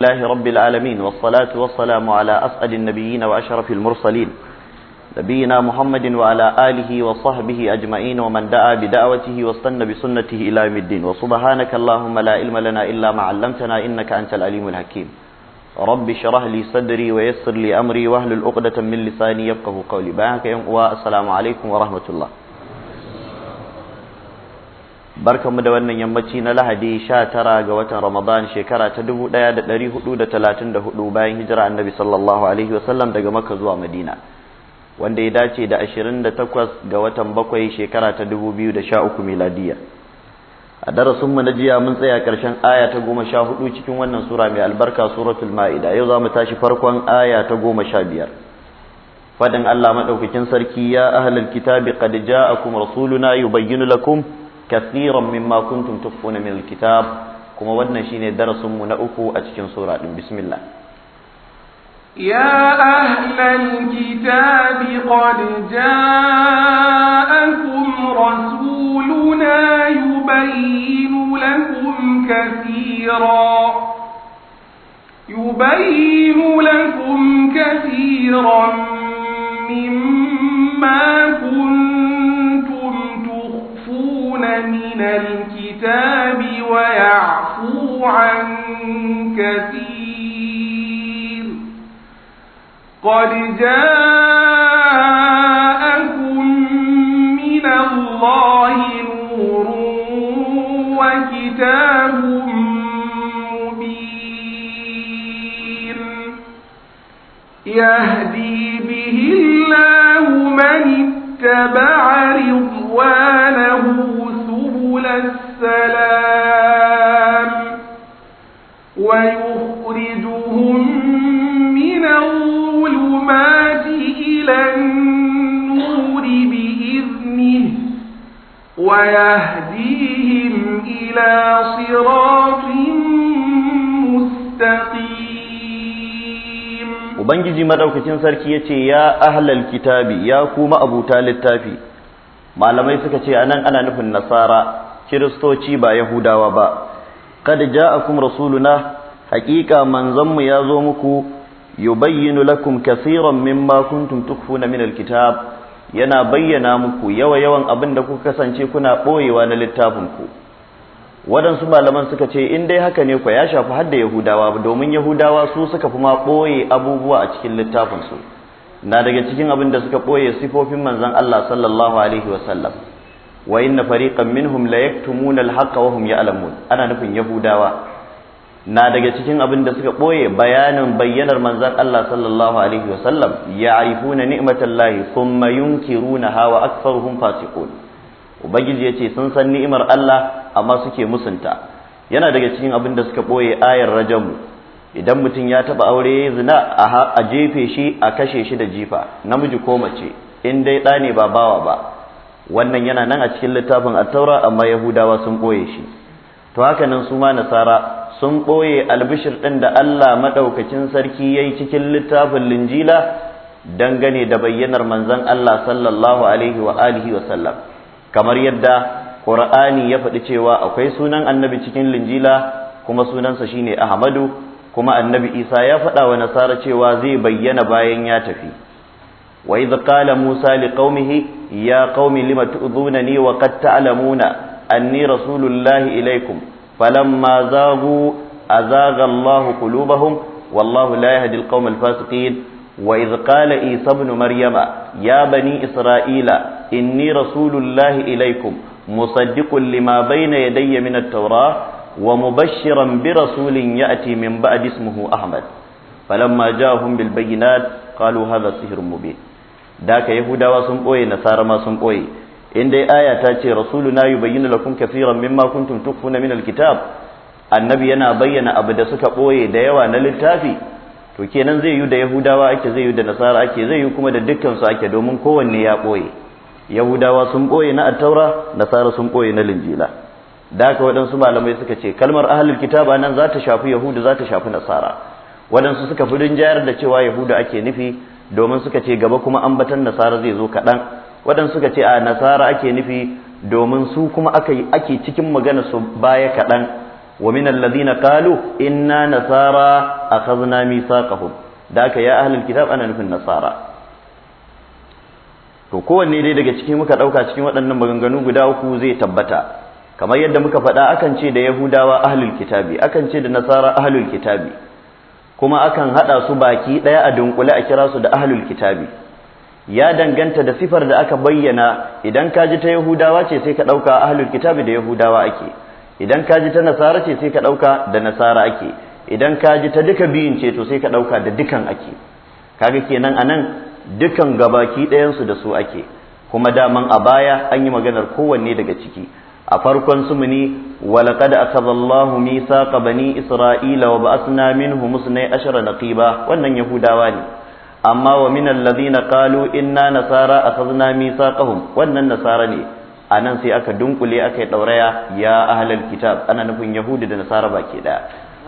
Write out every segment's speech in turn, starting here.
الله رب العالمين والصلاة والسلام على أسأل النبيين وأشرف المرسلين نبينا محمد وعلى آله وصحبه أجمعين ومن دعا بدعوته واستنى بسنته إلى يوم الدين وسبحانك اللهم لا علم لنا إلا ما علمتنا إنك أنت العليم الحكيم رب شرح لي صدري ويسر لي أمري واهل العقدة من لساني يفقه قولي بارك السلام عليكم ورحمة الله mu da wannan yammaci na lahadi sha tara ga watan ramadan shekara ta dubu ɗaya da ɗari hudu da talatin da hudu bayan hijira annabi sallallahu alaihi wasallam daga makka zuwa madina wanda ya dace da ashirin da takwas ga watan bakwai shekara ta dubu biyu da sha uku miladiya a darasinmu na jiya mun tsaya ƙarshen aya ta goma sha hudu cikin wannan sura mai albarka suratul ma'ida yau za mu tashi farkon aya ta goma sha biyar faɗin Allah madaukakin sarki ya ahlal kitabi qad ja'akum rasuluna yubayyinu lakum كثيرا مما كنتم تخفون من الكتاب كما ودنا شيني درس من أكو أتشن سورة بسم الله يا أهل الكتاب قد جاءكم رسولنا يبين لكم كثيرا يبين لكم كثيرا مما كنتم يستكبرون من الكتاب ويعفو عن كثير قد جاءكم من الله نور وكتاب مبين يهدي به الله من اتبع رضوانه سبل السلام ويخرجهم من الظلمات إلى النور بإذنه ويهديهم إلى صراط مستقيم وبنجي مدوكتين سركي يا أهل الكتاب يا كوم أبو تال التافي malamai suka ce anan ana nufin nasara kiristoci ba yahudawa ba kad ja'akum rasuluna haqiqa manzanmu ya zo muku yubayyinu lakum kaseeran mimma kuntum tukhfuna min alkitab yana bayyana muku yawa yawan abin da kuka kasance kuna boyewa na littafin ku wadansu malaman suka ce in dai haka ne ku ya shafi hadda yahudawa domin yahudawa su suka fi ma ɓoye abubuwa a cikin littafin littafinsu na daga cikin abin da suka ɓoye sifofin manzon Allah sallallahu alaihi Sallam. wa inna fariqan minhum la yaktumuna al wa hum ya'lamun ana nufin yahudawa na daga cikin abin da suka ɓoye bayanin bayyanar manzon Allah sallallahu alaihi wa ya ya'rifuna ni'matallahi thumma yunkiruna hawa aktharuhum fasiqun ubangiji yace sun san ni'imar Allah amma suke musunta yana daga cikin abin da suka ɓoye ayar rajamu idan mutum ya taba aure zina a jefe shi a kashe shi da jifa namiji ko mace in dai ɗa ne ba bawa ba wannan yana nan a cikin littafin attaura amma yahudawa sun ɓoye shi to haka nan su ma nasara sun ɓoye albishir ɗin da allah maɗaukacin sarki ya yi cikin littafin linjila dangane da bayyanar manzon allah sallallahu alaihi wa alihi wa sallam kamar yadda ƙur'ani ya faɗi cewa akwai sunan annabi cikin linjila kuma sunansa shine ahmadu kuma annabi isa ya faɗa wa nasara cewa zai bayyana bayan ya tafi wa idh qala musa liqaumihi ya qaumi lima tu'dhunani wa qad ta'lamuna anni rasulullahi ilaykum falamma zaghu azaga allah qulubahum wallahu la yahdi alqawma alfasiqin wa idh qala isa ibn maryama ya bani isra'ila inni rasulullahi ilaykum musaddiqun lima bayna yadayya min at-taurah ومبشرا برسول يأتي من بعد اسمه أحمد فلما جاءهم بالبينات قالوا هذا سحر مبين ذاك يهودا وسنبوي نصارى ما سنبوي إن دي آية تاتي رسولنا يبين لكم كثيرا مما كنتم تخفون من الكتاب annabi yana bayyana abu da suka ɓoye da yawa na littafi to kenan zai yi da yahudawa ake zai yi da nasara ake zai yi kuma da dukkansu ake domin kowanne ya ɓoye yahudawa sun ɓoye na attaura nasara sun ɓoye na linjila da haka waɗansu malamai suka ce kalmar ahlul kitaba nan za ta shafi yahudu za ta shafi nasara waɗansu suka fi rinjayar da cewa yahudu ake nufi domin suka ce gaba kuma an ambatan nasara zai zo kaɗan waɗansu suka ce a nasara ake nufi domin su kuma ake cikin magana su baya kaɗan wa min alladhina qalu inna nasara akhadna kahu da haka ya ahlul kitab ana nufin nasara to kowanne dai daga ciki muka ɗauka cikin waɗannan maganganu guda uku zai tabbata kamar yadda muka faɗa akan ce da yahudawa ahlul kitabi akan ce da nasara ahlul kitabi kuma akan haɗa su baki ɗaya a dunkule a kira su da ahlul kitabi ya danganta da sifar da aka bayyana idan ka ji ta yahudawa ce sai ka ɗauka ahlul kitabi da yahudawa ake idan ka ji ta nasara ce sai ka ɗauka da nasara ake idan ka ji ta duka biyun ce to sai ka ɗauka da dukan ake kaga kenan anan dukan gabaki ɗayansu da su ake kuma daman a baya an yi maganar kowanne daga ciki a farkon su ne walaqad allahu mithaqa bani isra'ila wa ba'athna minhum musnay ashara naqiba wannan yahudawa ne amma wa min alladhina qalu inna nasara akhadna mithaqahum wannan nasara ne anan sai aka dunkule aka ɗauraya. dauraya ya ahlal kitab ana nufin yahudi da nasara baki da.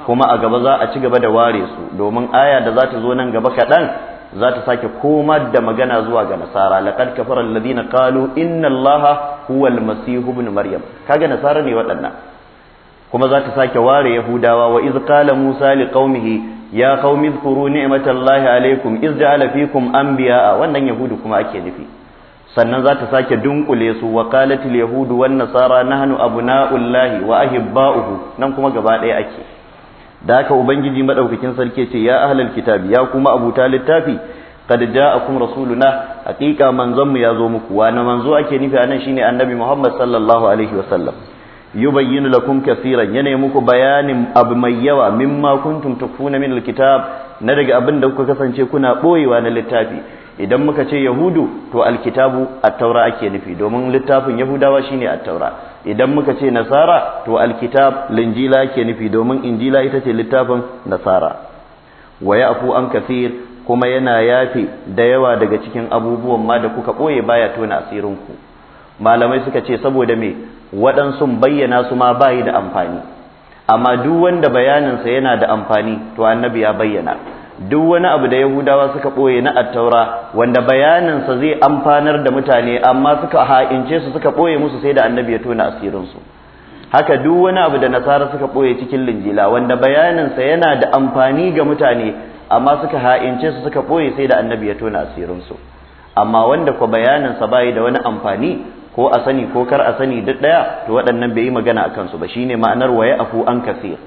kuma a gaba za a ci gaba da ware su domin aya da za ta zo nan gaba kaɗan za ta sake komar da magana zuwa ga nasara laqad kafara alladhina qalu inna allaha huwa almasih ibn maryam kaga nasara ne waɗannan kuma za ta sake ware yahudawa wa iz qala musa liqaumihi ya qaumi dhkuru ni'matallahi alaykum iz ja'ala fikum anbiya'a wannan yahudu kuma ake nufi sannan za ta sake dunkule su wa qalatil yahudu wan nasara nahnu abna'ullahi wa ahibba'uhu nan kuma gaba ɗaya ake da haka ubangiji madaukakin sarki ce ya ahlal kitabi ya kuma abuta littafi qad ja'akum rasuluna haqiqa manzon mu yazo muku wa na manzo ake nufi anan shine annabi Muhammad sallallahu alaihi wasallam yubayyinu lakum kaseeran yana muku bayanin abu mai yawa mimma kuntum tukfuna min alkitab na daga abin da kuka kasance kuna boyewa na littafi idan muka ce yahudu to alkitabu at-taura ake nufi domin littafin yahudawa shine at-taura idan muka ce nasara to alkitab linjila ke nufi domin injila ita ce littafin nasara wa afu an kafir kuma yana yafi da yawa daga cikin abubuwan ma da kuka ɓoye baya tona asirin ku. malamai suka ce saboda me waɗansu bayyana su ma bayi da amfani amma duk wanda bayaninsa yana da amfani to annabi ya bayyana duk wani abu da yahudawa suka ɓoye na attaura wanda bayaninsa zai amfanar da mutane amma suka ha'ince su suka ɓoye musu sai da annabi ya tona asirinsu haka duk wani abu da nasara suka ɓoye cikin linjila wanda bayaninsa yana da amfani ga mutane amma suka ha'ince su suka ɓoye sai da annabi ya tona asirinsu amma wanda kwa bayaninsa bayi da wani amfani ko a sani ko kar a sani duk ɗaya to waɗannan bai yi magana a kansu ba shine ma'anar waya afu an kasir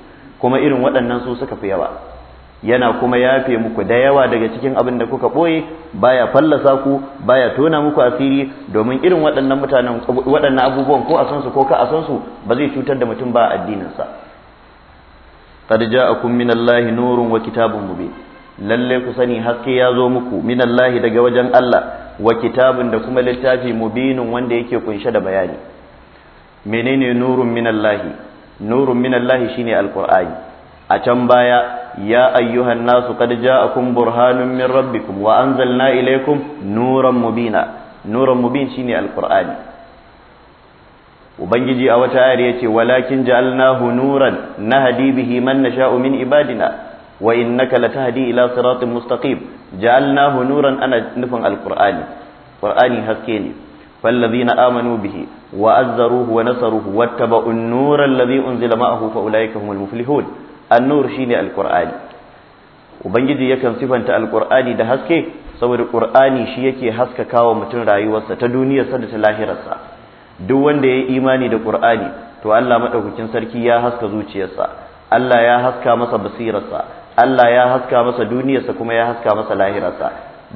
kuma irin waɗannan su suka fi yawa yana kuma yafe muku da yawa daga cikin abin da kuka boye baya fallasa ku baya tona muku asiri domin irin waɗannan mutanen waɗannan abubuwan ko a san su ko ka a san ba zai cutar da mutum ba a addinin sa qad ja'akum minallahi nurun wa kitabun mubin lalle ku sani haske ya zo muku minallahi daga wajen Allah wa kitabun da kuma littafi mubinun wanda yake kunshe da bayani menene nurun minallahi nurun minallahi shine alqur'ani a can baya ya ayyuhan nasu qad ja'akum burhanun min rabbikum wa anzalna ilaykum nuran mubina nuran mubin shine alqur'ani ubangiji a wata ayar yace walakin ja'alnahu nuran nahdi bihi man nasha'u min ibadina wa innaka latahdi ila siratin mustaqim ja'alnahu nuran ana nufin alqur'ani qur'ani haske ne فالذين آمنوا به وأزروه ونصروه واتبعوا النور الذي أنزل معه فأولئك هم المفلحون annur shine alqur'ani ubangiji yakan sifanta alqur'ani da haske saboda ƙur'ani shi yake haskakawa mutum rayuwarsa ta duniyarsa da ta lahirarsa duk wanda ya yi imani da ƙur'ani to Allah madaukakin sarki ya haska zuciyarsa Allah ya haska masa basirarsa Allah ya haska masa duniyarsa kuma ya haska masa lahirarsa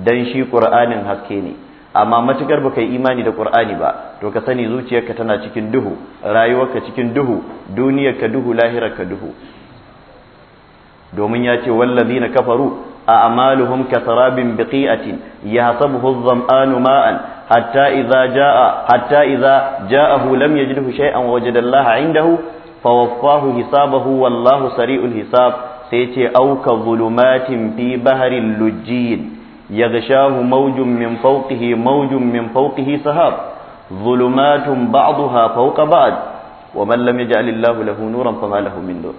dan shi ƙur'anin haske ne amma matukar baka yi imani da qur'ani ba to ka sani zuciyarka tana cikin duhu rayuwarka cikin duhu duniyarka duhu lahirarka duhu domin ya ce na kafaru a amaluhum katarabin biqi'atin yahsabuhu adh anu ma'an hatta iza jaa hatta idza ja'ahu lam yajidhu shay'an wajada Allah 'indahu fawaffahu hisabahu wallahu sari'ul hisab sai ce auka zulumatin fi baharin lujiyin yaghshahu mawjun min fawqihi mawjun min fawqihi sahab ظلمات بعضها فوق bad wa لم يجعل الله lahu nuran فما له من نور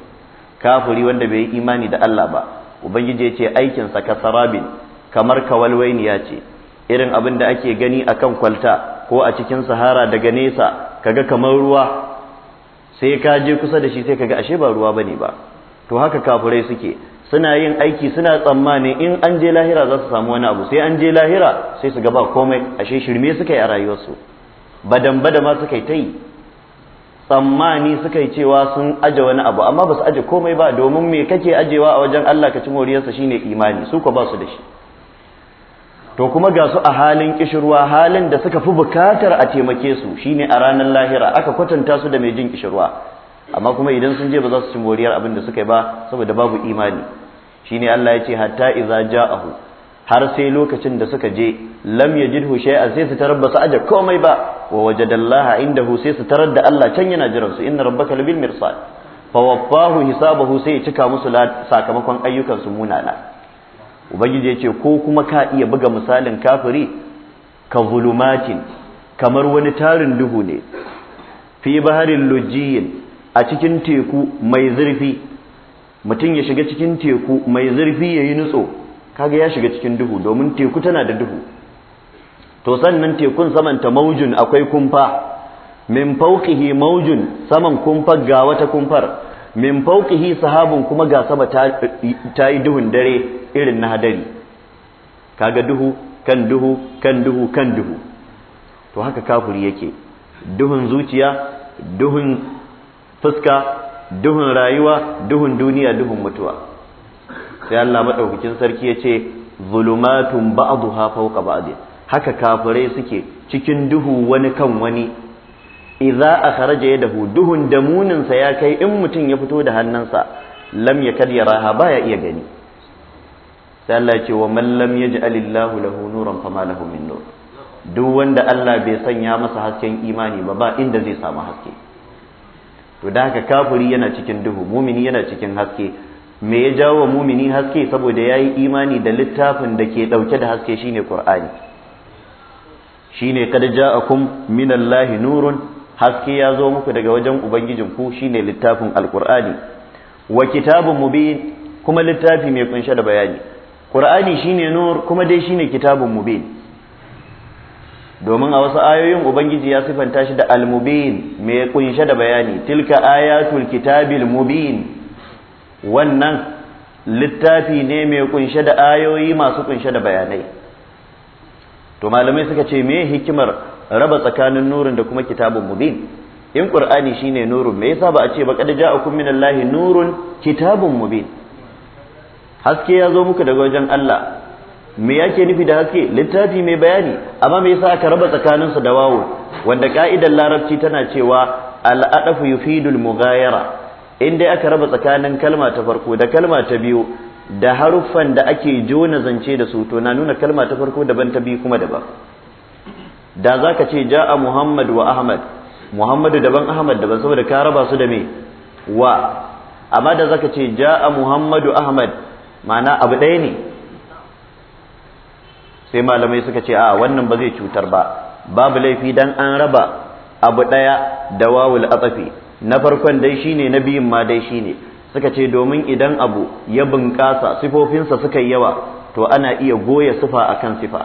Kafuri wanda bai yi imani da Allah ba ubangiji ya ce aikinsa ka sarabin kamar kawalwainiya ce irin abin da ake gani a kan kwalta ko a cikin sahara daga nesa kaga kamar ruwa sai ka je kusa da shi sai kaga ashe ba ruwa bane ba to haka kafurai suke suna yin aiki suna tsammanin in an je lahira za su samu wani abu sai an je lahira sai su gaba ba komai ashe shirme suka yi a rayuwarsu badan bada ma suka yi ta tsammani suka yi cewa sun aje wani abu amma ba su aje komai ba domin me kake ajewa a wajen Allah ka ci moriyarsa shine imani su ko ba su da shi to kuma ga su a halin kishirwa halin da suka fi bukatar a taimake su shine a ranar lahira aka kwatanta su da mai jin kishirwa amma kuma idan sun je ba za su ci moriyar abin da suka yi ba saboda babu imani shine Allah ya ce hatta idza ja'ahu har sai lokacin da suka je lam yajidhu shay'an sai su tarar ba su aje komai ba wa wajadallaha indahu sai su tarar da Allah can yana jiran su inna rabbaka labil mirsad fa waffahu hisabahu sai ya cika musu sakamakon ayyukan su munana ubangiji yace ko kuma ka iya buga misalin kafiri ka zulumatin kamar wani tarin duhu ne fi baharin lujiyin a cikin teku mai zurfi mutum ya shiga cikin teku mai zurfi yayi nutso kaga ya shiga cikin duhu domin teku tana da duhu to sannan tekun saman ta maujun akwai kumfa min fawqihi maujun saman kumfar ga wata kumfar min fawqihi sahabun kuma ga sama ta yi duhun dare irin na hadari kaga duhu kan duhu kan duhu kan duhu to haka kafuri yake duhun zuciya duhun fuska duhun rayuwa duhun duniya duhun mutuwa sai Allah madaukakin sarki yace zulumatun ba'daha fawqa ba'd haka kafirai suke cikin duhu wani kan wani idza akhraja yadahu duhun da muninsa ya kai in mutum ya fito da hannunsa lam yakad ba ya iya gani sai Allah ya ce wa man lam yaj'alillahu lahu nuran fama lahu min nur duk wanda Allah bai sanya masa hasken imani ba ba inda zai samu haske to da haka kafiri yana cikin duhu mumini yana cikin haske me ya jawo mumini haske saboda yayi imani da littafin da ke dauke da haske shine qur'ani shine kad ja'akum minallahi nurun haske ya zo muku daga wajen ubangijin ku shine littafin alqur'ani wa kitabun mubin kuma littafi mai kunshe da bayani qur'ani shine nur kuma dai shine kitabun mubin domin a wasu ayoyin ubangiji ya sifanta shi da al-mubin mai kunshe da bayani tilka ayatul kitabil mubin wannan littafi ne mai kunshe da ayoyi masu kunshe da bayanai to malamai suka ce me hikimar raba tsakanin nurin da kuma kitabun mubin in qur'ani shine nurun me yasa ba a ce ba kad ja'akum minallahi nurun kitabun mubin haske ya zo muku daga wajen Allah me yake nufi da haske littafi mai bayani amma me yasa aka raba tsakanin su da wawo wanda ka'idar larabci tana cewa al-adafu yufidul mughayara in dai aka raba tsakanin kalma ta farko da kalma ta biyu da haruffan da ake jona zance da su to na nuna kalma ta farko daban ta biyu kuma daban da za ka ce ja'a muhammad wa ahmad muhammadu daban ahmad daban saboda ka raba su da me wa amma da za ka ce ja'a muhammadu ahmad ma'ana abu ɗaya ne sai malamai suka ce a wannan ba zai cutar ba babu laifi dan an raba abu ɗaya da wawul atsafi na farkon dai shine na biyun ma dai shine suka ce domin idan abu ya bunƙasa sifofinsa suka yawa to ana iya goya sifa akan sifa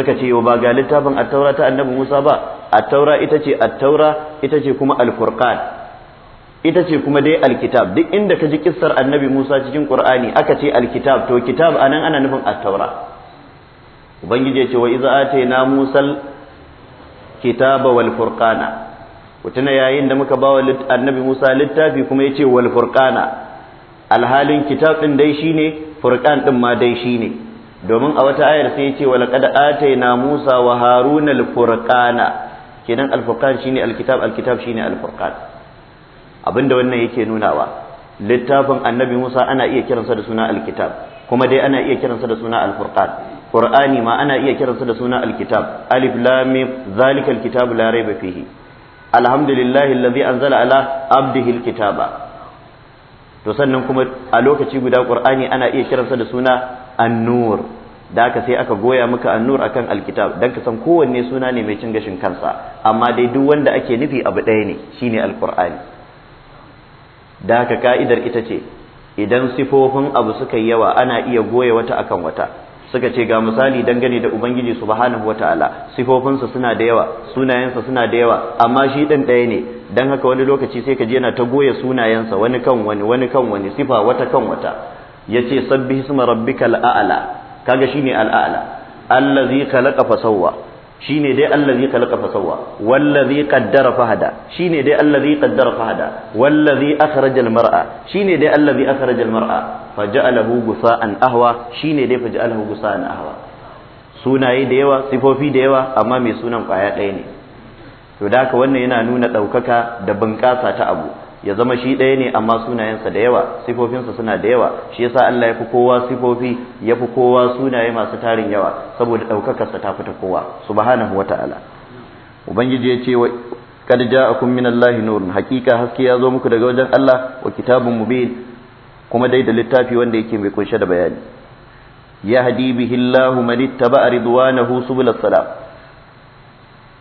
suka ce yau ba ga littafin attaura ta annabi Musa ba attaura ita ce attaura ita ce kuma alfurqan ita ce kuma dai alkitab duk inda ka ji kissar annabi Musa cikin Qur'ani aka ce alkitab to kitab anan ana nufin attaura ubangiji ya ce wa iza atayna musal kitaba wal furqana ku tuna yayin da muka bawa annabi Musa littafi kuma yace wal furqana alhalin kitab ɗin dai ne furkan ɗin ma dai ne domin a wata ayar sai yace wal atai na Musa wa Haruna al kenan al shi ne al kitab al kitab shine al abinda wannan yake nunawa littafin annabi Musa ana iya kiransa da suna alkitab kuma dai ana iya kiransa da suna alfurqan qur'ani ma ana iya kiransa da suna alkitab alif lam mim zalikal kitabu la raiba fihi alhamdulillahi an anzala ala abdihi kitaba, to sannan kuma a lokaci guda qur'ani ana iya kiransa da suna annur, da aka sai aka goya maka annur akan alkitab dan ka san kowanne suna ne mai cin gashin kansa amma dai duk wanda ake nufi abu ɗaya ne shine alqur'ani da haka ka'idar ita ce idan sifofin abu suka yi yawa ana iya goya wata akan wata suka ce ga misali dangane da ubangiji subhanahu wataala sifofinsa suna da yawa sunayensa suna da yawa amma shi ɗan ɗaya ne don haka wani lokaci sai ka je yana ta goya sunayensa wani kan wani wani kan wani sifa wata kan wata ya yace sabbi isma rabbi a'la kaga shine ne Allah allazi khalaqa fasawa. Shi ne dai allazi khalaqa fa sawwa wallazi qaddara fa shi ne dai allazi qaddara fa hada wallazi akhraja al shi ne dai allazi akhraja al mar'a faja'alahu gusa'an ahwa ne dai faja'alahu gusa'an ahwa sunaye da yawa sifofi da yawa amma mai sunan kwaya ɗaya ne to da haka wannan yana nuna ɗaukaka da bunƙasa ta abu ya zama shi ɗaya ne amma sunayensa da yawa sifofinsa suna da yawa shi yasa Allah ya fi kowa sifofi ya fi kowa sunaye masu tarin yawa saboda ɗaukakarsa ta fita kowa subhanahu wa ta'ala ubangiji ya ce wa kad ja'akum min Allahi nurun hakika haske ya zo muku daga wajen Allah wa kitabun mubin kuma dai da littafi wanda yake mai kunshe da bayani yahdi bihi Allahu man a ridwanahu subulas salam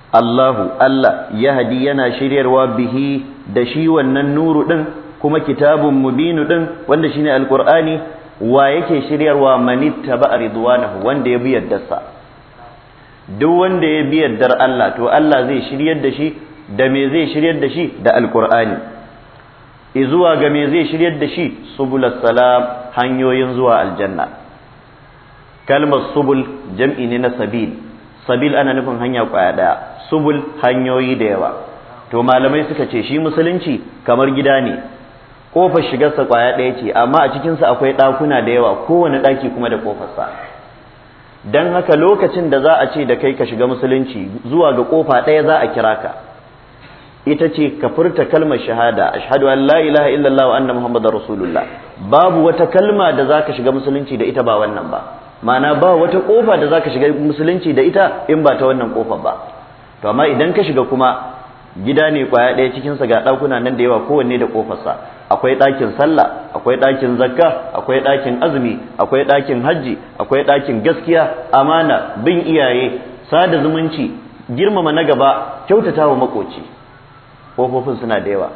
Allahu Allah hadi yana shiryarwa bihi da shi wannan nuru din kuma kitabun mubinu din wanda shine alkur'ani wa yake shiryarwa manittaba ridwanahu wanda ya bi yaddarsa duk wanda ya bi yaddar Allah to Allah zai shiryar da shi da me zai shiryar da shi da alkur'ani izuwa ga me zai shiryar da shi subulus salam hanyoyin zuwa aljanna kalmar subul jam'i ne na sabil sabil ana nufin hanya kwaya daya subul hanyoyi da yawa to malamai suka ce shi musulunci kamar gida ne kofar shigarsa kwaya ɗaya ce amma a cikinsa akwai ɗakuna da yawa kowane ɗaki kuma da ƙofarsa don haka lokacin da za a ce da kai ka shiga musulunci zuwa ga ƙofa ɗaya za a kira ka ita ce ka furta kalmar shahada ashhadu an la ilaha illallah wa anna muhammadar rasulullah babu wata kalma da za ka shiga musulunci da ita ba wannan ba ma'ana ba wata kofa da za ka shiga musulunci da ita in ba ta wannan kofar ba to amma idan ka shiga kuma gida ne kwaya ɗaya cikinsa ga ɗakuna nan da yawa kowanne da ƙofarsa akwai ɗakin sallah akwai ɗakin zakka akwai ɗakin azumi akwai ɗakin hajji akwai ɗakin gaskiya amana bin iyaye sada zumunci girmama na gaba kyautata wa makoci kofofin suna da yawa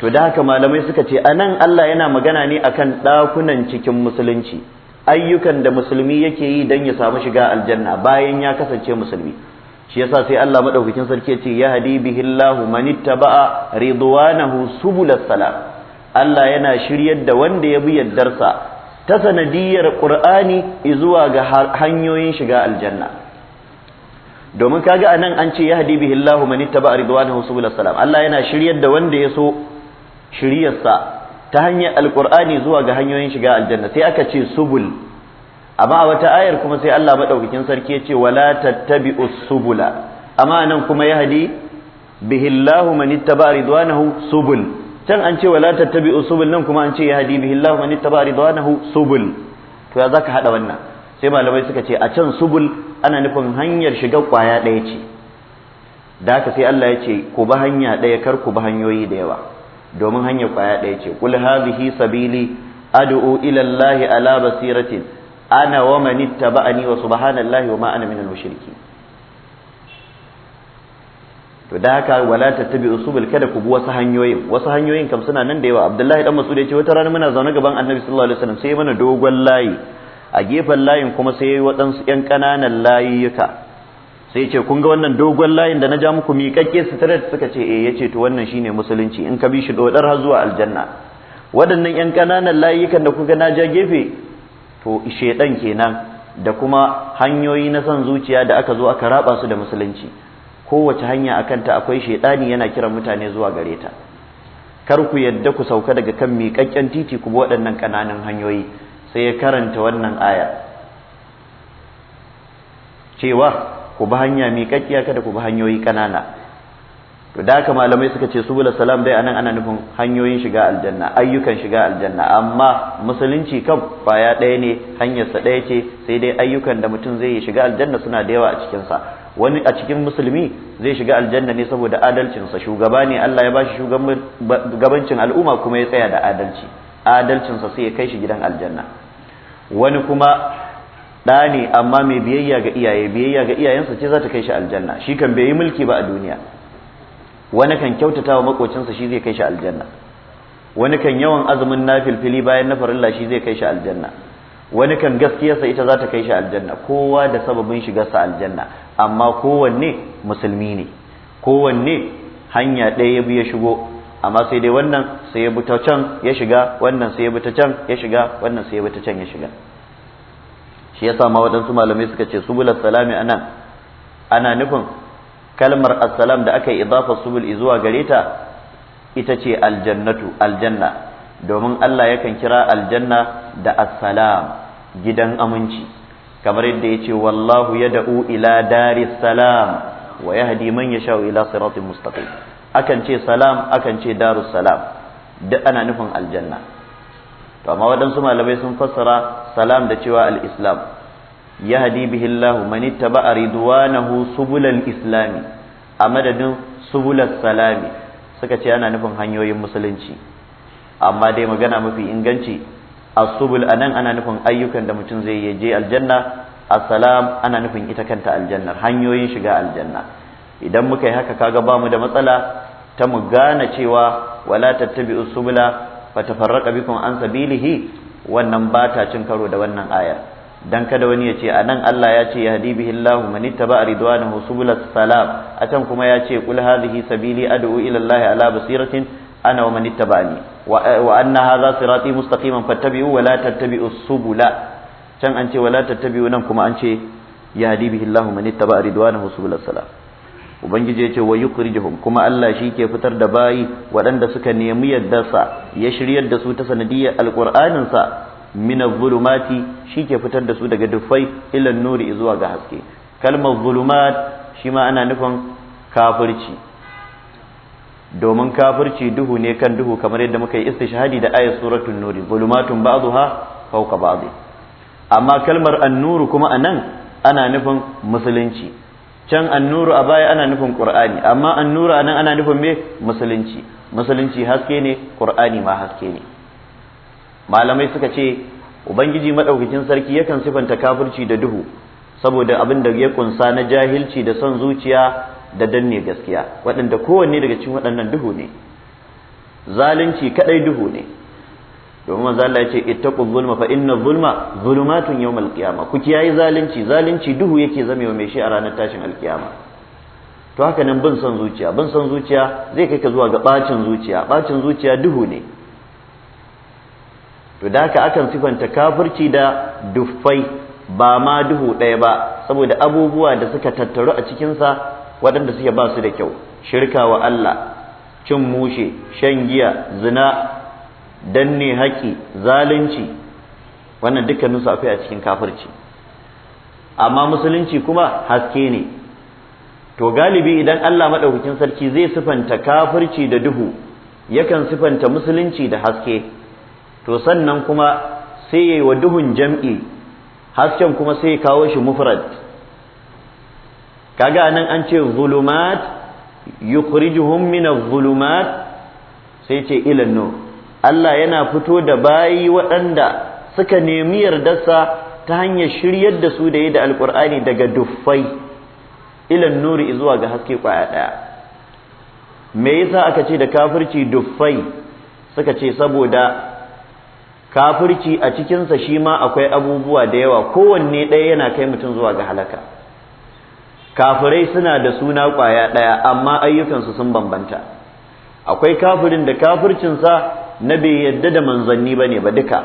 to da haka malamai suka ce anan Allah yana magana ne akan ɗakunan cikin musulunci ayyukan da musulmi yake yi don ya samu shiga aljanna bayan ya kasance musulmi shi yasa sai Allah madaukakin sarki ya ce ya hadi bihillahu manittaba'a ridwanahu subulas salam Allah yana shiryar da wanda ya bi yardarsa ta sanadiyar Qur'ani zuwa ga hanyoyin shiga aljanna domin kaga anan an ce ya hadi bihillahu manittaba'a ridwanahu subulas salam Allah yana shiryar da wanda ya so shiryarsa ta hanyar alqur'ani zuwa ga hanyoyin shiga aljanna sai aka ce subul amma a wata ayar kuma sai Allah madaukakin sarki ya ce wala tattabi'us subula amma nan kuma ya hadi bihillahu man ittaba ridwanahu subul can an ce wala tattabi'us subul nan kuma an ce ya hadi bihillahu man ittaba ridwanahu subul to ya zaka hada wannan sai malamai suka ce a can subul ana nufin hanyar shiga kwaya ɗaya ce da haka sai Allah ya ce ku ba hanya ɗaya kar ku ba hanyoyi da yawa domin hanyar kwaya ɗaya ce kul hadhihi sabili ad'u ila Allah ala basiratin ana wa mani taba'ani wa subhanallahi wa ma minal mushriki to da haka wala tattabi'u subul kada ku bi wasu hanyoyin wasu hanyoyin kam suna nan da yawa Abdullahi dan Mas'ud ya ce wata rana muna zaune gaban Annabi sallallahu alaihi wasallam sai mana dogon layi a gefen layin kuma sai yayi waɗansu ƴan ƙananan layuka sai ce kun ga wannan dogon layin da na ja muku miƙaƙƙe da suka ce eh ce to wannan shine musulunci in ka bi shi dodar har zuwa aljanna waɗannan ƴan ƙananan layukan da kuka na ja gefe to shedan kenan da kuma hanyoyi na son zuciya da aka zo aka raba su da musulunci kowace hanya akan ta akwai shedani yana kiran mutane zuwa gare ta kar ku yadda ku sauka daga kan miƙaƙƙen titi ku bi waɗannan ƙananan hanyoyi sai ya karanta wannan aya cewa ku bi hanya miƙaƙƙiya kada ku bi hanyoyi ƙanana to da haka malamai suka ce su subul salam dai anan ana nufin hanyoyin shiga aljanna ayyukan shiga aljanna amma musulunci kan baya ɗaya ne hanyarsa ɗaya ce sai dai ayyukan da mutum zai yi shiga aljanna suna da yawa a cikinsa wani a cikin musulmi zai shiga aljanna ne saboda adalcinsa shugaba ne Allah ya bashi shugabancin al'umma kuma ya tsaya da adalci adalcinsa sai ya kai shi gidan aljanna wani kuma ɗa ne amma mai biyayya ga iyaye biyayya ga iyayensa ce za ta kai shi aljanna shi kan bai yi mulki ba a duniya wani kan kyautata wa makocinsa shi zai kai shi aljanna wani kan yawan azumin nafilfili bayan na farilla shi zai kai shi aljanna wani kan gaskiyarsa ita za ta kai shi aljanna kowa da sababin shigarsa aljanna amma kowanne musulmi ne kowanne hanya ɗaya ya bi ya shigo amma sai dai wannan sai ya bi ta can ya shiga wannan sai ya bi ta can ya shiga wannan sai ya bi ta can ya shiga shi yasa ma waɗansu malamai suka ce subulas salami anan ana nufin kalmar assalam da aka yi idafa subul zuwa gare ta ita ce aljannatu aljanna domin Allah yakan kira aljanna da assalam gidan aminci kamar yadda ya ce wallahu ya da'u ila daris salam wa yahdi man yasha'u ila siratin mustaqim akan ce salam akan ce darus salam duk ana nufin aljanna to amma waɗansu malamai sun fassara salam da cewa al-islam yahdi bihi Allah man ittaba ridwanahu subulal islami a madadin subulal salami suka ce ana nufin hanyoyin musulunci amma dai magana mafi inganci as-subul anan ana nufin ayyukan da mutum zai yi je aljanna assalam ana nufin ita kanta aljannar hanyoyin shiga aljanna idan muka yi haka kaga bamu da matsala ta mu gane cewa wala tattabi'us subula fatafarraqa bikum an sabilihi wannan ba ta cin karo da wannan ayar dan kada wani ya ce a nan Allah ya ce yahdi bihi Allahu man ittaba ridwanahu subulas salam a can kuma ya ce qul hadhihi sabili ad'u ila Allah ala basiratin ana wa man ittaba'ani wa anna hadha sirati mustaqiman fattabi'u wa la tattabi'u subula can an ce wa la tattabi'u nan kuma an ce yahdi bihi Allahu man ittaba ridwanahu subulas salam ubangiji ya ce wa yukrijuhum kuma Allah shi ke fitar da bayi waɗanda suka nemi yaddarsa ya shiryar da su ta sanadiyar alƙur'aninsa min zulumati shi shike fitar da su daga dufai ila nuri zuwa ga haske kalmar zulumat shi ma ana nufin kafirci domin kafirci duhu ne kan duhu kamar yadda muka yi istishhadi da ayat suratul nuri zulumatun ba'daha fawqa ba'd amma kalmar an nuru kuma anan ana nufin musulunci can an nuru a baya ana nufin qur'ani amma an annuru anan ana nufin me musulunci musulunci haske ne qur'ani ma haske ne malamai suka ce ubangiji madaukakin sarki yakan sifanta kafirci da duhu saboda abin da ya kunsa na jahilci da son zuciya da danne gaskiya waɗanda kowanne daga cikin waɗannan duhu ne zalunci kaɗai duhu ne domin manzo Allah ya ce ittaqu zulma fa inna zulma zulumatun yawmal qiyamah ku yayi zalunci zalunci duhu yake zamewa mai shi a ranar tashin alkiyama to haka nan bin son zuciya bin son zuciya zai kai ka zuwa ga bacin zuciya bacin zuciya duhu ne to da haka akan sifanta kafirci da duffai ba ma duhu ɗaya ba saboda abubuwa da suka tattaru a cikinsa waɗanda suke ba su da kyau shirka wa Allah cin mushe shan giya zina danne haƙi zalunci wannan dukkaninsu akwai a cikin kafirci amma musulunci kuma haske ne to galibi idan Allah maɗaukakin sarki zai sifanta kafirci da duhu yakan sifanta musulunci da haske to sannan kuma sai yayi wa duhun jam'i hasken kuma sai ya kawo shi mufrad kaga nan an ce zulumat yukhrijuhum min adh zulumat sai ce ila Allah yana fito da bayi waɗanda suka nemi yardarsa ta hanyar shiryar da su da yi da alkur'ani daga duffai ilan nuri zuwa ga haske kwaya ɗaya me yasa aka ce da kafirci duffai suka ce saboda kafirci a cikinsa shi ma akwai abubuwa da yawa kowanne ɗaya yana kai mutum zuwa ga halaka kafirai suna da suna ƙwaya ɗaya amma ayyukansu sun bambanta akwai kafirin da kafircinsa na bai yadda da manzanni ba ne ba duka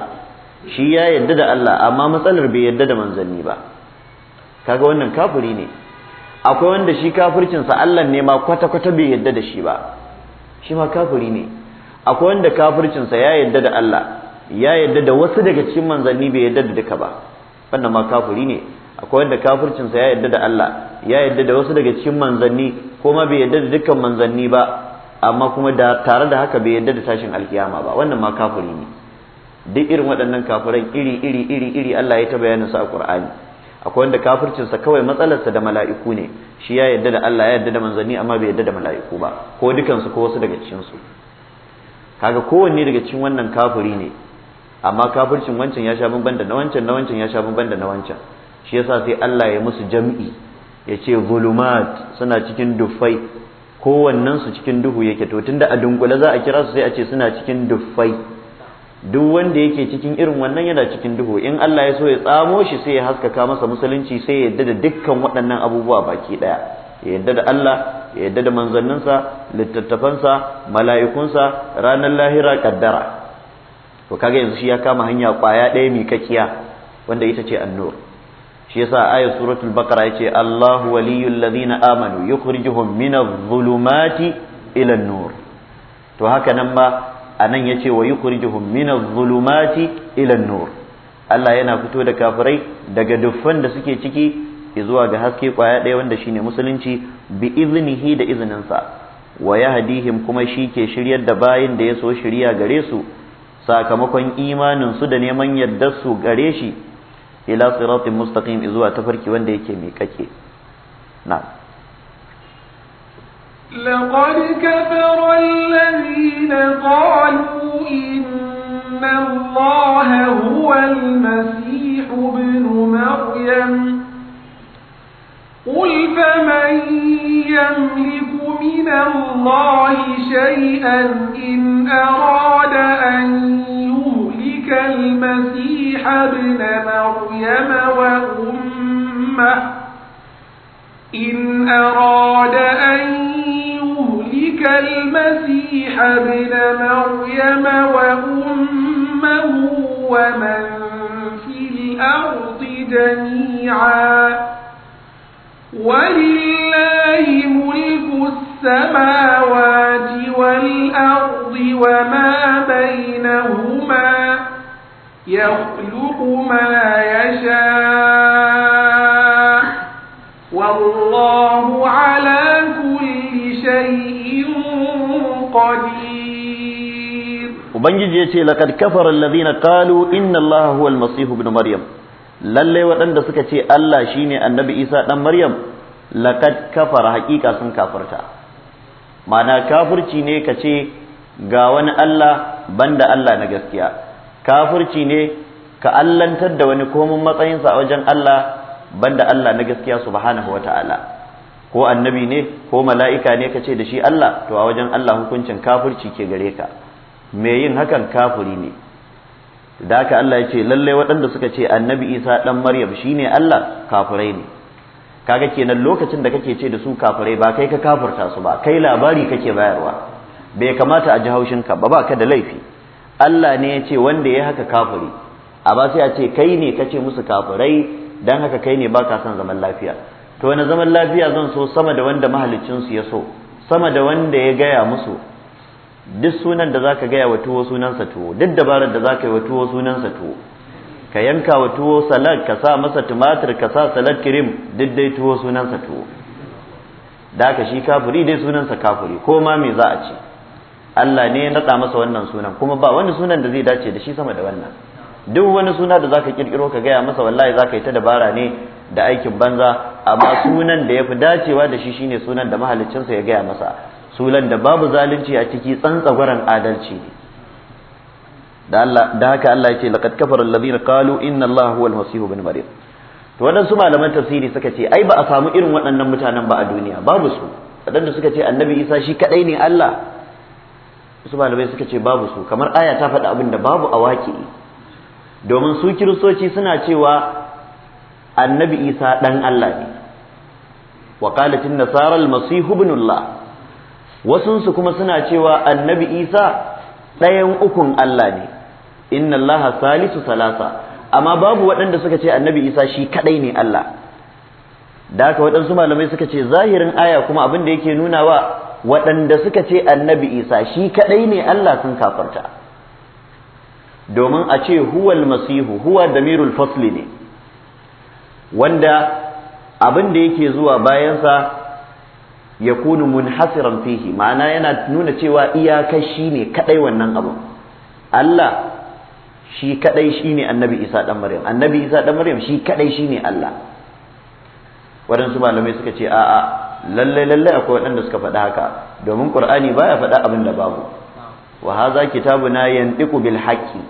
shi ya yadda da Allah amma matsalar bai yadda da manzanni ba kaga wannan kafiri ne akwai wanda shi kafircinsa Allah ne ma kwata-kwata bai yadda da shi ba shi ma kafiri ne akwai wanda kafircinsa ya yadda da Allah ya yadda da wasu daga cikin manzanni bai yadda da duka ba wannan ma kafiri ne akwai wanda kafircinsa ya yadda da Allah ya yadda da wasu daga cikin manzanni ko ma bai yadda da dukkan manzanni ba amma kuma da tare da haka bai yadda da tashin alkiyama ba wannan ma kafiri ne duk irin waɗannan kafiran iri iri iri iri Allah ya ta bayanin su a Qur'ani akwai wanda kafircinsa kawai matsalarsa da mala'iku ne shi ya yadda da Allah ya yadda da manzanni amma bai yadda da mala'iku ba ko dukansu ko wasu daga cikin su kaga kowanne daga cikin wannan kafiri ne amma kafircin wancan ya sha bamban da na wancan na wancan ya sha bamban da na wancan shi yasa sai Allah ya musu jam'i ya ce zulumat suna cikin duffai kowannen su cikin duhu yake to tunda a dunkule za a kira su sai a ce suna cikin dufai duk wanda yake cikin irin wannan yana cikin duhu in Allah ya so ya tsamo shi sai ya haskaka masa musulunci sai ya yadda da dukkan waɗannan abubuwa baki ɗaya ya yadda da Allah ya yadda da manzanninsa littattafansa mala'ikunsa ranar lahira kaddara to kaga yanzu shi ya kama hanya kwaya ɗaya mai kakiya wanda ita ce annur shi yasa ayat suratul baqara yace Allahu waliyul ladina amanu yukhrijuhum minadh dhulumati ila an-nur to haka nan ma anan yace wa yukhrijuhum minadh dhulumati ila an-nur Allah yana fito da kafirai daga duffan da suke ciki zuwa ga haske kwaya ɗaya wanda shine musulunci bi iznihi da izininsa wa yahdihim kuma shi ke shiryar da bayin da ya so shirya gare su sakamakon imanin su da neman yardar su gare shi ila siratin mustaqim zuwa tafarki wanda yake mai kake na لقد كفر الذين قالوا إن الله هو المسيح ibn maryam قل فمن يملك من الله شيئا إن أراد أن يهلك المسيح ابن مريم وأمه إن أراد أن يهلك المسيح ابن مريم وأمه ومن في الأرض جميعا ولله ملك السماوات والأرض وما بينهما يخلق ما يشاء والله على كل شيء قدير وبنجي يتي لقد كفر الذين قالوا إن الله هو المسيح ابن مريم lallai waɗanda suka ce Allah shi ne annabi Isa ɗan Maryam laqad kafara haƙiƙa sun kafirta ma'ana kafurci ne ka ce ga wani Allah banda Allah na gaskiya kafurci ne ka allantar da wani komin matsayinsa a wajen Allah banda Allah na gaskiya subhanahu wa ta'ala ko annabi ne ko mala'ika ne ka ce da shi Allah to a wajen Allah hukuncin kafurci ke gare ka me yin hakan kafuri ne da haka Allah ya ce lalle waɗanda suka ce annabi isa ɗan maryam shine Allah kafirai ne kaga kenan lokacin da kake ce da su kafirai ba kai ka kafirta su ba kai labari kake bayarwa bai kamata a ji haushin ka ba baka da laifi Allah ne ya ce wanda ya haka kafiri a ba sai a ce kai ne kace musu kafirai dan haka kai ne baka son zaman lafiya to wani zaman lafiya zan so sama da wanda mahaliccinsu ya so sama da wanda ya gaya musu duk sunan da zaka gaya wa tuwo sunansa tuwo duk dabarar da zaka yi wa tuwo sunansa tuwo ka yanka wa tuwo salad ka sa masa tumatir ka sa salad cream duk dai tuwo sunansa tuwo da ka shi kafiri dai sunansa kafiri ko ma me za a ce Allah ne ya nada masa wannan sunan kuma ba wani sunan da zai dace da shi sama da wannan duk wani suna da zaka kirkiro ka gaya masa wallahi zaka yi ta dabara ne da aikin banza amma sunan da yafi dacewa da shi shine sunan da mahaliccinsa ya gaya masa sulan da babu zalunci a ciki tsantsagwaran adalci ne da haka Allah ya ce laqad kafara alladhina qalu inna Allah huwal masih ibn maryam to waɗansu malaman tafsiri suka ce ai ba a samu irin waɗannan mutanen ba a duniya babu su waɗanda suka ce annabi Isa shi kadai ne Allah su malamai suka ce babu su kamar aya ta faɗi abin da babu a waƙi domin su kiristoci suna cewa annabi Isa ɗan Allah ne wa qalat an-nasara wasunsu kuma suna cewa annabi isa ɗayan ukun allah ne inna allah salisu salasa amma babu waɗanda suka ce annabi isa shi kaɗai ne allah da haka waɗansu malamai suka ce zahirin aya kuma abin da yake nunawa waɗanda suka ce annabi isa shi kaɗai ne allah sun kafarta domin a ce huwal masihu huwa damirul fasli ne wanda abin da yake zuwa bayansa ya kunu munhasiran fihi ma'ana yana nuna cewa iyaka shi ne kadai wannan abu Allah shi kadai shi ne annabi isa dan maryam annabi isa dan maryam shi kaɗai shi ne Allah waɗansu malamai suka ce a'a lallai lallai akwai waɗanda suka faɗa haka domin qur'ani baya faɗa abin da babu wa hadha kitabuna yantiqu bil haqqi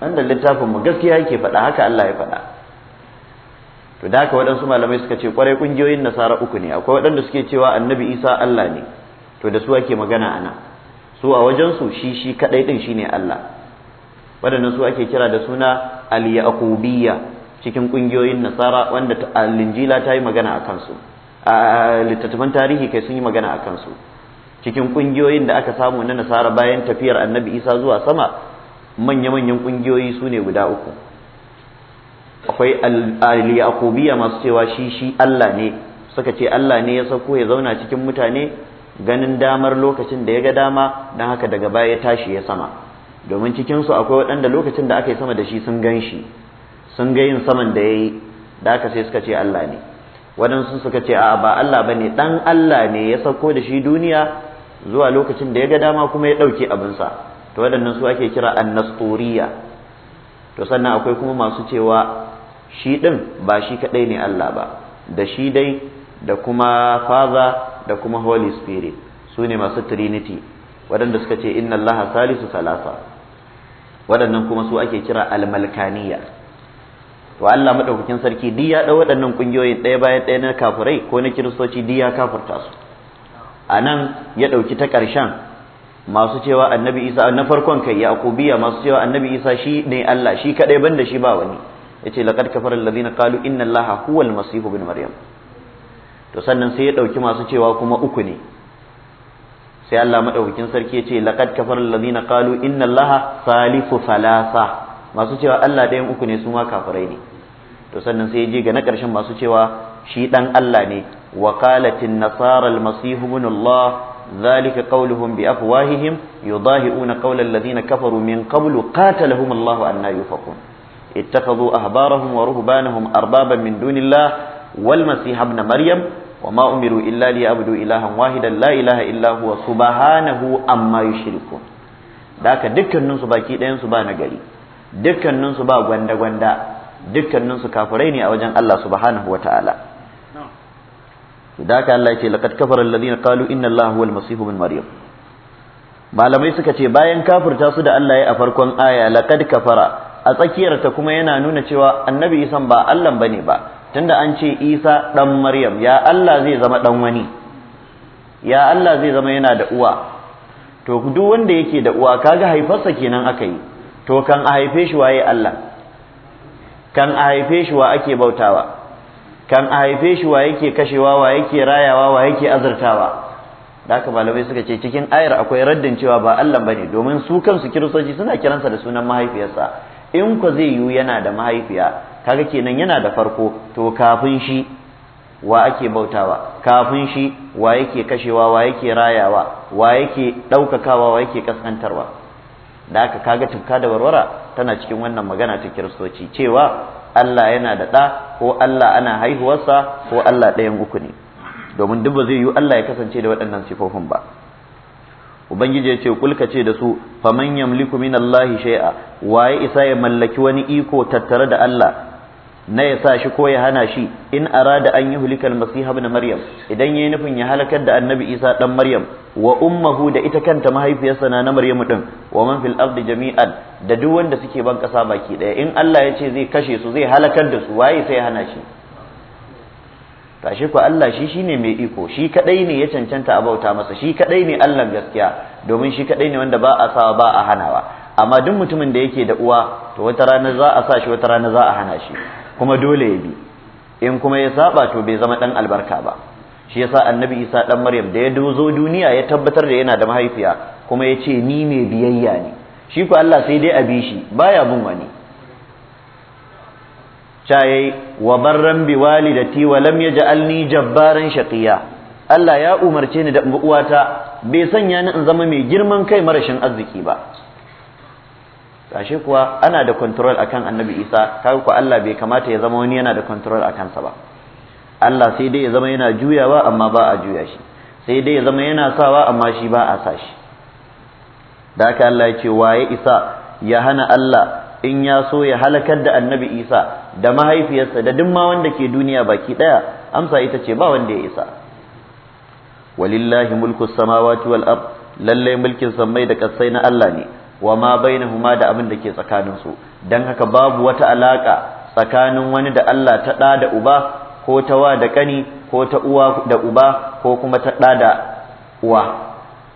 wanda littafin mu gaskiya yake faɗa haka Allah ya faɗa to da haka waɗansu malamai suka ce kwarai ƙungiyoyin nasara uku ne akwai waɗanda suke cewa annabi isa allah ne to da su ake magana ana su a wajensu shi shi kaɗai ɗin shi ne allah waɗannan su ake kira da suna aliyakubiya cikin ƙungiyoyin nasara wanda alinjila ta yi magana a kansu a littattafan tarihi kai sun yi magana a kansu cikin ƙungiyoyin da aka samu na nasara bayan tafiyar annabi isa zuwa sama manya-manyan ƙungiyoyi su ne guda uku akwai al-yaqubiyya masu cewa shi shi Allah ne suka ce Allah ne ya sauko ya zauna cikin mutane ganin damar lokacin da ya ga dama dan haka daga baya ya tashi ya sama domin cikinsu akwai waɗanda lokacin da aka yi sama da shi sun gan shi sun ga yin saman da yayi yi da aka sai suka ce Allah ne waɗansu suka ce a ba Allah ba ne ɗan Allah ne ya sauko da shi duniya zuwa lokacin da ya ga dama kuma ya ɗauke abinsa to waɗannan su ake kira annasturiya to sannan akwai kuma masu cewa shi ɗin ba shi kaɗai ne Allah ba da shi dai da kuma father da kuma holy spirit su ne masu trinity waɗanda suka ce inna allaha salisu salasa waɗannan kuma su ake kira almalkaniya to Allah madaukakin sarki duk ya ɗau waɗannan ƙungiyoyin ɗaya bayan ɗaya na kafirai ko na kiristoci duk ya kafirta su a nan ya ɗauki ta ƙarshen masu cewa annabi isa na farkon kai yaƙubiya masu cewa annabi isa shi ne Allah shi kaɗai banda shi ba wani yace laqad kafara alladhina qalu inna allaha huwa almasih ibn maryam to sannan sai ya dauki masu cewa kuma uku ne sai Allah madaukakin sarki yace laqad kafara alladhina qalu inna allaha salifu thalatha masu cewa Allah dayan uku ne su ma kafirai ne to sannan sai ya je ga na karshen masu cewa shi dan Allah ne wa qalatin nasara almasih ibn allah ذلك قولهم بأفواههم يضاهئون قول الذين كفروا من قبل قاتلهم الله أن يفقون اتخذوا أحبارهم ورهبانهم أربابا من دون الله والمسيح ابن مريم وما أمروا إلا ليعبدوا إلها واحدا لا إله إلا هو سبحانه أما يشركون ذاك dukkanin su baki ɗayan ba nagari dukkanin ba gwanda gwanda dukkanin su ne a wajen Allah subhanahu wataala ذاك Allah yake laqad kafara alladhina qalu inna Allah huwa al-masih ibn maryam malamai suka ce bayan kafirta su da Allah ya a farkon aya laqad kafara a tsakiyarta kuma yana nuna cewa annabi isa ba Allah bane ba tunda an ce isa dan maryam ya Allah zai zama dan wani ya Allah zai zama yana da uwa to duk wanda yake da uwa kaga haifarsa kenan aka yi to kan a haife shi waye Allah kan a haife shi wa ake bautawa kan a haife shi wa yake kashewa wa yake rayawa wa yake azurtawa da haka malamai suka ce cikin ayar akwai raddin cewa ba Allah bane domin su kansu kiristoci suna kiransa da sunan mahaifiyarsa in ku zai yiwu yana da mahaifiya kaga kenan yana da farko to kafin shi wa ake bautawa kafin shi wa yake kashewa wa yake rayawa wa yake ɗaukakawa wa yake kaskantarwa da aka kaga tufka da warwara tana cikin wannan magana ta kiristoci cewa Allah yana da ɗa ko Allah ana haihuwarsa ko Allah ɗayan uku ne domin duk ba zai yiwu Allah ya kasance da waɗannan sifofin ba ubangiji ya ce kulka ce da su faman yamliku min Allahi shay'a waye isa ya mallaki wani iko tattare da Allah na ya sa shi ko ya hana shi in arada an yuhlika al-masih ibn maryam idan yayi nufin ya halakar da annabi isa dan maryam wa ummuhu da ita kanta mahaifiyarsa na na maryam din wa man fil ardi jami'an da duk wanda suke ban kasa baki daya in Allah ya ce zai kashe su zai halakar da su waye sai ya hana shi tashi ku Allah shi shine mai iko shi kadai ne ya cancanta a bauta masa shi kadai ne Allah gaskiya domin shi kadai ne wanda ba a sawa ba a hanawa amma duk mutumin da yake da uwa to wata rana za a sa shi wata rana za a hana shi kuma dole ya bi in kuma ya saba to bai zama dan albarka ba shi yasa annabi Isa dan Maryam da ya dozo duniya ya tabbatar da yana da mahaifiya kuma ya ce ni mai biyayya ne shi ku Allah sai dai a bi shi baya bin wani ta yi wa barran bi walidati wa lam yaj'alni jabbaran shaqiya Allah ya umarce ni da uwata bai sanya ni in zama mai girman kai marashin arziki ba ashe kuwa ana da control akan annabi Isa kaga ko Allah bai kamata ya zama wani yana da control akan sa ba Allah sai dai ya zama yana juyawa amma ba a juya shi sai dai ya zama yana sawa amma shi ba a sa shi da haka Allah ya ce waye isa ya hana Allah in ya so ya halakar da annabi isa da mahaifiyarsa da duk ma wanda ke duniya baki daya amsa ita ce ba wanda ya isa walillahi mulku samawati wal ard lalle mulkin sammai da kasai na Allah ne wa ma bainahuma da abin da ke tsakanin su dan haka babu wata alaka tsakanin wani da Allah ta da da uba ko ta wa da kani ko ta uwa da uba ko kuma ta da da uwa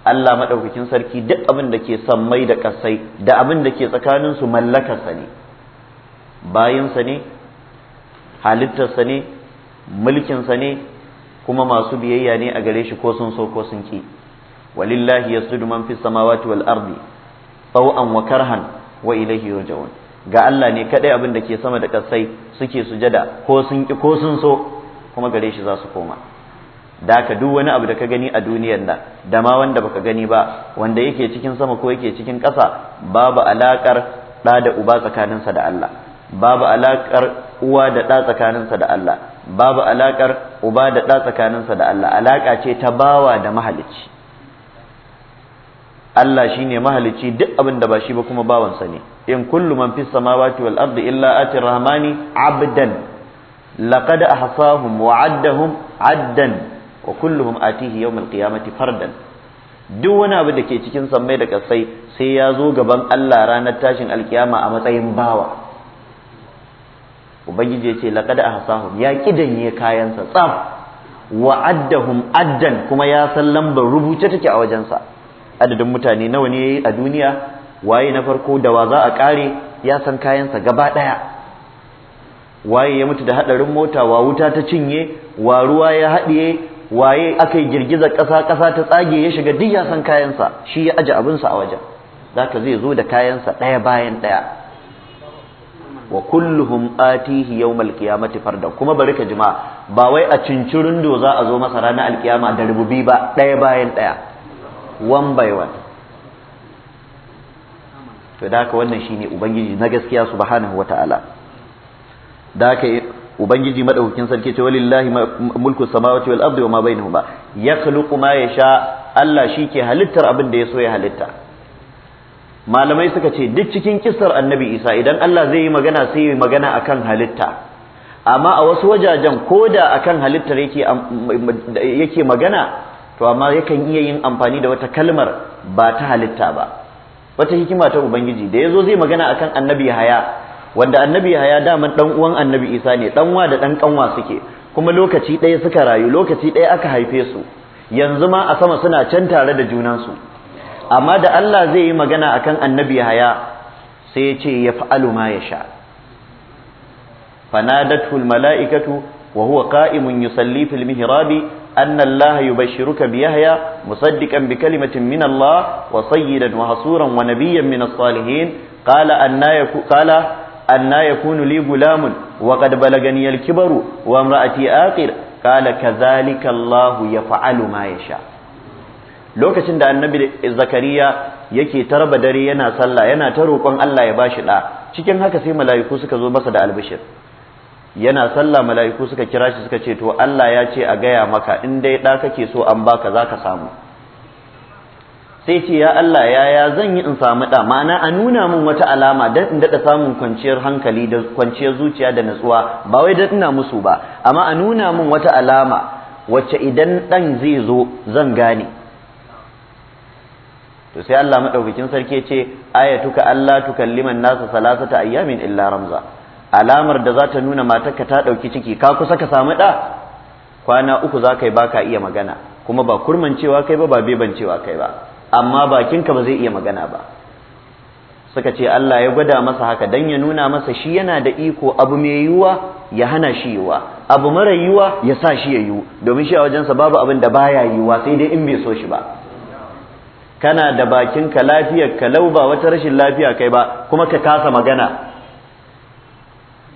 Allah madaukakin sarki duk abin da ke sammai da kasai da abin da ke tsakanin su mallakarsa ne bayinsa ne halittarsa ne mulkinsa ne kuma masu biyayya ne a gare shi ko sun so ko sun ki walillahi yasudu man fi samawati wal ardi taw'an wa karhan wa ilayhi yurja'un ga Allah ne kadai abin da ke sama da kasai suke sujada ko sun ki ko sun so kuma gare shi za su koma da ka duk wani abu da ka gani a duniyar nan da ma wanda baka gani ba wanda yake cikin sama ko yake cikin ƙasa babu alaƙar ɗa da uba tsakaninsa da Allah babu alaƙar uwa da ɗa tsakaninsa da Allah babu alakar uba da ɗa tsakaninsa da Allah alaka ce ta bawa da mahalicci Allah shine mahalicci duk abin da ba shi ba kuma bawansa ne in kullu man fis samawati wal ardi illa ati rahmani abdan laqad ahsahum wa addahum addan wa kulluhum atihi yawm al qiyamati fardan duk wani abu da ke cikin sammai da kasai sai ya zo gaban Allah ranar tashin alkiyama a matsayin bawa ubangiji ya ce laqad ahsahum ya kidanye kayansa tsaf wa addahum addan kuma ya san lambar rubuce take a wajensa adadin mutane nawa ne a duniya waye na farko da wa za a kare ya san kayansa gaba daya waye ya mutu da hadarin mota wa wuta ta cinye wa ruwa ya haɗiye waye aka yi girgizar ƙasa ƙasa ta tsage ya shiga duk ya san kayansa shi ya aje abinsa a wajen zaka zai zo da kayansa ɗaya bayan ɗaya wa kulluhum atihi yawmal qiyamati farda kuma bari ka jima ba wai a cincirin do za a zo masa ranar alkiyama da rububi ba ɗaya bayan ɗaya one by one to da haka wannan shine ubangiji na gaskiya subhanahu wata'ala da haka ubangiji madaukakin sarki ce walillahi mulku samawati wal ardi wa ma bainahuma yakhluqu ma yasha Allah shi ke halittar abin da ya so ya halitta malamai suka ce duk cikin kissar annabi isa idan Allah zai yi magana sai yi magana akan halitta amma a wasu wajajen ko da akan halittar yake magana to amma yakan iya yin amfani da wata kalmar ba ta halitta ba wata hikima ta ubangiji da ya zo zai magana akan annabi haya wanda annabi haya daman dan uwan annabi isa ne ɗanwa da dan kanwa suke kuma lokaci ɗaya suka rayu lokaci ɗaya aka haife su yanzu ma a sama suna can tare da junansu amma da Allah zai yi magana akan annabi haya sai ya ce ya fa'alu ma ya sha fanadatu mala'ikatu wa huwa qa'imun yusalli fil mihrabi anna Allah yubashshiruka bi Yahya musaddiqan bi kalimatin min Allah wa sayyidan wa hasuran wa nabiyyan min salihin kala anna qala أن يكون لي balaganyal kibaru بلغني الكبر وامرأتي آقر قال كذلك الله يفعل ya sha. lokacin da annabi zakariya yake tarba dare yana sallah yana ta roƙon Allah ya bashi da cikin haka sai mala'iku suka zo masa da albishir yana sallah mala'iku suka kira shi suka ce to Allah ya ce a gaya maka in dai da kake so an baka zaka samu sai ce ya Allah ya ya zan yi in samu da ma'ana a nuna min wata alama dan in daɗa samun kwanciyar hankali da kwanciyar zuciya da natsuwa ba wai dan ina musu ba amma a nuna min wata alama wacce idan dan zai zo zan gane to sai Allah madaukakin sarki ce ayatuka Allah tukalliman nasa salasata ayyamin illa ramza alamar da za ta nuna matarka ta dauki ciki ka kusa ka samu da kwana uku za ka yi baka iya magana kuma ba kurmancewa kai ba ba bebancewa kai ba amma bakinka ba zai iya magana ba suka ce Allah ya gwada masa haka dan ya nuna masa shi yana da iko abu mai yiwuwa ya hana shi yiwuwa abu mara yiwuwa ya sa shi ya yiwu domin shi a wajensa babu abin da baya yiwuwa sai dai in bai so shi ba kana da bakinka lafiyar ka lau ba wata rashin lafiya kai ba kuma ka kasa magana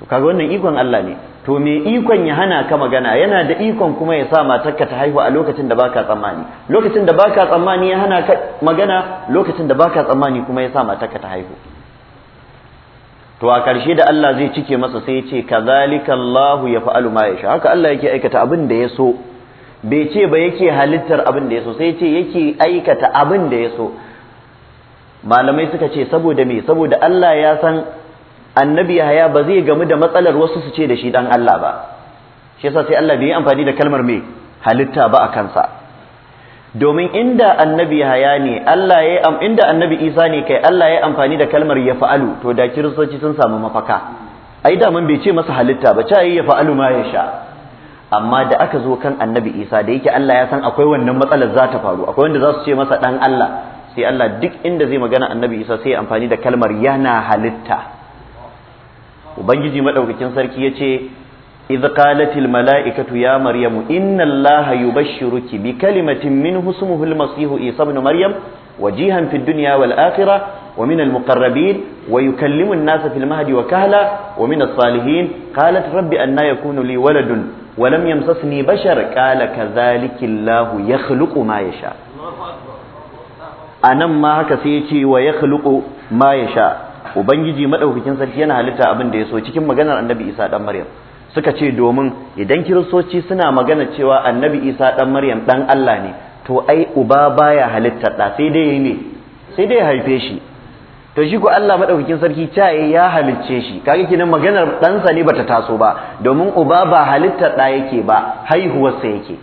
to kaga wannan ikon Allah ne to me ikon ya hana ka magana yana da ikon kuma ya sa matarka ta haihu a lokacin da baka tsammani lokacin da baka tsammani ya hana ka magana lokacin da baka tsammani kuma ya sa matarka ta haihu to a karshe da Allah zai cike masa sai ya ce kazalika Allahu yaf'alu ma yasha haka Allah yake aikata abin da ya so bai ce ba yake halittar abin da ya so sai ce yake aikata abin da ya so malamai suka ce saboda me saboda Allah ya san annabi haya ba zai gamu da matsalar wasu su ce da shi dan Allah ba shi sai Allah bai yi amfani da kalmar me halitta ba a kansa domin inda annabi haya ne Allah ya inda annabi Isa ne kai Allah ya amfani da kalmar ya fa'alu to da kiristoci sun samu mafaka ai da mun bai ce masa halitta ba ca ya fa'alu ma ya sha amma da aka zo kan annabi isa da yake allah ya san akwai wannan matsalar za ta faru akwai wanda za su ce masa dan allah sai allah duk inda zai magana annabi isa sai amfani da kalmar yana halitta ubangiji maɗaukakin sarki ya ce إذ قالت الملائكة يا مريم إن الله يبشرك بكلمة منه اسمه المسيح عيسى ابن مريم وجيها في الدنيا والآخرة ومن المقربين ويكلم الناس في المهد وكهلا ومن الصالحين قالت رب أنا يكون لي ولد walam يمسسني bashar قال كذلك الله يخلق ma يشاء anan ma haka sai ya ce wa yakhluqu ma yasha ubangiji madaukakin sarki yana halitta abin da ya so cikin maganar annabi Isa dan Maryam suka ce domin idan kiristoci suna magana cewa annabi Isa dan Maryam dan Allah ne to ai uba baya halitta da sai dai ne sai dai haife shi to shi ko Allah madaukakin sarki ta ya halicce shi kage kinan maganar ɗansa ne bata taso ba domin uba ba halitta da yake ba haihuwarsa yake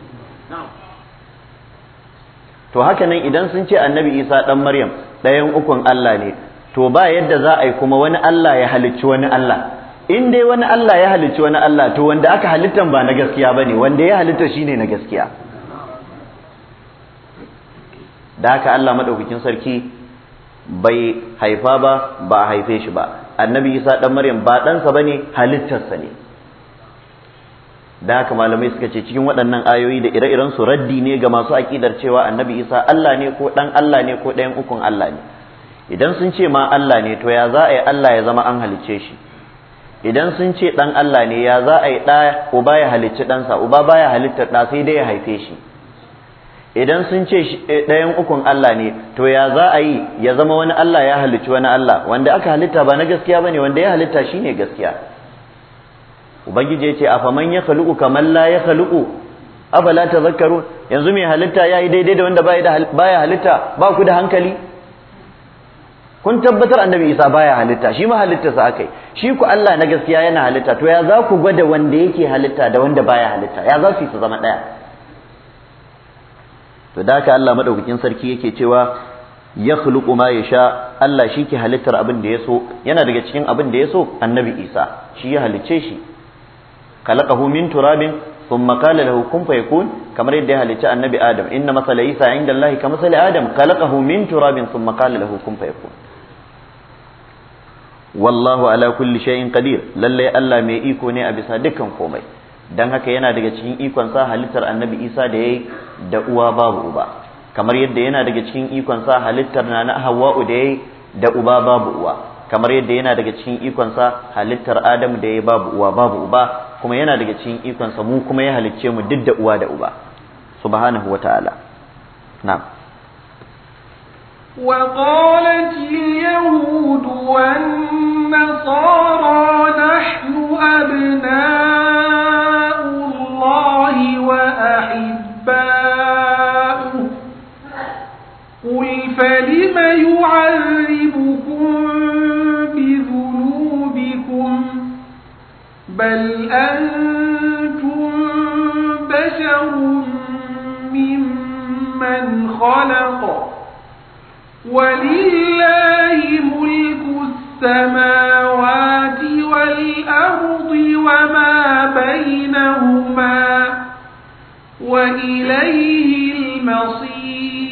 to haka nan idan sun ce annabi isa dan maryam ɗayan ukun Allah ne to ba yadda za a yi kuma wani Allah ya halicci wani Allah in dai wani Allah ya halicci wani Allah to wanda aka halittan ba na gaskiya bane wanda ya halitta shine na gaskiya da haka Allah madaukakin sarki bai haifa ba ba a haife shi ba annabi isa dan maryam ba ɗansa ba ne halittarsa ne da haka malamai suka ce cikin waɗannan ayoyi da ire-iren su raddi ne ga masu aƙidar cewa annabi isa allah ne ko ɗan allah ne ko ɗayan ukun allah ne idan sun ce ma allah ne to ya za a yi allah ya zama an halicce shi idan sun ce ɗan allah ne ya za a yi ɗa uba ya halicci ɗansa uba baya halittar ɗa sai dai ya haife shi idan sun ce eh, ɗayan ukun Allah ne to ya za a yi ya zama wani Allah ya halicci wani Allah wanda aka halitta ba na gaskiya bane wanda ya halitta shine gaskiya ubangiji yace a faman ya khaluqu kaman la ya khaluqu afala Zakaru yanzu mai halitta ya yi daidai da wanda baya halitta ba ku da hankali kun tabbatar annabi Isa baya halitta shi ma halitta sa akai shi ku Allah na gaskiya yana halitta to ya za ku gwada wanda yake halitta da wanda baya halitta ya za su yi su zama ɗaya to da haka Allah madaukakin sarki yake cewa ya khluqu ma yasha Allah shi ke halittar abin da ya so yana daga cikin abin da ya so annabi Isa shi ya halicce shi khalaqahu min turabin thumma qala lahu kun fayakun kamar yadda ya halicci annabi Adam inna masala Isa inda Allah ka masala Adam khalaqahu min turabin thumma qala lahu kun fayakun wallahu ala kulli shay'in qadir lalle Allah mai iko ne a bisa dukkan komai don haka yana daga cikin ikonsa sa halittar annabi isa da ya da uwa babu uba kamar yadda yana daga cikin ikon sa halittar na hawa'u da ya da uba babu uwa kamar yadda yana daga cikin ikon sa halittar adam da ya babu uwa babu uba kuma yana daga cikin ikon mu kuma ya halicce mu duk da uwa da uba subhanahu wata'ala na'am وقالت اليهود والنصارى نحن أبناء فلم يعذبكم بذنوبكم بل أنتم بشر ممن خلق ولله ملك السماوات والأرض وما بينهما وإليه المصير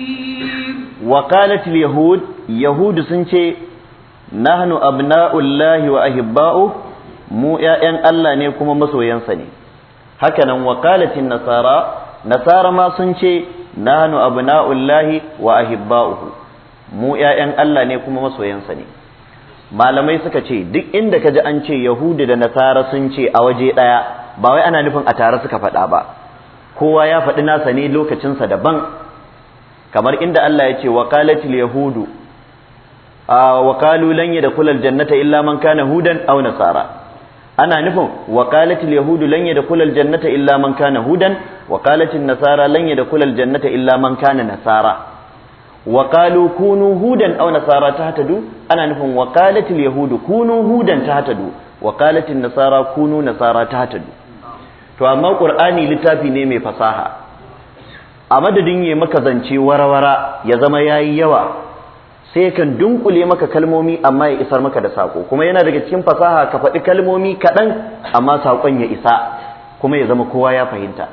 wa qalat al yahud yahudu sun ce nahnu abna'ullahi wa ahibba'u mu Allah ne kuma masoyansa ne hakanan wa qalat nasara nasara ma sun ce nahnu abna'ullahi wa ahibba'u mu yayan Allah ne kuma masoyansa ne malamai suka ce duk inda kaji an ce yahudu da nasara sun ce a waje ɗaya ba wai ana nufin a tare suka faɗa ba kowa ya faɗi nasa ne lokacinsa daban kamar inda Allah ya ce wa qalatil yahudu wa lanye lan kulal jannata illa man kana hudan aw nasara ana nufin wa Yahudu yahudu lan kulal jannata illa man kana hudan wa nasara nasara lan kulal jannata illa man kana nasara wa kunu hudan aw nasara ta tahtadu ana nufin wa yahudu kunu hudan tahtadu wa qalatin nasara kunu nasara ta tahtadu to amma qur'ani littafi ne mai fasaha a madadin ya maka zance warawara ya zama ya yi yawa sai kan dunkule maka kalmomi amma ya isar maka da sako kuma yana daga cikin fasaha ka faɗi kalmomi kaɗan amma sakon ya isa kuma ya zama kowa ya fahimta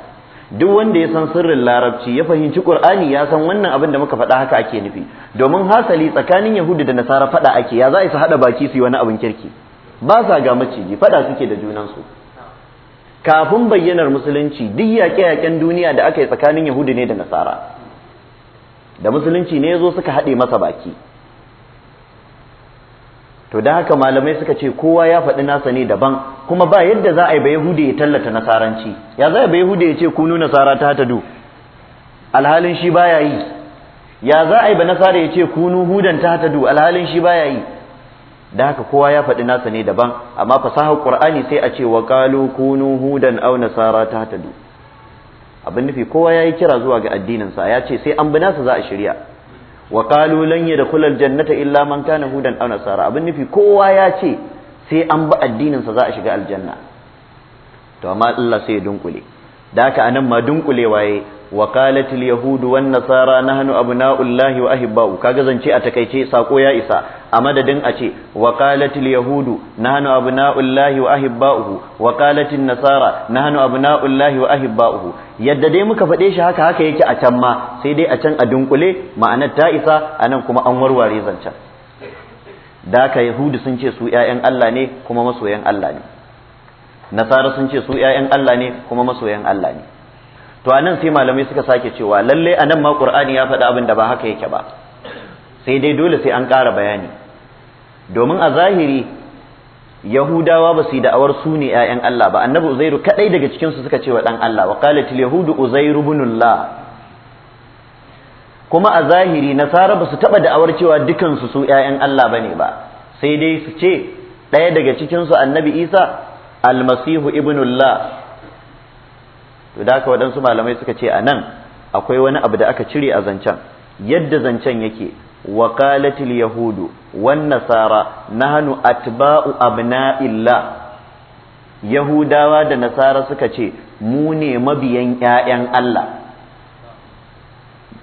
duk wanda ya san sirrin larabci ya fahimci qur'ani ya san wannan abin da muka faɗa haka ake nufi domin hasali tsakanin yahudu da nasara faɗa ake ya za a isa haɗa baki su yi wani abin kirki ba sa ga maciji faɗa suke da junansu kafin bayyanar musulunci duk yaƙe-yaƙen duniya da aka yi tsakanin yahudu ne da nasara da musulunci ne zo suka haɗe masa baki to da haka malamai suka ce kowa ya faɗi nasa ne daban kuma ba yadda za a yi ba yahudu ya tallata nasaranci ya za a ba yahudu ya ce kunu nasara ta hatadu alhalin shi baya yi ya za a yi ba nasara ya ce kunu hudan ta hatadu alhalin shi baya yi da haka kowa ya faɗi nasa ne daban amma fasahar qur'ani sai a ce wa qalu kunu hudan aw nasara ta tadu abin nufi kowa yayi kira zuwa ga addinin sa ya ce sai an bi nasa za a shirya wa qalu lan al jannata illa man kana hudan aw nasara abin nufi kowa ya ce sai an bi addinin sa za a shiga aljanna to amma Allah sai ya dunkule da a anan ma dunkule waye wa qalat al yahud wan nasara nahnu abna'ullahi wa ahibba'u kaga zance a takaice sako ya isa a madadin a ce wa qalat al yahud nahnu abna'ullahi wa ahibba'uhu wa qalat nasara nahnu abna'ullahi wa yadda dai muka faɗe shi haka haka yake a can ma sai dai a can a dunkule ma'anar ta isa anan kuma an warware zancen da yahudu sun ce su 'ya'yan Allah ne kuma masoyan Allah ne nasara sun ce su yayan Allah ne kuma masoyan Allah ne to anan sai malamai suka sake cewa lalle anan ma Qur'ani ya faɗi abin da ba haka yake ba sai dai dole sai an ƙara bayani domin a zahiri Yahudawa ba su yi da'awar su ne ƴaƴan Allah ba annabi Uzairu kadai daga cikin su suka ce wa dan Allah wa qalat yahudu Uzairu ibnullah kuma a zahiri nasara ba su taɓa da'awar cewa dukansu su ‘ya'yan Allah ba ne ba sai dai su ce ɗaya daga cikinsu annabi isa almasihu ibnullah to da haka waɗansu malamai suka ce a nan akwai wani abu da aka cire a zancen yadda zancen yake wakalatil yahudu wan nasara nahnu atba'u abna'illah yahudawa da nasara suka ce mu ne mabiyan ƴaƴan Allah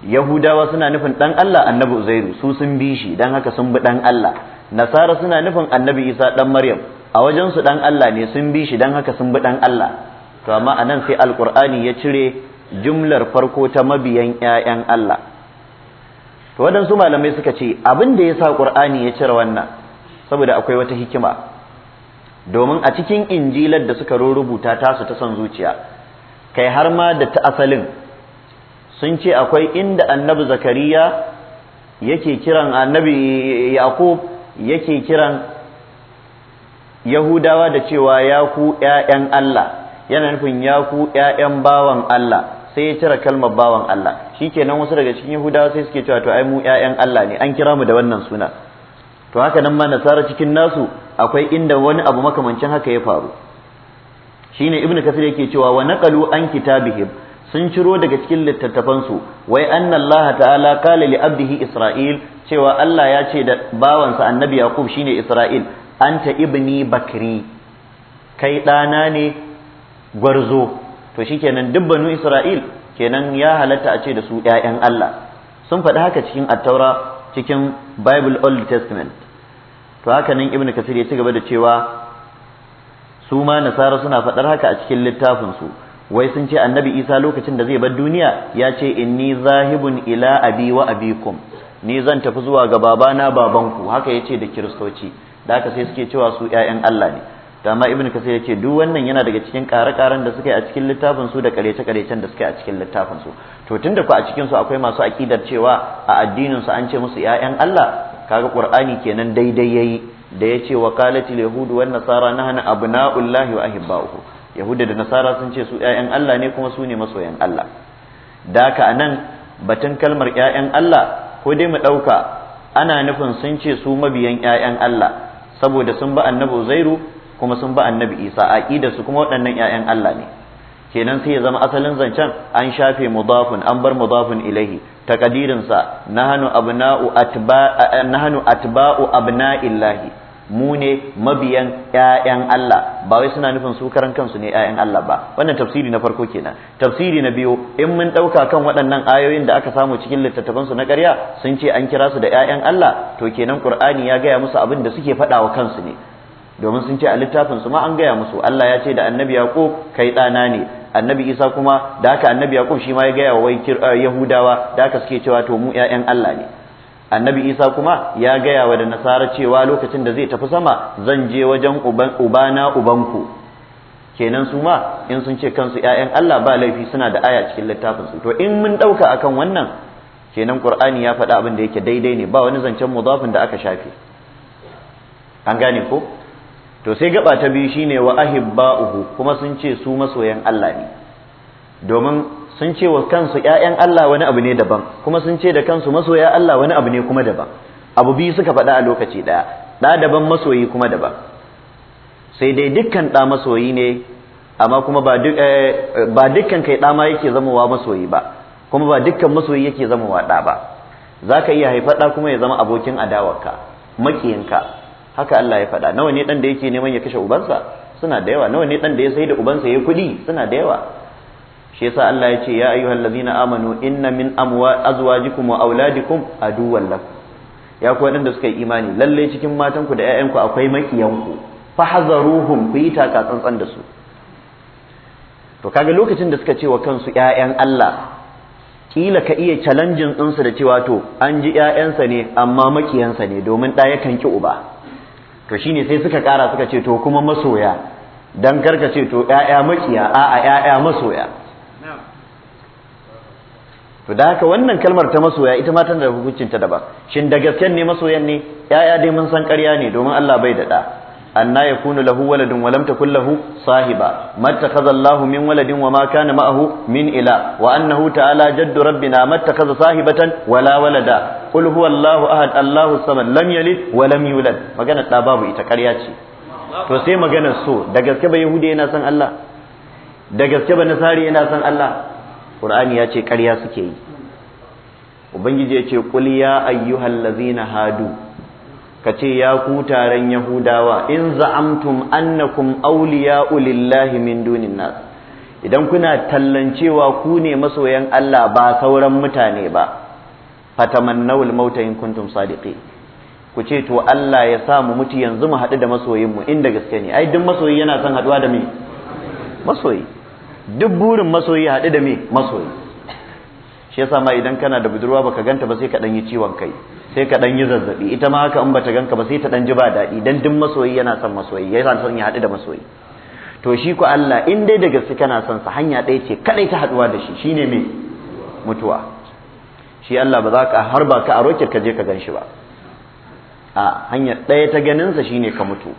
yahudawa suna nufin dan Allah annabi uzairu su sun bi shi dan haka sun bi dan Allah nasara suna nufin annabi isa dan maryam a wajen su dan Allah ne sun bi shi dan haka sun bi dan Allah to amma anan sai alqur'ani ya cire jumlar farko ta mabiyan ƴaƴan Allah to waɗansu malamai suka ce abin da yasa qur'ani ya cire wannan saboda akwai wata hikima domin a cikin injilar da suka rubuta tasu ta son zuciya kai har ma da ta asalin sun ce akwai inda annabi zakariya yake kiran annabi yaqub yake kiran yahudawa da cewa ya ku ƴaƴan Allah yana nufin ya ku ƴaƴan bawan Allah sai ya cire kalmar bawan Allah shi kenan wasu daga cikin yahudawa sai suke cewa to ai mu yayan Allah ne an kira mu da wannan suna to haka nan ma nasara cikin nasu akwai inda wani abu makamancin haka ya faru shine ibnu kasir yake cewa wa naqalu an kitabihim sun ciro daga cikin littattafansu wai annallaha ta'ala qala li abdihi isra'il cewa Allah ya ce da bawansa annabi yaqub shine isra'il anta ibni bakri kai ɗana ne gwarzo to shikenan duk banu isra'il kenan ya halatta a ce da su ƴaƴan Allah sun faɗi haka cikin attaura cikin bible old testament to haka nan ibnu kasir ya ci gaba da cewa su ma nasara suna faɗar haka a cikin littafin wai sun ce annabi isa lokacin da zai bar duniya ya ce inni zahibun ila abi wa abikum ni zan tafi zuwa ga babana babanku haka yace da kiristoci da haka sai suke cewa su ƴaƴan Allah ne da amma ibnu kasir yace duk wannan yana daga cikin ƙare-ƙaren da suka a cikin littafin su da ƙarece-ƙarecen da suka yi a cikin littafin su to tunda ku a cikin su akwai masu aƙidar cewa a addinin su an ce musu ƴaƴan Allah kaga qur'ani kenan daidai yayi da yace wa qalatil yahudu wa nasara nahana abna'ullahi wa ahibba'uhu yahuda da nasara sun ce su ƴaƴan Allah ne kuma su ne masoyan Allah da haka anan batun kalmar ƴaƴan Allah ko dai mu ɗauka ana nufin sun ce su mabiyan ƴaƴan Allah saboda sun ba annabi Uzairu kuma sun ba annabi Isa aqidar su kuma waɗannan ƴaƴan Allah ne kenan sai ya zama asalin zancen an shafe mudafun an bar mudafun ilaihi taqdirin sa nahnu abna'u atba nahnu atba'u abna'illahi mu ne mabiyan ƴaƴan Allah ba wai suna nufin su karan kansu ne ƴaƴan Allah ba wannan tafsiri na farko kenan tafsiri na biyu in mun ɗauka kan waɗannan ayoyin da aka samu cikin littattafan su na ƙarya sun ce an kira su da ƴaƴan Allah to kenan Qur'ani ya gaya musu abin da suke faɗa wa kansu ne domin sun ce a littafin su ma an gaya musu Allah ya ce da Annabi Yaqub kai ɗana ne Annabi Isa kuma da haka Annabi Yaqub shi ma ya gaya wa Yahudawa da haka suke cewa to mu ƴaƴan Allah ne annabi isa kuma ya gaya wa da nasara cewa lokacin da zai tafi sama zan je wajen ubana ubanku kenan su ma in sun ce kansu ‘ya'yan Allah ba laifi suna da aya cikin littafinsu to in mun ɗauka akan wannan kenan kur'ani ya faɗa abin da yake daidai ne ba wani zancen mudafin da aka shafe an gane ko to sai gaba ta biyu shine wa ubu kuma sun ce su masoyan Allah ne domin sun ce wa kansu ‘ya'yan Allah wani abu ne daban kuma sun ce da kansu masoya Allah wani abu ne kuma daban abu biyu suka faɗa a lokaci ɗaya ɗa daban masoyi kuma daban sai dai dukkan ɗa masoyi ne amma kuma ba eh, dukkan kai ɗa ma yake zamowa masoyi ba kuma ba dukkan masoyi yake zamowa ɗa ba za ka iya haifar ɗa kuma ya zama abokin adawarka maƙiyinka haka Allah ya faɗa nawa ne ɗan da yake neman ya kashe ubansa suna da yawa nawa ne ɗan da ya sai da ubansa ya kuɗi suna da yawa shi yasa Allah ya ce ya ayyuhallazina amanu inna min amwa azwajikum wa auladikum aduwwan lakum ya ku wadanda suka yi imani lalle cikin matanku da 'ya'yanku akwai makiyanku fahazaruhum ku yi taka tsantsan da su to kaga lokacin da suka ce wa kansu 'ya'yan Allah kila ka iya challenging ɗinsu da cewa to an ji 'ya'yansa ne amma makiyansa ne domin ɗaya kan ki uba to shine sai suka kara suka ce to kuma masoya dan karka ce to 'ya'ya makiya a'a 'ya'ya masoya to da haka wannan kalmar ta masoya ita ma tana da hukuncin ta daban shin da gasken ne masoyan ne yaya dai mun san ƙarya ne domin Allah bai da da anna yakunu lahu waladun wa lam takul lahu sahiba mattakhadha Allahu min waladin wa ma kana ma'ahu min ila wa annahu ta'ala jaddu rabbina mattakhadha sahibatan wala walada qul huwa Allahu ahad Allahu samad lam yalid wa lam yulad magana babu ita ƙarya ce to sai maganar so da gaske ba yahudi yana san Allah da gaske ba nasari yana san Allah qur'ani ya ce ƙarya suke yi ubangiji ya ce qul ya ayyuhal ladzina hadu kace ya ku taron yahudawa in za'amtum annakum awliya'u lillahi min dunin nas idan kuna tallancewa ku ne masoyan Allah ba sauran mutane ba fatamannawul mauta in kuntum sadiqi ku ce to Allah ya sa mu mutu yanzu mu haɗu da masoyinmu inda gaske ne ai duk masoyi yana son haɗuwa da me masoyi duk burin masoyi haɗu da me masoyi shi yasa ma idan kana da budurwa baka ganta ba sai ka dan yi ciwon kai sai ka dan yi zazzabi ita ma haka in bata ganka ba sai ta dan ji ba daɗi dan duk masoyi yana son masoyi yana son ya haɗu da masoyi to shi ku Allah in dai da gaske kana son sa hanya ɗaya ce kadai ta haɗuwa da shi shine me mutuwa shi Allah ba za ka har ba ka a roket ka je ka gan shi ba a hanya ɗaya ta ganin sa shine ka mutu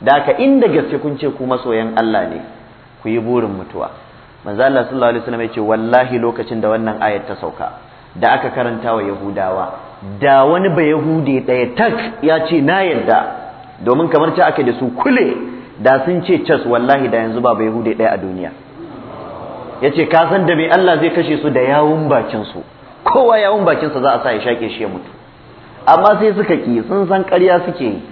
da ka inda gaske kun ce ku masoyan Allah ne ku yi burin mutuwa manzo Allah sallallahu alaihi wasallam ya ce wallahi lokacin da wannan ayat ta sauka da aka karanta wa yahudawa da wani ba yahudi ɗaya tak ya ce na yarda domin kamar ta aka da su kule da sun ce cas wallahi da yanzu ba ba yahudi ɗaya a duniya ya ce ka san da mai Allah zai kashe su da yawun bakin su kowa yawun bakin sa za a sa ya shake shi ya mutu amma sai suka ki sun san ƙarya suke yi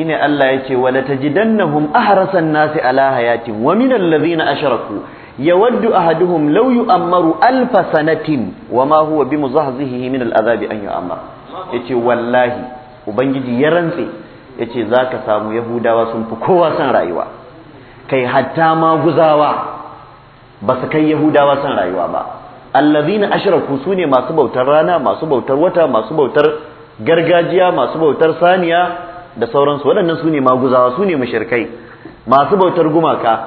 shine Allah yace wala tajidannahum ahrasan nasi ala hayatin wa minal ladhina ashraku yawaddu ahaduhum law yu'ammaru alf sanatin wama huwa bimuzahzihi min al'adabi an yu'ammar yace wallahi ubangiji ya rantse yace zaka samu yahudawa sun fi kowa san rayuwa kai hatta ma guzawa ba su kai yahudawa san rayuwa ba allazina ashraku sune masu bautar rana masu bautar wata masu bautar gargajiya masu bautar saniya da sauransu waɗannan su ne maguzawa su ne mashirkai masu bautar gumaka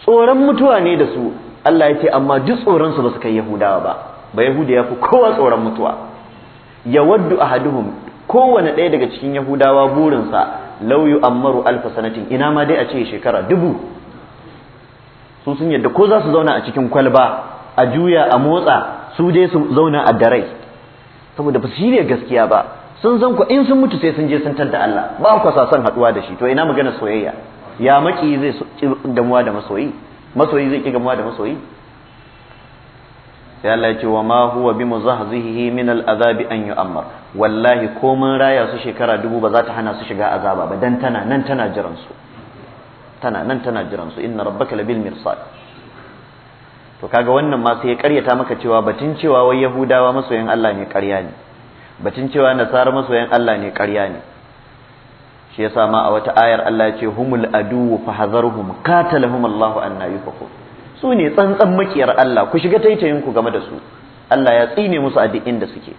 tsoron mutuwa ne da su Allah ya ce amma duk tsoronsu ba su kai Yahudawa ba ba Yahuda ya fi kowa tsoron mutuwa a haduhun. kowane ɗaya daga cikin Yahudawa burinsa lauyu ammaru alfa sanatin ina ma dai a ce shekara dubu su sun yadda ko za su zauna a cikin kwalba a juya a motsa su dai su zauna a darai saboda ba su shirya gaskiya ba sun zan ku in sun mutu sai sun je sun tanta Allah ba ku sa son haduwa da shi to ina magana soyayya ya maki zai gamuwa da masoyi masoyi zai ki gamuwa da masoyi sai Allah ya ce wa ma huwa bi muzahzihi min al'azabi an yu'ammar wallahi ko mun raya su shekara dubu ba za ta hana su shiga azaba ba dan tana nan tana jiran su tana nan tana jiran su inna rabbaka labil mirsad to kaga wannan ma sai ya karyata maka cewa batun cewa wai yahudawa masoyan Allah ne karya ne Bacin cewa nasara masoyan Allah ne ƙarya ne shi yasa ma a wata ayar Allah ya ce humul aduwu fahazarhum qatalahum Allahu anna yufaku su ne tsantsan makiyar Allah ku shiga taitayin ku game da su Allah ya tsine musu a duk inda suke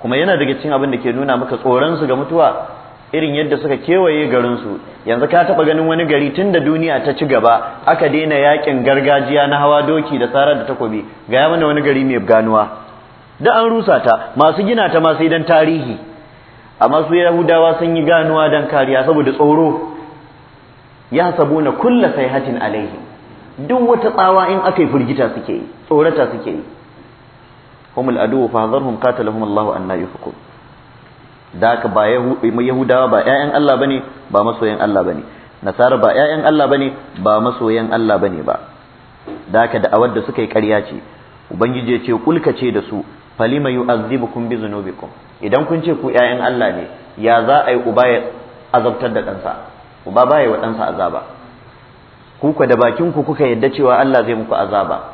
kuma yana daga cikin abin da ke nuna maka tsoron su ga mutuwa irin yadda suka kewaye garinsu yanzu ka taɓa ganin wani gari tun da duniya ta ci gaba aka daina yakin gargajiya na hawa doki da tsara da takobi ga ya mana wani gari mai ganuwa da an rusa ta masu gina ta masu idan tarihi amma su yahudawa sun yi ganuwa don kariya saboda tsoro ya na kulla sayhatin alaihi duk wata tsawa in aka yi firgita suke yi tsorata suke yi humul adu fa hadarhum qatalahum Allahu an la yufakun da haka ba yahudawa ba ƴaƴan Allah bane ba masoyan Allah bane nasara ba ƴaƴan Allah bane ba masoyan Allah bane ba da haka awar da suka yi ƙarya ce ubangiji ya ce kulka ce da su falima kun bi zunubikum idan kun ce ku ƴaƴan Allah ne ya za a yi uba ya azabtar da ɗansa uba ba ya wa ɗansa azaba ku da bakin ku kuka yadda cewa Allah zai muku azaba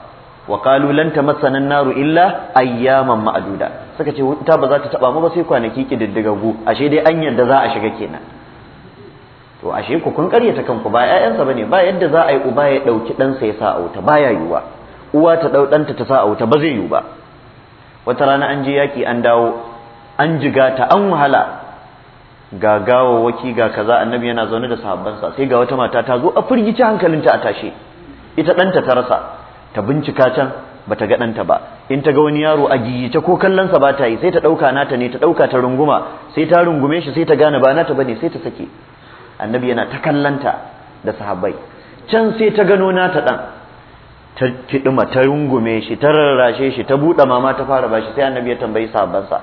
wa kalu lan tamassana naru illa ayyaman ma'duda suka ce wuta ba za ta taba mu ba sai kwanaki kididdigagu ashe dai an yanda za a shiga kenan to ashe ku kun kan kanku ba ƴaƴansa bane ba yadda za a yi uba ya dauki ɗansa ya sa a wuta baya yiwuwa uwa ta dau ɗanta ta sa a wuta ba zai yiwu ba wata rana an je yaki an dawo an jiga ta an wahala ga gawo waki ga kaza annabi yana zaune da sahabbansa sai ga wata mata ta zo a firgici hankalinta a tashe ita ɗanta ta rasa ta bincika can bata ga ɗanta ba in ta ga wani yaro a giyice ko kallonsa ba ta yi sai ta ɗauka nata ne ta ɗauka ta runguma sai ta rungume shi sai ta gane ba nata bane sai ta sake annabi yana ta kallanta da sahabbai can sai ta gano nata ɗan ta kiɗima ta rungume shi ta rarrashe shi ta buɗe mama ta fara ba shi sai annabi ya tambayi sahabbansa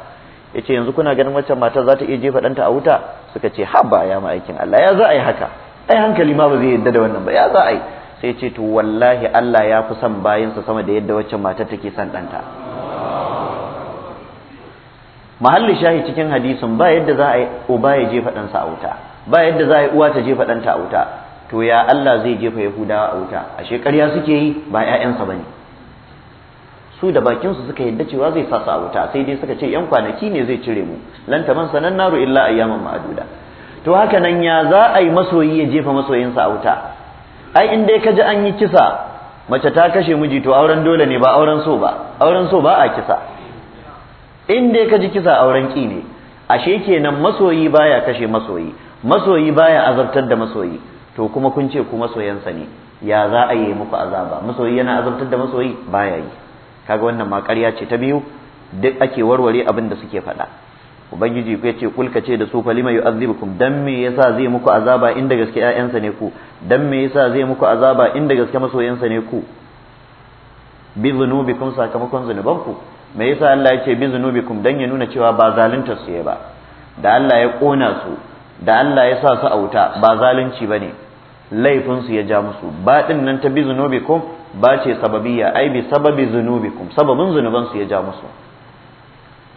ya ce yanzu kuna ganin wacce matar za ta iya jefa ɗanta a wuta suka ce ba ya ma'aikin Allah ya za a yi haka ai hankali ma ba zai yadda da wannan ba ya za a yi sai ce to wallahi Allah ya fi son bayansa sama da yadda wacce mata take son ɗanta Mahalli shahi cikin hadisin ba yadda za a yi uba ya jefa ɗansa a wuta ba yadda za a yi uwa ta jefa ɗanta a wuta to ya Allah zai jefa yahudawa a wuta a shekarya suke yi ba ba bane su da bakinsu suka yadda cewa zai sa a wuta sai dai suka ce yan kwanaki ne zai cire mu lan taman sanan naru illa ayyaman ma'aduda to haka nan ya za a yi masoyi ya jefa masoyinsa a wuta ai inda ya kaji an yi kisa mace ta kashe miji to auren dole ne ba auren so ba auren so ba a kisa Inda ya kaji kisa auren ki ne ashe kenan masoyi baya kashe masoyi masoyi baya azabtar da masoyi to kuma kun ce ku masoyansa ne ya za a yi muku azaba masoyi yana azabtar da masoyi baya yi kaga wannan ma ƙarya ce ta biyu duk ake warware abin da suke faɗa ubangiji ya ce kulka ce da su falima yu'azzibukum dan me yasa zai muku azaba inda gaske ƴaƴansa ne ku dan me yasa zai muku azaba inda gaske masoyansa ne ku bi dhunubikum sakamakon zunubanku me yasa Allah ya ce bi dhunubikum dan ya nuna cewa ba zalunta su ba da Allah ya kona su da Allah ya sa su auta ba zalunci bane laifin su ya ja musu ba din nan ta bi dhunubikum ba ce sababiyya ai bi sababi dhunubikum sababin zunuban su ya ja musu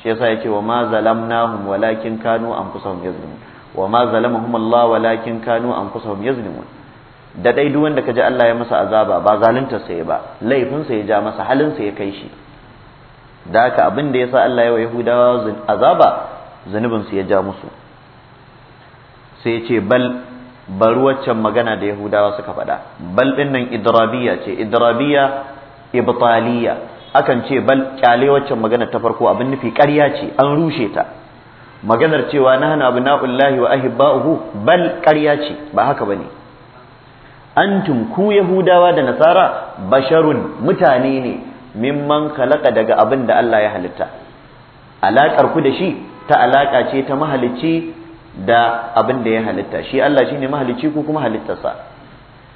shi yasa yake wa ma zalamnahum walakin kanu anfusahum yazlimun wa ma zalamahum Allah walakin kanu anfusahum yazlimun da dai duk wanda kaji Allah ya masa azaba ba zalunta sai ba laifin sa ya ja masa halin sa ya kai shi da haka abin da yasa Allah ya wa Yahudawa azaba Zanubin su ya ja musu sai ce bal bari waccan magana da Yahudawa suka faɗa bal ɗin nan idrabiya ce idrabiya ibtaliya akan ce bal kyale waccan magana ta farko abin nufi ƙarya ce an rushe ta maganar cewa na abu na'ullahi wa ahibba'uhu bal ƙarya ce ba haka ba ne antum ku yahudawa da nasara basharun mutane ne mimman kalaka daga abin da Allah ya halitta alaƙar ku da shi ta alaƙa ce ta mahalicci da abin da ya halitta shi Allah shine mahalicci ko kuma halittarsa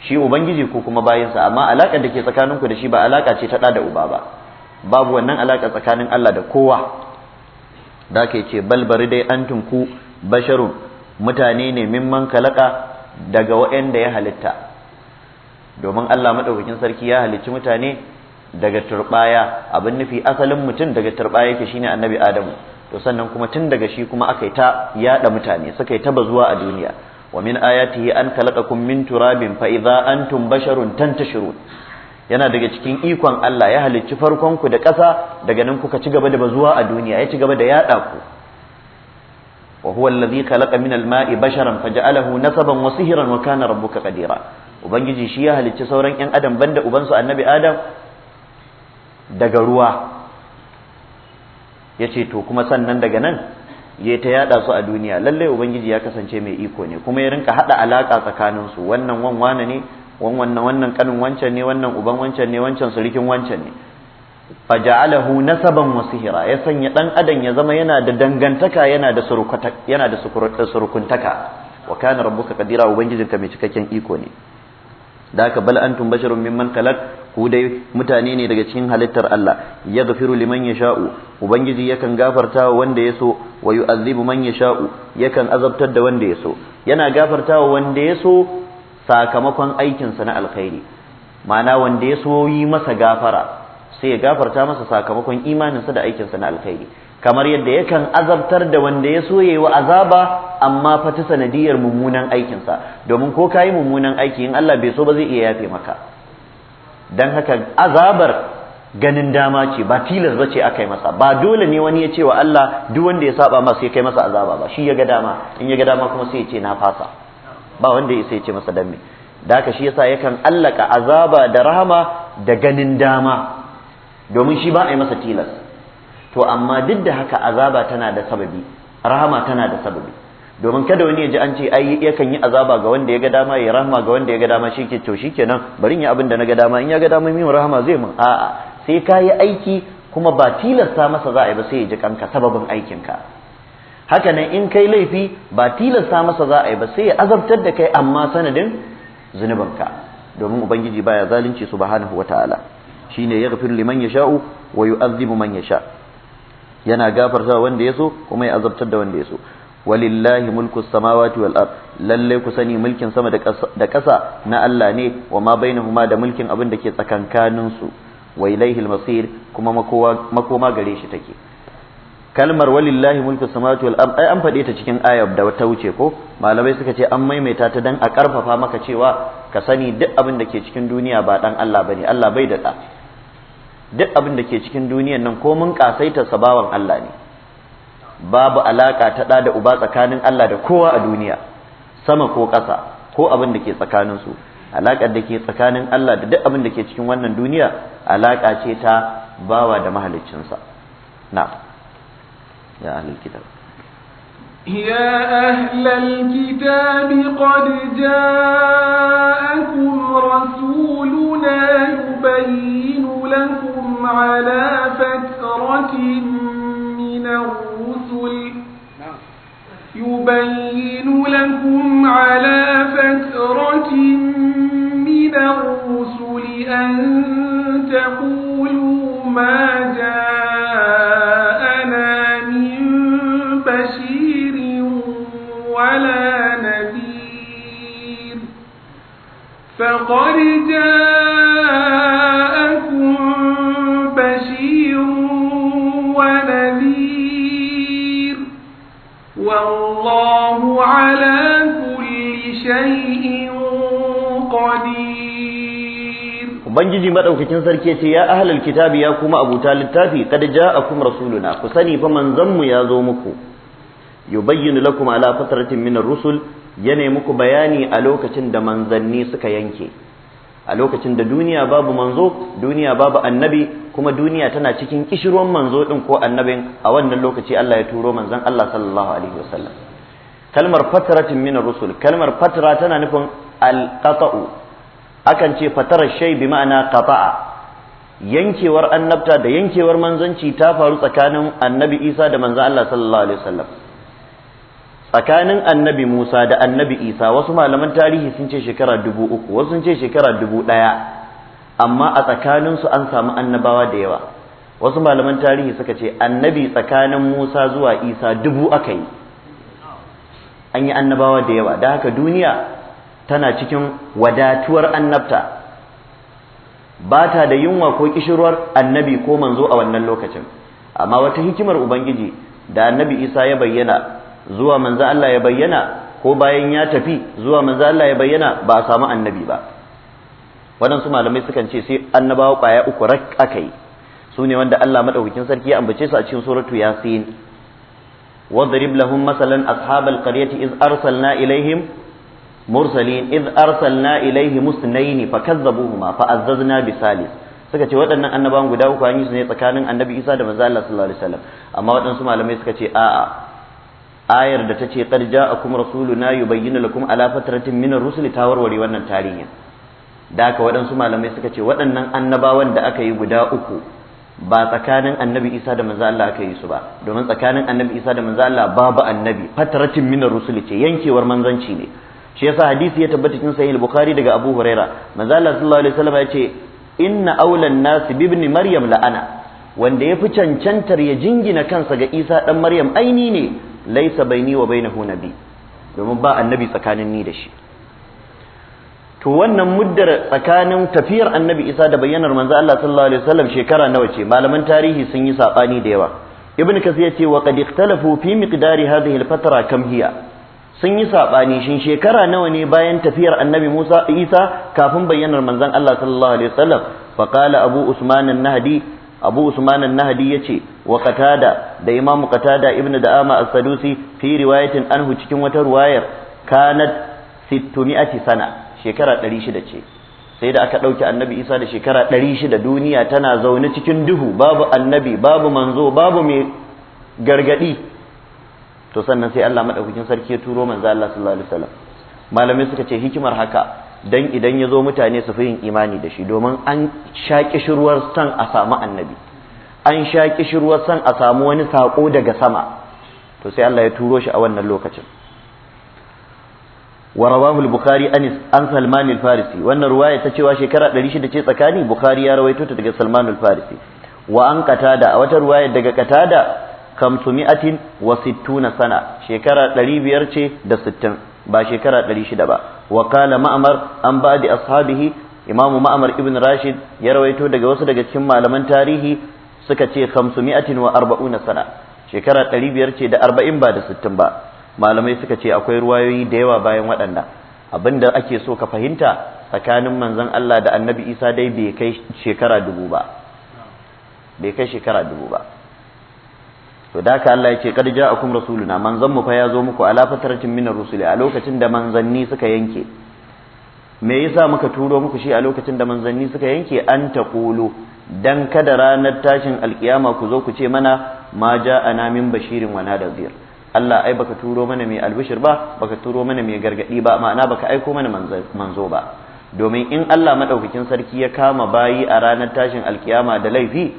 shi ubangiji ko kuma bayansa amma alaƙar da ke tsakaninku da shi ba alaƙa ce ta ɗa da uba ba babu wannan alaka tsakanin Allah da kowa da ke ce balbari dai antunku tunku basharun mutane ne mimman kalaka daga waɗanda ya halitta domin Allah madaukakin sarki ya halicci mutane daga turbaya abin nufi asalin mutum daga turbaya yake shine annabi adamu to sannan kuma tun daga shi kuma aka yi ta yaɗa mutane suka yi ta bazuwa a duniya wa min ayatihi an khalaqakum min turabin fa idza antum basharun tantashirun yana daga cikin ikon Allah ya halicci farkonku da ƙasa daga nan kuka ci gaba da bazuwa a duniya ya ci gaba da yaɗa ku wa huwa allazi khalaqa min al-ma'i basharan faj'alahu nasaban wa sihran wa kana rabbuka qadira ubangiji shi ya halicci sauran ƴan adam banda ubansu annabi adam daga ruwa yace to kuma sannan daga nan ya ta yada su a duniya lallai ubangiji ya kasance mai iko ne kuma ya rinka hada alaka tsakanin su wannan wanwana ne wannan wannan kanin wancan ne wannan uban wancan ne wancan surikin wancan ne ja'alahu nasaban wa sihira ya sanya dan adam ya zama yana da dangantaka yana da surukata yana da surukuntaka wa kana rabbuka qadira ubangijinka mai cikakken iko ne da haka bal antum basharun mimman khalaq ku dai mutane ne daga cikin halittar Allah ya gafiru liman yasha'u ubangiji yakan gafarta wa wanda ya so wa man yasha'u yakan azabtar da wanda ya so yana gafarta wa wanda ya so sakamakon aikinsa na alkhairi mana wanda ya so masa gafara sai ya gafarta masa sakamakon imaninsa da aikinsa na alkhairi kamar yadda yakan azabtar da wanda ya so wa azaba amma fa ta sanadiyar mummunan aikinsa domin ko kayi mummunan aiki in Allah bai so ba zai iya yafe maka dan haka azabar ganin dama ce ba tilas ba ce aka yi masa ba dole ne wani ya ce wa Allah duk wanda ya saba masa sai kai masa azaba ba shi ya ga dama in ya ga dama kuma sai ya ce na fasa ba wanda ya isa ce masa dan me da haka shi yasa yakan allaka azaba da rahama da ganin dama domin shi ba a yi masa tilas to amma duk da haka azaba tana da sababi rahama tana da sababi domin kada wani ya ji an ce ai yakan yi azaba ga wanda ya ga dama ya rahama ga wanda ya ga dama shike to shikenan bari yi abin da na ga dama in ya ga dama min rahama zai mun a'a sai ka yi aiki kuma ba tilasta masa za a yi ba sai ya ji kanka sababin aikinka haka nan in kai laifi ba tilasta masa za a yi ba sai ya azabtar da kai amma sanadin zunubanka domin ubangiji baya zalunci subhanahu wataala shine yaghfir liman yasha'u wa yu'adhibu man yasha yana gafarta wanda yaso kuma ya azabtar da wanda yaso walillahi mulku samawati wal ard lalle ku sani mulkin sama da ƙasa na Allah ne wa ma bainahuma da mulkin abin da ke tsakankanin su wa ilaihi al-masir kuma makoma gare shi take kalmar walillahi mulku samawati wal ai an fade ta cikin ayab da ta wuce ko malamai suka ce an maimaita ta dan a karfafa maka cewa ka sani duk abin da ke cikin duniya ba dan Allah bane Allah bai da da duk abin da ke cikin duniyan nan ko mun kasaita sabawan Allah ne babu alaka ta da da uba tsakanin Allah da kowa a duniya sama ko ƙasa ko abin da ke tsakanin su alakar da ke tsakanin Allah da duk abin da ke cikin wannan duniya alaka ce ta bawa da mahaliccinsa na'am يا أهل الكتاب يا أهل الكتاب قد جاءكم رسولنا يبين لكم على فترة من الرسل يبين لكم على فترة من الرسل أن تقولوا ما جاءكم فقد جاءكم بشير ونذير والله على كل شيء قدير ubangiji madaukakin sarki ce ya ahlal kitabi ya kuma abuta littafi kad ja'akum rasuluna ku sani fa manzanmu ya zo muku yubayyinu lakum ala fatratin min ar-rusul ya muku bayani a lokacin da manzanni suka yanke a lokacin da duniya babu manzo duniya babu annabi kuma duniya tana cikin kishirwan manzo din ko annabin a wannan lokaci Allah ya turo manzon Allah sallallahu alaihi wasallam kalmar fatratin min rusul kalmar fatra tana nufin alqata'u akan ce fatara shay bi ma'ana qata'a yankewar annabta da yankewar manzanci ta faru tsakanin annabi Isa da manzon Allah sallallahu alaihi wasallam tsakanin annabi Musa da annabi Isa wasu malaman tarihi sun ce shekara dubu uku wasu sun ce shekara dubu ɗaya amma a tsakaninsu an samu annabawa da yawa wasu malaman tarihi suka ce annabi tsakanin Musa zuwa Isa dubu aka yi an yi annabawa da yawa da haka duniya tana cikin wadatuwar annabta ba ta da yunwa ko kishirwar annabi ko manzo a wannan lokacin amma wata hikimar ubangiji da annabi isa ya bayyana zuwa manzo Allah ya bayyana ko bayan ya tafi zuwa manzo Allah ya bayyana ba a samu annabi ba waɗansu malamai sukan ce sai annabawa ƙwaya uku rak aka yi su ne wanda Allah maɗaukakin sarki ya ambace su a cikin suratu yasin واضرب لهم مثلا أصحاب القرية إذ أرسلنا إليهم مرسلين إذ أرسلنا إليهم اثنين فكذبوهما فأززنا بثالث suka ce waɗannan annabawan guda uku an yi ne tsakanin annabi isa da manzo Allah sallallahu alaihi wasallam amma waɗansu malamai suka ce a'a ayar da ta ce qad ja'akum rasuluna yubayyinu lakum ala fatratin min rusuli ta warware wannan tarihin da aka waɗansu malamai suka ce waɗannan annabawan da aka yi guda uku ba tsakanin annabi isa da manzo Allah aka yi su ba domin tsakanin annabi isa da manzo Allah babu annabi fatratin minar rusuli ce yankewar manzanci ne shi yasa hadisi ya tabbata cikin sahih al-bukhari daga abu huraira manzo Allah sallallahu alaihi wasallam ya ce inna aulan nas bi ibn maryam la'ana wanda ya fi cancantar ya jingina kansa ga isa dan maryam aini ne laisa baini wa bainahu nabi domin ba annabi tsakanin ni da shi to wannan muddar tsakanin tafiyar annabi isa da bayyanar manzo Allah sallallahu alaihi wasallam shekara nawa ce malaman tarihi sun yi sabani da yawa ibn kasir yace wa qad ikhtalafu fi miqdari hadhihi al kam hiya sun yi sabani shin shekara nawa ne bayan tafiyar annabi Musa Isa kafin bayyanar manzon Allah sallallahu alaihi wasallam fa qala abu usman an-nahdi abu usman an-nahdi yace wa qatada da imam qatada ibnu da'ama as-sadusi fi riwayatin anhu cikin wata ruwayar kanat 600 sana shekara 600 ce sai da aka dauki annabi isa da shekara 600 duniya tana zaune cikin duhu babu annabi babu manzo babu mai gargadi to sannan sai Allah madaukakin sarki ya turo manzo Allah sallallahu alaihi wasallam malamai suka ce hikimar haka dan idan yazo mutane su fi yin imani da shi domin an sha kishirwar san a samu annabi an sha kishirwar san a samu wani sako daga sama to sai Allah ya turo shi a wannan lokacin wa rawahu al-bukhari an an salman al-farisi wannan ruwaya ta cewa shekara 600 ce tsakani bukhari ya rawaito ta daga salman al-farisi wa an qatada a wata ruwaya daga qatada kamsumi'atin wa sittuna sana shekara 500 ce da 60 ba shekara 600 ba wa qala ma'mar an ba'di ashabihi imamu ma'mar ibn rashid ya rawaito daga wasu daga cikin malaman tarihi suka ce 540 sana shekara ɗari biyar ce da arba'in ba da 60 ba malamai suka ce akwai ruwayoyi da yawa bayan waɗanda abinda ake so ka fahimta tsakanin manzon Allah da annabi Isa dai bai kai shekara dubu ba bai kai shekara dubu ba to da haka Allah ya ce kad ja'akum rasuluna manzon mu fa ya zo muku ala fatratin min rusuli a lokacin da manzanni suka yanke me yasa muka turo muku shi a lokacin da manzanni suka yanke an taqulu dan kada ranar tashin alkiyama ku zo ku ce mana ma ana min bashirin wa nadir Allah ai baka turo mana mai albishir ba baka turo mana mai gargadi ba ma'ana baka aiko mana manzo ba domin in Allah madaukakin sarki ya kama bayi a ranar tashin alkiyama da laifi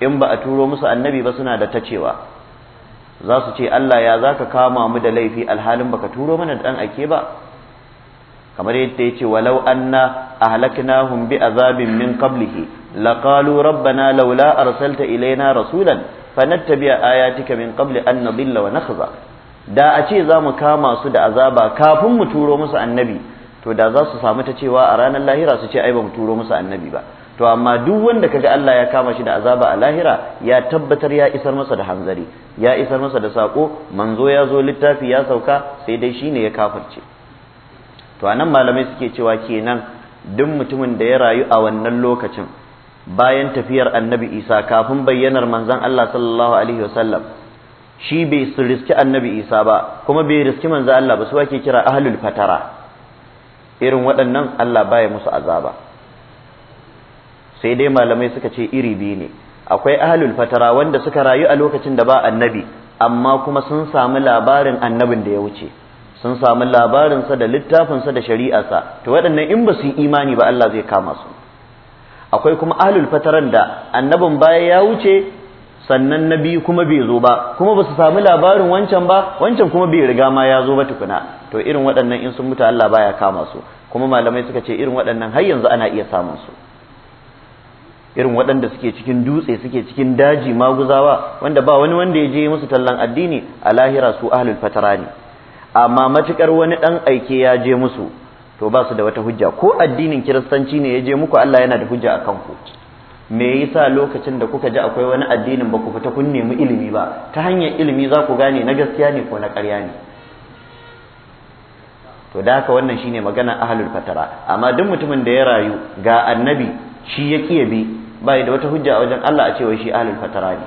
in ba a turo musu annabi ba suna da tacewa za su ce Allah ya zaka kama mu da laifi alhalin baka turo mana dan ake ba kamar yadda ce walau anna ahlaknahum bi azabin min qablihi laqalu rabbana laula arsalta ilaina rasulan fanattabi'a ayatika min qabli an nadilla wa nakhza da a ce za mu kama su da azaba kafin mu turo musu annabi to da za su samu ta cewa a ranar lahira su ce ai ba mu turo musu annabi ba to amma duk wanda kaga Allah ya kama shi da azaba a lahira ya tabbatar ya isar masa da hanzari ya isar masa da sako manzo ya zo littafi ya sauka sai dai shine ya kafirce to anan malamai suke cewa kenan duk mutumin da ya rayu a wannan lokacin bayan tafiyar annabi isa kafin bayyanar manzon allah sallallahu alaihi wasallam shi bai riski annabi isa ba kuma bai riski manzon allah ba su ake kira ahlul fatara irin waɗannan allah baya musu azaba sai dai malamai suka ce iri biyu ne akwai ahlul fatara wanda suka rayu a lokacin da ba annabi amma kuma sun samu labarin annabin da ya wuce sun samu labarinsa da littafinsa da shari'arsa to waɗannan in ba su yi imani ba Allah zai kama su akwai kuma ahlul fataran da annabin baya ya wuce sannan na biyu kuma bai zo ba kuma ba su samu labarin wancan ba wancan kuma bai riga ma ya zo ba tukuna to irin waɗannan in sun mutu Allah baya kama su kuma malamai suka ce irin waɗannan har yanzu ana iya samun su irin waɗanda suke cikin dutse suke cikin daji maguzawa wanda ba wani wanda ya je musu tallan addini a lahira su ahlul fatara ne amma matukar wani dan aike ya je musu to ba su da wata hujja ko addinin kiristanci ne ya je muku Allah yana da hujja akan ku me yasa lokacin da kuka ji akwai wani addinin ba ku fita kun nemi ilimi ba ta hanyar ilimi za ku gane na gaskiya ne ko na ƙarya ne to da haka wannan shine magana ahlul fatara amma duk mutumin da ya rayu ga annabi shi ya kiyabe bi bai da wata hujja a wajen Allah a cewa shi ahlul fatara ne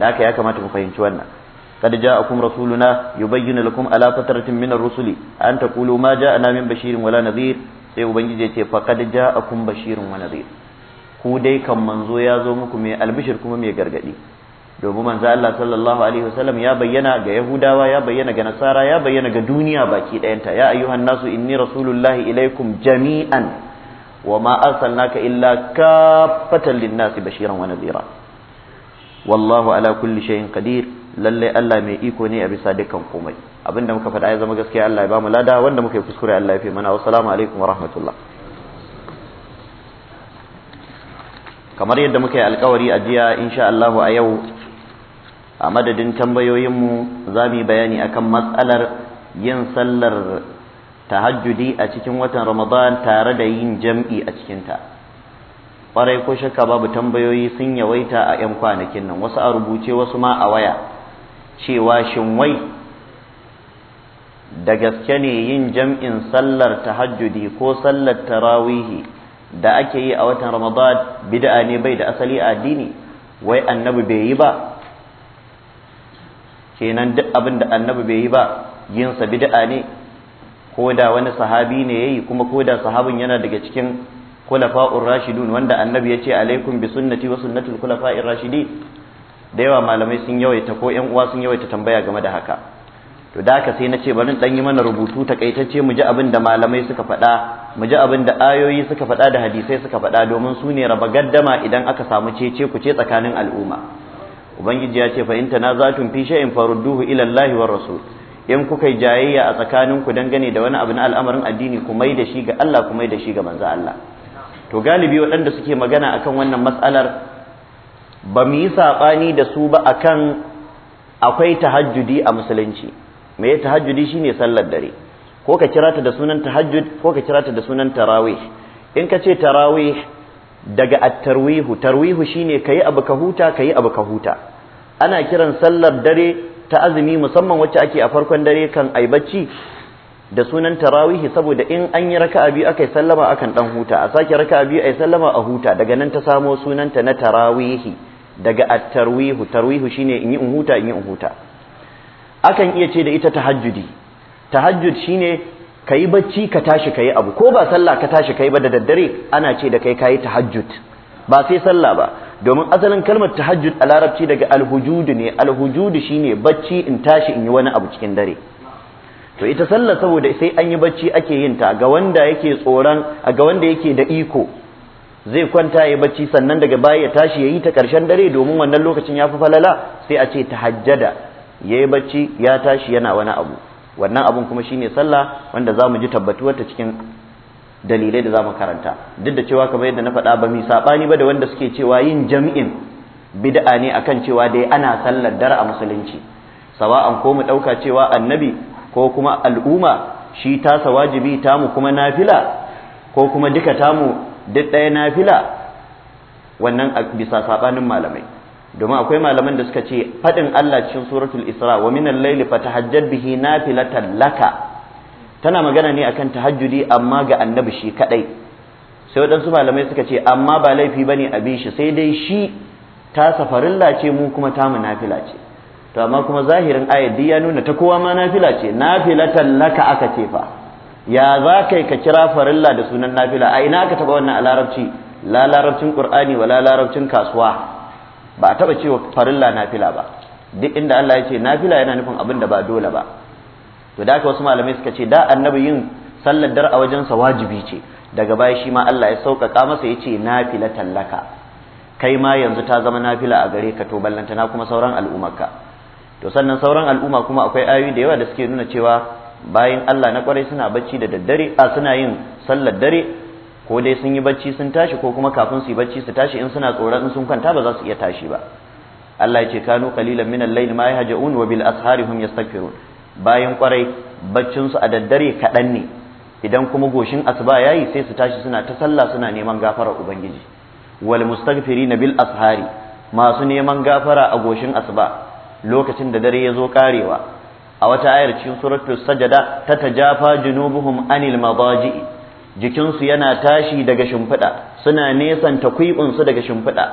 da haka ya kamata mu fahimci wannan قد جاءكم رسولنا يبين لكم على فترة من الرسل أن تقولوا ما جاءنا من بشير ولا نذير sai ubangiji ya ce faqad ja'akum bashirun wa nadhir ku dai kan manzo ya zo muku mai albishir kuma mai gargadi domin manzo Allah sallallahu alaihi wasallam ya bayyana ga yahudawa ya bayyana ga nasara ya bayyana ga duniya baki dayanta ya ayyuhan nasu inni rasulullahi ilaikum jami'an wa ma arsalnaka illa kaffatan lin-nasi bashiran wa nadhira wallahu ala kulli shay'in qadir lallai Allah mai iko ne a bisa dukkan komai abinda muka faɗa ya zama gaskiya Allah ya bamu lada wanda muka yi kuskure Allah ya fi mana wassalamu alaikum wa rahmatullah kamar yadda muka yi alkawari a jiya insha Allah a yau a madadin tambayoyinmu za mu yi bayani akan matsalar yin sallar tahajjudi a cikin watan Ramadan tare da yin jam'i a cikinta. ta kwarai ko shakka babu tambayoyi sun yawaita a 'yan kwanakin nan wasu a rubuce wasu ma a waya cewa shin wai da gaske ne yin jam'in sallar tahajjudi ko sallar tarawihi da ake yi a watan ramadan bid'a ne bai da asali a addini wai annabi bai yi ba kenan duk abin da annabi bai yi ba yinsa bid'a ne ko da wani sahabi ne yayi kuma ko da sahabin yana daga cikin kulafa'ur rashidun wanda annabi ya ce alaikum bi sunnati wa sunnatul kulafa'ir rashidin da yawa malamai sun yawaita ko yan uwa sun yawaita tambaya game da haka to da haka sai na ce barin dan yi mana rubutu takaitacce mu ji abin da malamai suka faɗa mu ji abin da ayoyi suka faɗa da hadisai suka faɗa domin su ne raba gaddama idan aka samu cece ku ce tsakanin al'umma ubangiji ya ce fa in tanazatun fi shay'in farudduhu ila Allahi war rasul in kuka yi jayayya a tsakanin ku dangane da wani abu na al'amarin addini ku mai da shi ga Allah ku mai da shi ga manzo Allah to galibi waɗanda suke magana akan wannan matsalar ba mu yi saɓani da su ba akan akwai tahajjudi a musulunci me ya tahajjudi shine sallar dare ko ka kira ta da sunan tahajjud ko ka kira ta da sunan tarawih in ka ce tarawih daga at-tarwihu tarwihu shine kayi abu ka huta kayi abu ka huta ana kiran sallar dare ta azumi musamman wacce ake a farkon dare kan ai bacci da sunan tarawihi saboda in an yi raka'a biyu akai sallama akan dan huta a sake raka'a biyu ai sallama a huta daga nan ta samo sunanta na tarawihi daga at-tarwihu tarwihu shine in yi in huta in yi in akan iya ce da ita tahajjudi tahajjud shine kayi bacci ka tashi kayi abu ko ba sallah ka tashi kayi ba da daddare ana ce da kai kayi tahajjud ba sai sallah ba domin asalin kalmar tahajjud a larabci daga alhujud ne alhujud shine bacci in tashi in yi wani abu cikin dare to ita sallah saboda sai an yi bacci ake yin ta ga wanda yake tsoron ga wanda yake da iko zai kwanta ya bacci sannan daga baya ya tashi ya yi ta ƙarshen dare domin wannan lokacin ya fi falala sai a ce tahajjada ya yi bacci ya tashi yana wani abu wannan abun kuma shine sallah wanda za mu ji tabbatuwar ta cikin dalilai da za mu karanta duk da cewa kamar yadda na faɗa ba mu saɓani ba da wanda suke cewa yin jami'in bid'a ne akan cewa dai ana sallar dare a musulunci sawa'an ko mu ɗauka cewa annabi ko kuma al'umma shi tasa wajibi tamu kuma nafila ko kuma duka tamu duk ɗaya na fila wannan bisa saɓanin malamai domin akwai malaman da suka ce faɗin Allah cikin suratul Isra wa laili layli hajjar bihi nafilatan laka tana magana ne akan tahajjudi amma ga annabi shi kadai sai waɗansu malamai suka ce amma ba laifi ba ne a bi shi sai dai shi ta safarin lace mu kuma ta mu nafila ce to amma kuma zahirin ayat ya nuna ta kowa ma nafila ce nafilatan laka aka ce fa ya za yi ka kira farilla da sunan nafila a ina ka taba wannan a larabci la larabcin qur'ani wala larabcin kasuwa ba a taba cewa farilla nafila ba duk inda Allah ya ce nafila yana nufin abin da ba dole ba to da haka wasu malamai suka ce da annabi yin sallar dar a wajensa wajibi ce daga baya shi ma Allah ya sauƙaƙa masa ya ce nafila tallaka kai ma yanzu ta zama nafila a gare ka to ballantana kuma sauran al'ummarka to sannan sauran al'umma kuma akwai ayoyi da yawa da suke nuna cewa bayan Allah na kwarai suna bacci da daddare a suna yin sallar dare ko dai sun yi bacci sun tashi ko kuma kafin su yi bacci su tashi in suna tsoron in sun kwanta ba za su iya tashi ba Allah ya ce kanu qalilan min al-layl ma yahja'un wa bil ashari hum yastaghfirun bayan kwarai baccin su a daddare kadan ne idan kuma goshin asuba yayi sai su tashi suna ta sallah suna neman gafarar ubangiji wal mustaghfirina bil ashari masu neman gafara a goshin asuba lokacin da dare ya zo karewa a wata ayar cikin suratul sajada ta tajafa junubuhum anil madaji jikinsu yana tashi daga shimfiɗa suna nesanta su daga shimfiɗa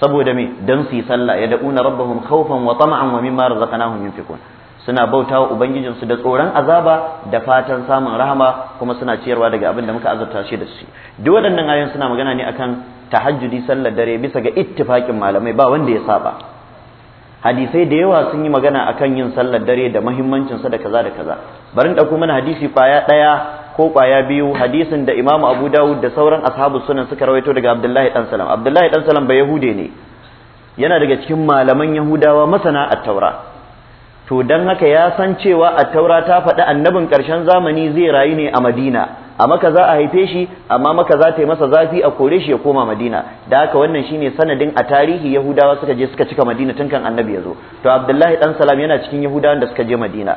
saboda me dan su yi sallah ya da'una rabbahum khawfan wa tama'an wa mimma razaqnahum yunfiqun suna bautawa ubangijinsu da tsoron azaba da fatan samun rahama kuma suna ciyarwa daga abin da muka azurta shi da su duk waɗannan ayoyin suna magana ne akan tahajjudi sallar dare bisa ga ittifaqin malamai ba wanda ya saba hadisai da yawa sun yi magana akan yin sallar dare da muhimmancin sa da kaza da kaza barin dauko mana hadisi kwaya daya ko kwaya biyu hadisin da Imam Abu Dawud da sauran ashabu sunan suka rawaito daga Abdullahi dan Salam Abdullahi dan Salam ba Yahude ne yana daga cikin malaman Yahudawa masana at-Taura to don haka ya san cewa at-Taura ta faɗi annabin karshen zamani zai rayu ne a Madina a maka za a haife shi amma maka za ta yi masa zafi a kore shi ya koma madina da haka wannan shine sanadin a tarihi yahudawa suka je suka cika madina tun kan annabi ya zo to abdullahi dan salam yana cikin yahudawan da suka je madina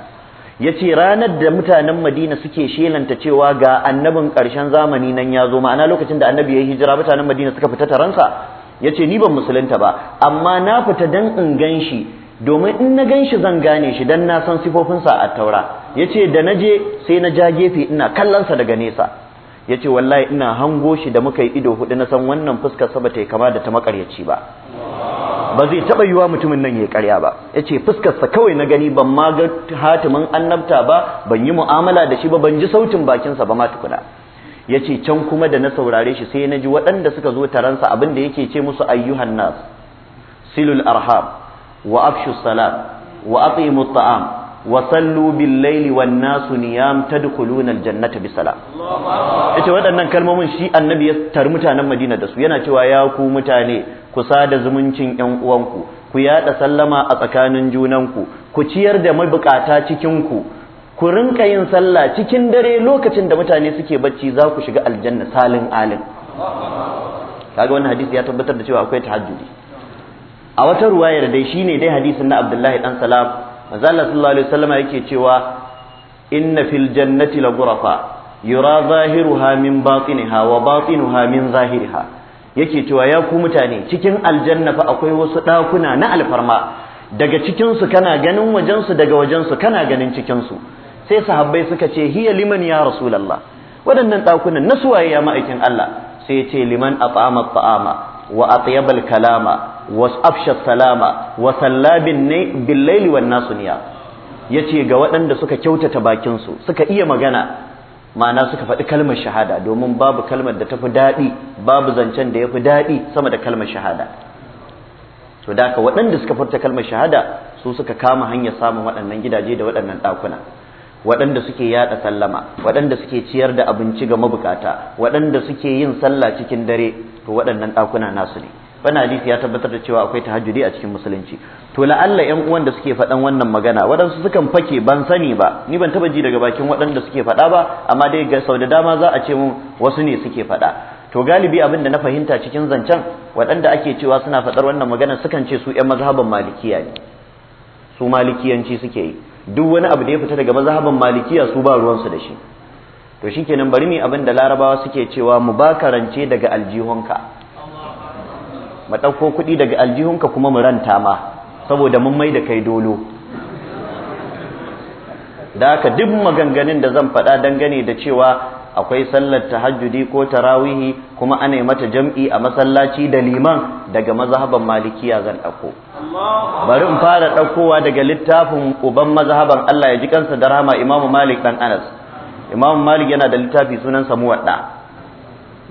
ya ce ranar da mutanen madina suke shelanta cewa ga annabin ƙarshen zamani nan ya zo ma'ana lokacin da annabi ya hijira mutanen madina suka fita taransa ya ce ni ban musulunta ba amma na fita dan in gan shi domin in na gan shi zan gane shi dan na san sifofinsa a taura yace da naje sai na ja gefe ina kallonsa daga nesa yace wallahi ina hango shi da muka yi ido hudu na san wannan fuskar sa bata kama da ta makaryaci ba ba zai taba yiwa mutumin nan ya karya ba yace fuskar sa kawai na gani ban ma ga hatimin annabta ba ban yi mu'amala da shi ba ban ji sautin bakin sa ba ma tukuna yace can kuma da na saurare shi sai na ji waɗanda suka zo taransa abin da yake ce musu ayyuhan nas silul arham wa afshu salam wa atimu ta'am wa sallu bil laili wan nasu niyam tadkhuluna al jannata bi salam yace waɗannan kalmomin shi annabi ya tar mutanen Madina da su yana cewa ya ku mutane ku sada zumuncin ƴan uwanku ku yada sallama a tsakanin junanku ku ciyar da mabukata cikin ku ku rinka yin sallah cikin dare lokacin da mutane suke bacci za ku shiga aljanna salin alin kaga wannan hadisi ya tabbatar da cewa akwai tahajjudi a wata ruwayar dai shine dai hadisin na Abdullahi dan Salam manzo sallallahu alaihi wasallam yake cewa inna fil jannati la ghurafa yura zahiruha min batiniha wa batinuha min zahiriha yake cewa ya ku mutane cikin aljanna fa akwai wasu dakuna na alfarma daga cikin su kana ganin wajen su daga wajen su kana ganin cikin su sai sahabbai suka ce hiya liman ya rasulullah waɗannan dakunan na suwaye ya ma'aikin Allah sai ya ce liman at'ama at'ama wa atyabal kalama wasafsha salama wa sallabin billaili wan nasuniya yace ga waɗanda suka kyautata bakin su suka iya magana ma'ana suka faɗi kalmar shahada domin babu kalmar da tafi daɗi babu zancen da ya fi daɗi sama da kalmar shahada to da waɗanda suka furta kalmar shahada su suka kama hanyar samun waɗannan gidaje da waɗannan ɗakuna waɗanda suke yaɗa sallama waɗanda suke ciyar da abinci ga mabukata waɗanda suke yin sallah cikin dare to waɗannan ɗakuna nasu ne wannan hadisi ya tabbatar da cewa akwai tahajjudi a cikin musulunci to la'alla yan uwan da suke faɗan wannan magana waɗansu sukan fake ban sani ba ni ban taba ji daga bakin waɗanda suke faɗa ba amma dai ga sau da dama za a ce mun wasu ne suke faɗa to galibi abin da na fahimta cikin zancen waɗanda ake cewa suna faɗar wannan magana sukan ce su yan mazhaban malikiya ne su malikiyanci suke yi duk wani abu da ya fita daga mazhaban malikiya su ba ruwansu da shi to shikenan bari mu abin da larabawa suke cewa mubakarance daga aljihunka mu ɗauko kuɗi daga aljihunka kuma mu ranta ma saboda mun mai da kai dolo da haka duk maganganun da zan faɗa dangane da cewa akwai sallar tahajjudi ko tarawihi kuma ana yi mata jam'i a masallaci da liman daga mazhaban malikiya zan ɗauko bari in fara ɗaukowa daga littafin uban mazhaban Allah ya ji kansa da rahama imamu malik dan anas imamu malik yana da littafi sunan sa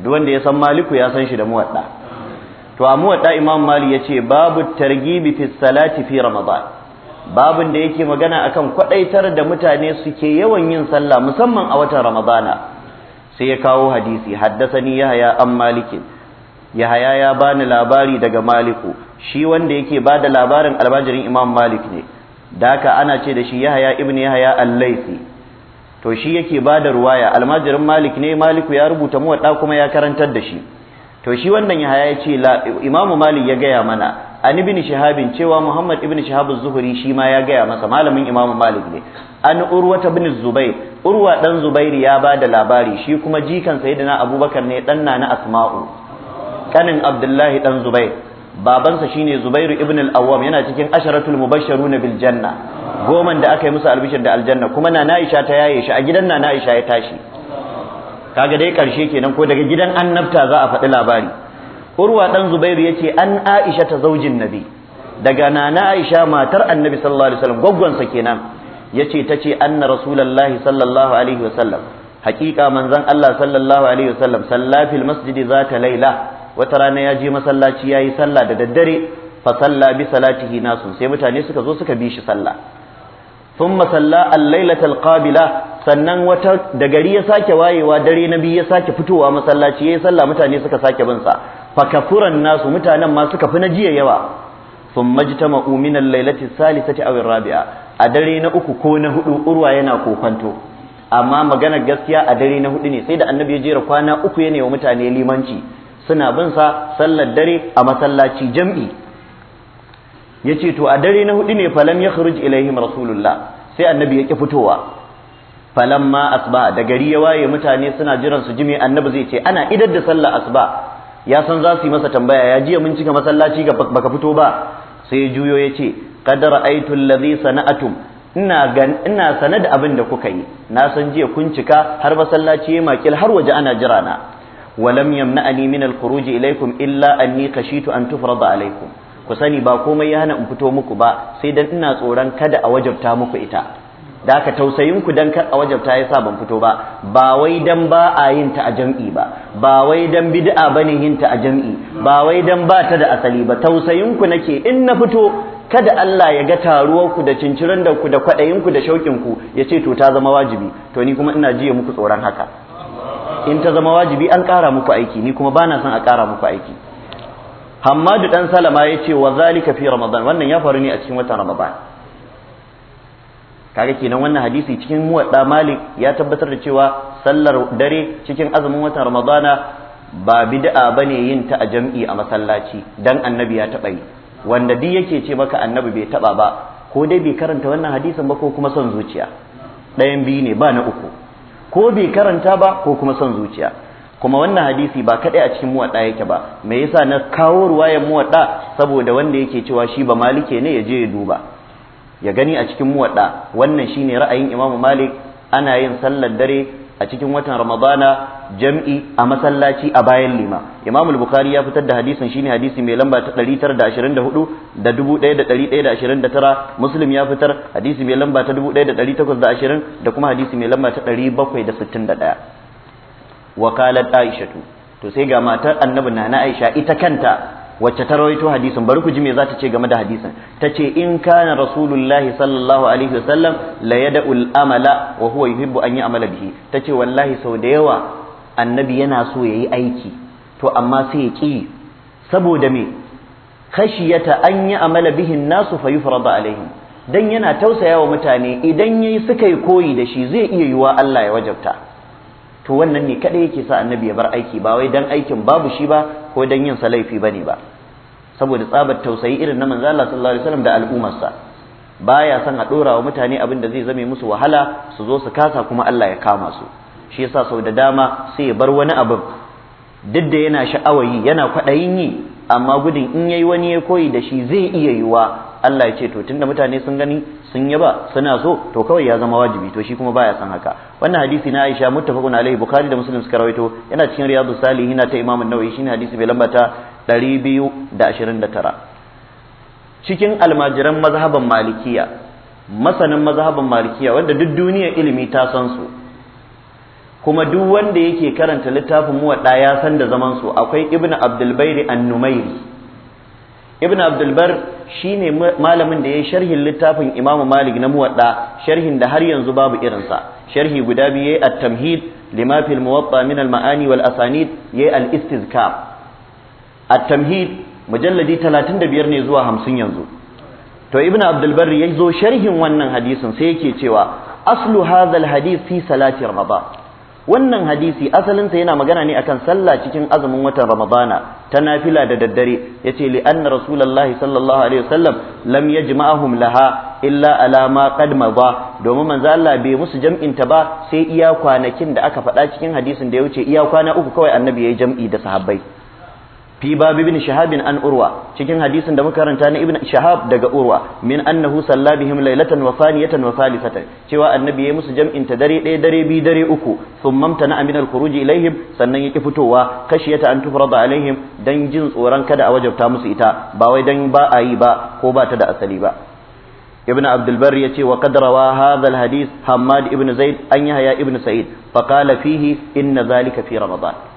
duk wanda ya san maliku ya san shi da muwadda to a muwadda imam mali ya babu targibi fi salati fi ramadan babun da yake magana akan kwadaitar da mutane suke yawan yin sallah musamman a watan ramadana sai ya kawo hadisi ni yahaya an maliki yahaya ya bani labari daga maliku shi wanda yake ba da labarin albajirin imam malik ne daka ana ce da shi yahaya ibn yahaya al-laisi to shi yake ba da ruwaya almajirin malik ne maliku ya rubuta mu wadda kuma ya karantar da shi to shi wannan yahaya ya ce imamu malik ya gaya mana an ibn shahabin cewa muhammad ibn shahabu zuhuri shi ma ya gaya masa malamin imamu malik ne an urwa ta bin zubair urwa dan zubairi ya ba da labari shi kuma jikan sayyidina abubakar ne dan na asma'u kanin abdullahi dan zubair babansa shine zubairu ibn al-awwam yana cikin asharatul mubashsharuna bil biljanna. goman da aka yi musu albishir da aljanna kuma na Aisha ta yaye shi a gidan na Aisha ya tashi kaga dai karshe kenan ko daga gidan annabta za a faɗi labari urwa dan zubairu yace an aisha ta zaujin nabi daga nana aisha matar annabi sallallahu alaihi wasallam gwaggwansa kenan yace tace anna rasulullahi sallallahu alaihi wasallam haƙiƙa manzon Allah sallallahu alaihi wasallam salla fil masjidi zata laila wata rana ya je masallaci yayi sallah da daddare fa salla bi salatihi nasun sai mutane suka zo suka bi shi sallah thumma salla al-lailata sannan wata da gari ya sake wayewa dare na biyu ya sake fitowa masallaci yayi salla mutane suka sake bin sa fa kafuran nasu mutanen ma suka fi na jiya yawa thumma jitama'u min al-lailati salisati aw ar-rabi'a a dare na uku ko na hudu urwa yana kokanto amma maganar gaskiya a dare na hudu ne sai da annabi ya jera kwana uku yana wa mutane limanci suna bin sa sallar dare a masallaci jam'i yace to a dare na hudu ne falam yakhruj ilaihim rasulullah sai annabi ya ƙi fitowa ma asba da gari ya waye mutane suna jiran su jimi annabi zai ce ana idar da sallah asba ya san za su yi masa tambaya ya jiya mun cika masallaci ga baka fito ba sai juyo ya ce qad ra'aytu alladhi sana'atum ina gan ina sane da abin da kuka yi na san jiya kun cika har masallaci ya makil har waje ana jira na walam yamna'ani min al-khuruj ilaykum illa anni khashitu an tufrada alaykum ku sani ba komai ya hana in fito muku ba sai dan ina tsoron kada a wajabta muku ita da aka tausayin ku dan kar a wajabta yasa ban fito ba ba wai dan ba a yin ta a jam'i ba ba wai dan bid'a bane yin ta a jam'i ba wai dan ba ta da asali ba tausayin ku nake in na fito kada Allah ya ga taruwar ku da cincirin da ku da kwadayin ku da shaukin ku ya ce to ta zama wajibi to ni kuma ina jiya muku tsoron haka in ta zama wajibi an kara muku aiki ni kuma bana son a kara muku aiki Hammadu ɗan Salama ya ce wa zalika fi Ramadan wannan ya faru ne a cikin watan Ramadan kaga kenan wannan hadisi cikin muwadda Malik ya tabbatar da cewa sallar dare cikin azumin watan Ramadana ba bid'a bane yin ta a jam'i a masallaci dan annabi ya taba yi wanda duk yake ce maka annabi bai taba ba ko dai bai karanta wannan hadisin ba ko kuma son zuciya ɗayan biyu ne ba na uku ko bai karanta ba ko kuma son zuciya kuma wannan hadisi ba kadai a cikin muwadda yake ba me yasa na kawo ruwayan muwadda saboda wanda yake cewa shi ba malike ne ya je ya duba ya gani a cikin muwadda wannan shine ra'ayin imamu malik ana yin sallar dare a cikin watan ramadana jam'i a masallaci a bayan lima imam bukhari ya fitar da hadisin shine hadisi mai lamba ta 924 da 1129 muslim ya fitar hadisi mai lamba ta 1820 da kuma hadisi mai lamba ta 761 Wakalar aishatu to sai ga matar annabi na aisha ita kanta wacce ta rawaito hadisin bari ku ji me za ta ce game da hadisin ta ce in kana rasulullahi sallallahu alaihi wasallam la yada'ul amala wa huwa yuhibbu an amala bihi ta ce wallahi sau da yawa annabi yana so yayi aiki to amma sai ya ki saboda me khashiyata an amala bihin nasu fa yufrada alaihim dan yana tausaya wa mutane idan yayi suka yi koyi da shi zai iya yiwa Allah ya wajabta to wannan ne kada yake sa annabi ya bar aiki ba wai dan aikin babu shi ba ko dan yin sa laifi bane ba saboda tsabar tausayi irin na manzo Allah sallallahu alaihi wasallam da al'ummarsa baya son a dora wa mutane abin da zai zame musu wahala su zo su kasa kuma Allah ya kama su shi yasa sau da dama sai ya bar wani abin duk da yana sha'awayi yana kwaɗayin yi amma gudun in yayi wani ya koyi da shi zai iya yiwa Allah ya ce to tunda mutane sun gani sun yaba suna so to kawai ya zama wajibi to shi kuma baya san haka wannan hadisi na Aisha muttafaqun alaihi Bukhari da Muslim suka rawaito yana cikin Riyadus Salihin ta Imam An-Nawawi shine hadisi da lamba ta 229 cikin almajiran mazhaban Malikiya masanin mazhaban Malikiya wanda duk duniyar ilimi ta san su kuma duk wanda yake karanta littafin muwadda ya san da zaman su akwai Ibn Abdul Bayri an ibn abdulbar shine malamin da ya yi sharhin littafin imamu malik na muwadda sharhin da har yanzu babu irinsa sharhi guda biyu yayi at-tamhid lima fil muwatta min al-ma'ani wal asanid yi al istizka at-tamhid mujalladi 35 ne zuwa 50 yanzu to ibn abdulbar ya zo sharhin wannan hadisin sai yake cewa aslu hadha al-hadith fi salati ramadan wannan hadisi asalinsa yana magana ne akan sallah cikin azumin watan ramadana ta nafila da daddare yace li anna rasulullahi sallallahu alaihi wasallam lam yajma'ahum laha illa ala ma qad madha domin manzo Allah bai musu jam'in ta ba sai iya kwanakin da aka faɗa cikin hadisin da ya wuce iya kwana uku kawai annabi yayi jam'i da sahabbai fi bab ibn shahab an urwa cikin hadisin da muka karanta na ibn shahab daga urwa min annahu salla bihim laylatan wa saniyatan wa thalithatan cewa annabi ya musu jam'in ta dare ɗaya dare biyu dare uku thumma na min al-khuruj ilaihim sannan yake fitowa kashiyata an tufrada alaihim dan jin tsoron kada a wajabta musu ita ba wai dan ba a yi ba ko ba ta da asali ba ابن عبد البر يتي وقد روى هذا الحديث حماد ابن زيد أن يحيى ابن سعيد فقال فيه إن ذلك في رمضان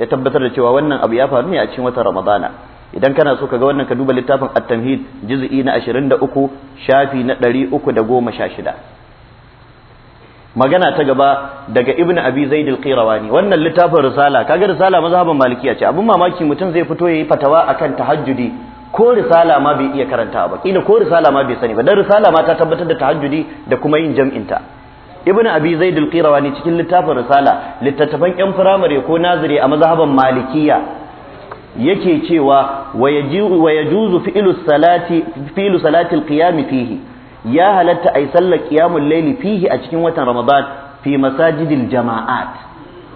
ya tabbatar da cewa wannan abu ya faru ne a cikin watan ramadana idan kana so ka ga wannan ka duba littafin at-tamhid juz'i na 23 shafi na 316 magana ta gaba daga ibn abi zaid al-qirawani wannan littafin risala kaga risala mazhaban malikiya ce abun mamaki mutum zai fito yayi fatawa akan tahajjudi ko risala ma bai iya karanta ba kila ko risala ma bai sani ba dan risala ma ta tabbatar da tahajjudi da kuma yin jam'inta ibn abi zaid al-qirawani cikin littafin risala littattafan yan firamare ko naziri a mazhaban malikiya yake cewa wa yajuzu fi'lu salati fi'lu salati al-qiyam fihi ya halatta ay sallar qiyamul layli fihi a cikin watan ramadan fi masajidil jama'at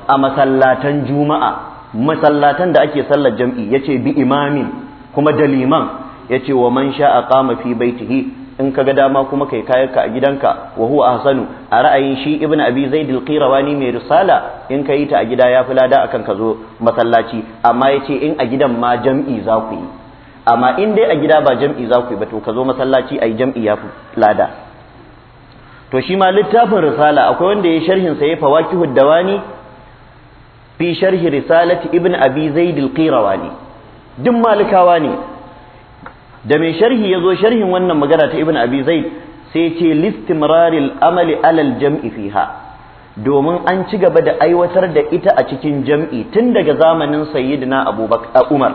a masallatan juma'a masallatan da ake sallar jam'i yace bi imamin kuma da liman yace wa man sha'a qama fi baitihi in ka ga dama kuma kai ka a gidanka wa huwa ahsanu a ra'ayin shi ibn abi zaid al-qirawani mai risala in ka yi ta a gida ya fi lada akan ka zo masallaci amma yace in a gidan ma jam'i za ku yi amma in dai a gida ba jam'i za ku yi ba to ka zo masallaci ayi jam'i ya fi lada to shi ma littafin risala akwai wanda ya sharhin sa ya fawakihud dawani fi sharhi risalati ibn abi zaid al-qirawani duk malikawa ne da mai sharhi ya zo sharhin wannan magana ta ibn abi zaid sai ce listimraril amali alal jam'i fiha domin an ci gaba da aiwatar da ita a cikin jam'i tun daga zamanin sayyidina abubakar umar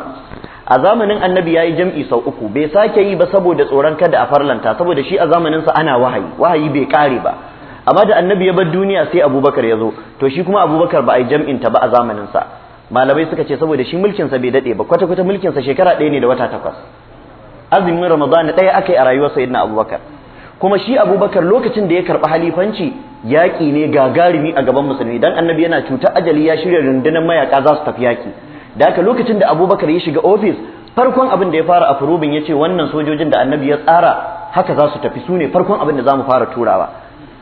a zamanin annabi yayi jam'i sau uku bai sake yi ba saboda tsoron kada a farlanta saboda shi a zamanin sa ana wahayi wahayi bai kare ba amma da annabi ya bar duniya sai abubakar ya zo to shi kuma abubakar ba a yi jam'in ta ba a zamanin sa malamai suka ce saboda shi mulkin sa bai dade ba kwata kwata mulkin sa shekara ɗaya ne da wata takwas azumin ramadan ɗaya aka yi a rayuwar sayyidina abubakar kuma shi abubakar lokacin da ya karɓi halifanci yaƙi ne gagarumi a gaban musulmi dan annabi yana cutar ajali ya shirya rundunar mayaka za su tafi yaƙi da haka lokacin da abubakar ya shiga ofis farkon abin da ya fara a furubin ya wannan sojojin da annabi ya tsara haka za su tafi su ne farkon abin da za mu fara turawa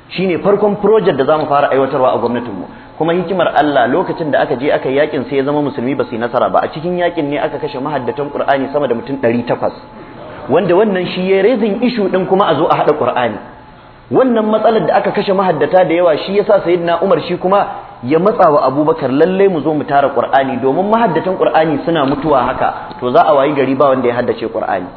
Shi ne farkon project da za mu fara aiwatarwa a gwamnatinmu kuma hikimar Allah lokacin da aka je aka yakin sai ya zama musulmi ba su yi nasara ba a cikin yakin ne aka kashe mahaddatan Qur'ani sama da mutum 800 wanda wannan shi ya raising issue din kuma a zo a hada qur'ani wannan matsalar da aka kashe mahaddata da yawa shi yasa sayyidina Umar shi kuma ya matsa wa Abubakar lalle mu zo mu tara qur'ani domin mahaddatan qur'ani suna mutuwa haka to za a wayi gari ba wanda ya haddace qur'ani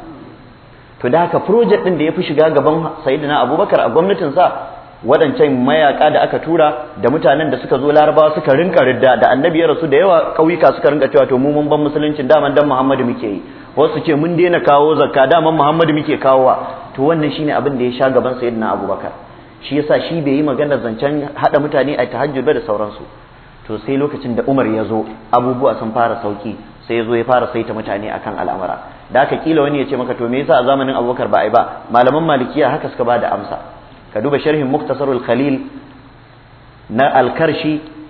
to da haka project din da ya fi shiga gaban sayyidina Abubakar a gwamnatin sa waɗancan mayaka da aka tura da mutanen da suka zo larabawa suka rinka ridda da annabi ya rasu da yawa kauyuka suka rinka cewa to mu mun ban musuluncin daman dan Muhammadu muke yi wasu ce mun daina kawo zakka daman muhammadu muke kawowa to wannan shine abin da ya sha gaban sayyidina abubakar shi yasa shi bai yi magana zancen hada mutane a tahajjud ba da sauransu to sai lokacin da umar ya zo abubuwa sun fara sauki sai ya zo ya fara saita mutane akan al'amura da aka kila wani ya ce maka to me yasa a zamanin abubakar ba ai ba malaman malikiya haka suka ba da amsa ka duba sharhin muktasarul khalil na alkarshi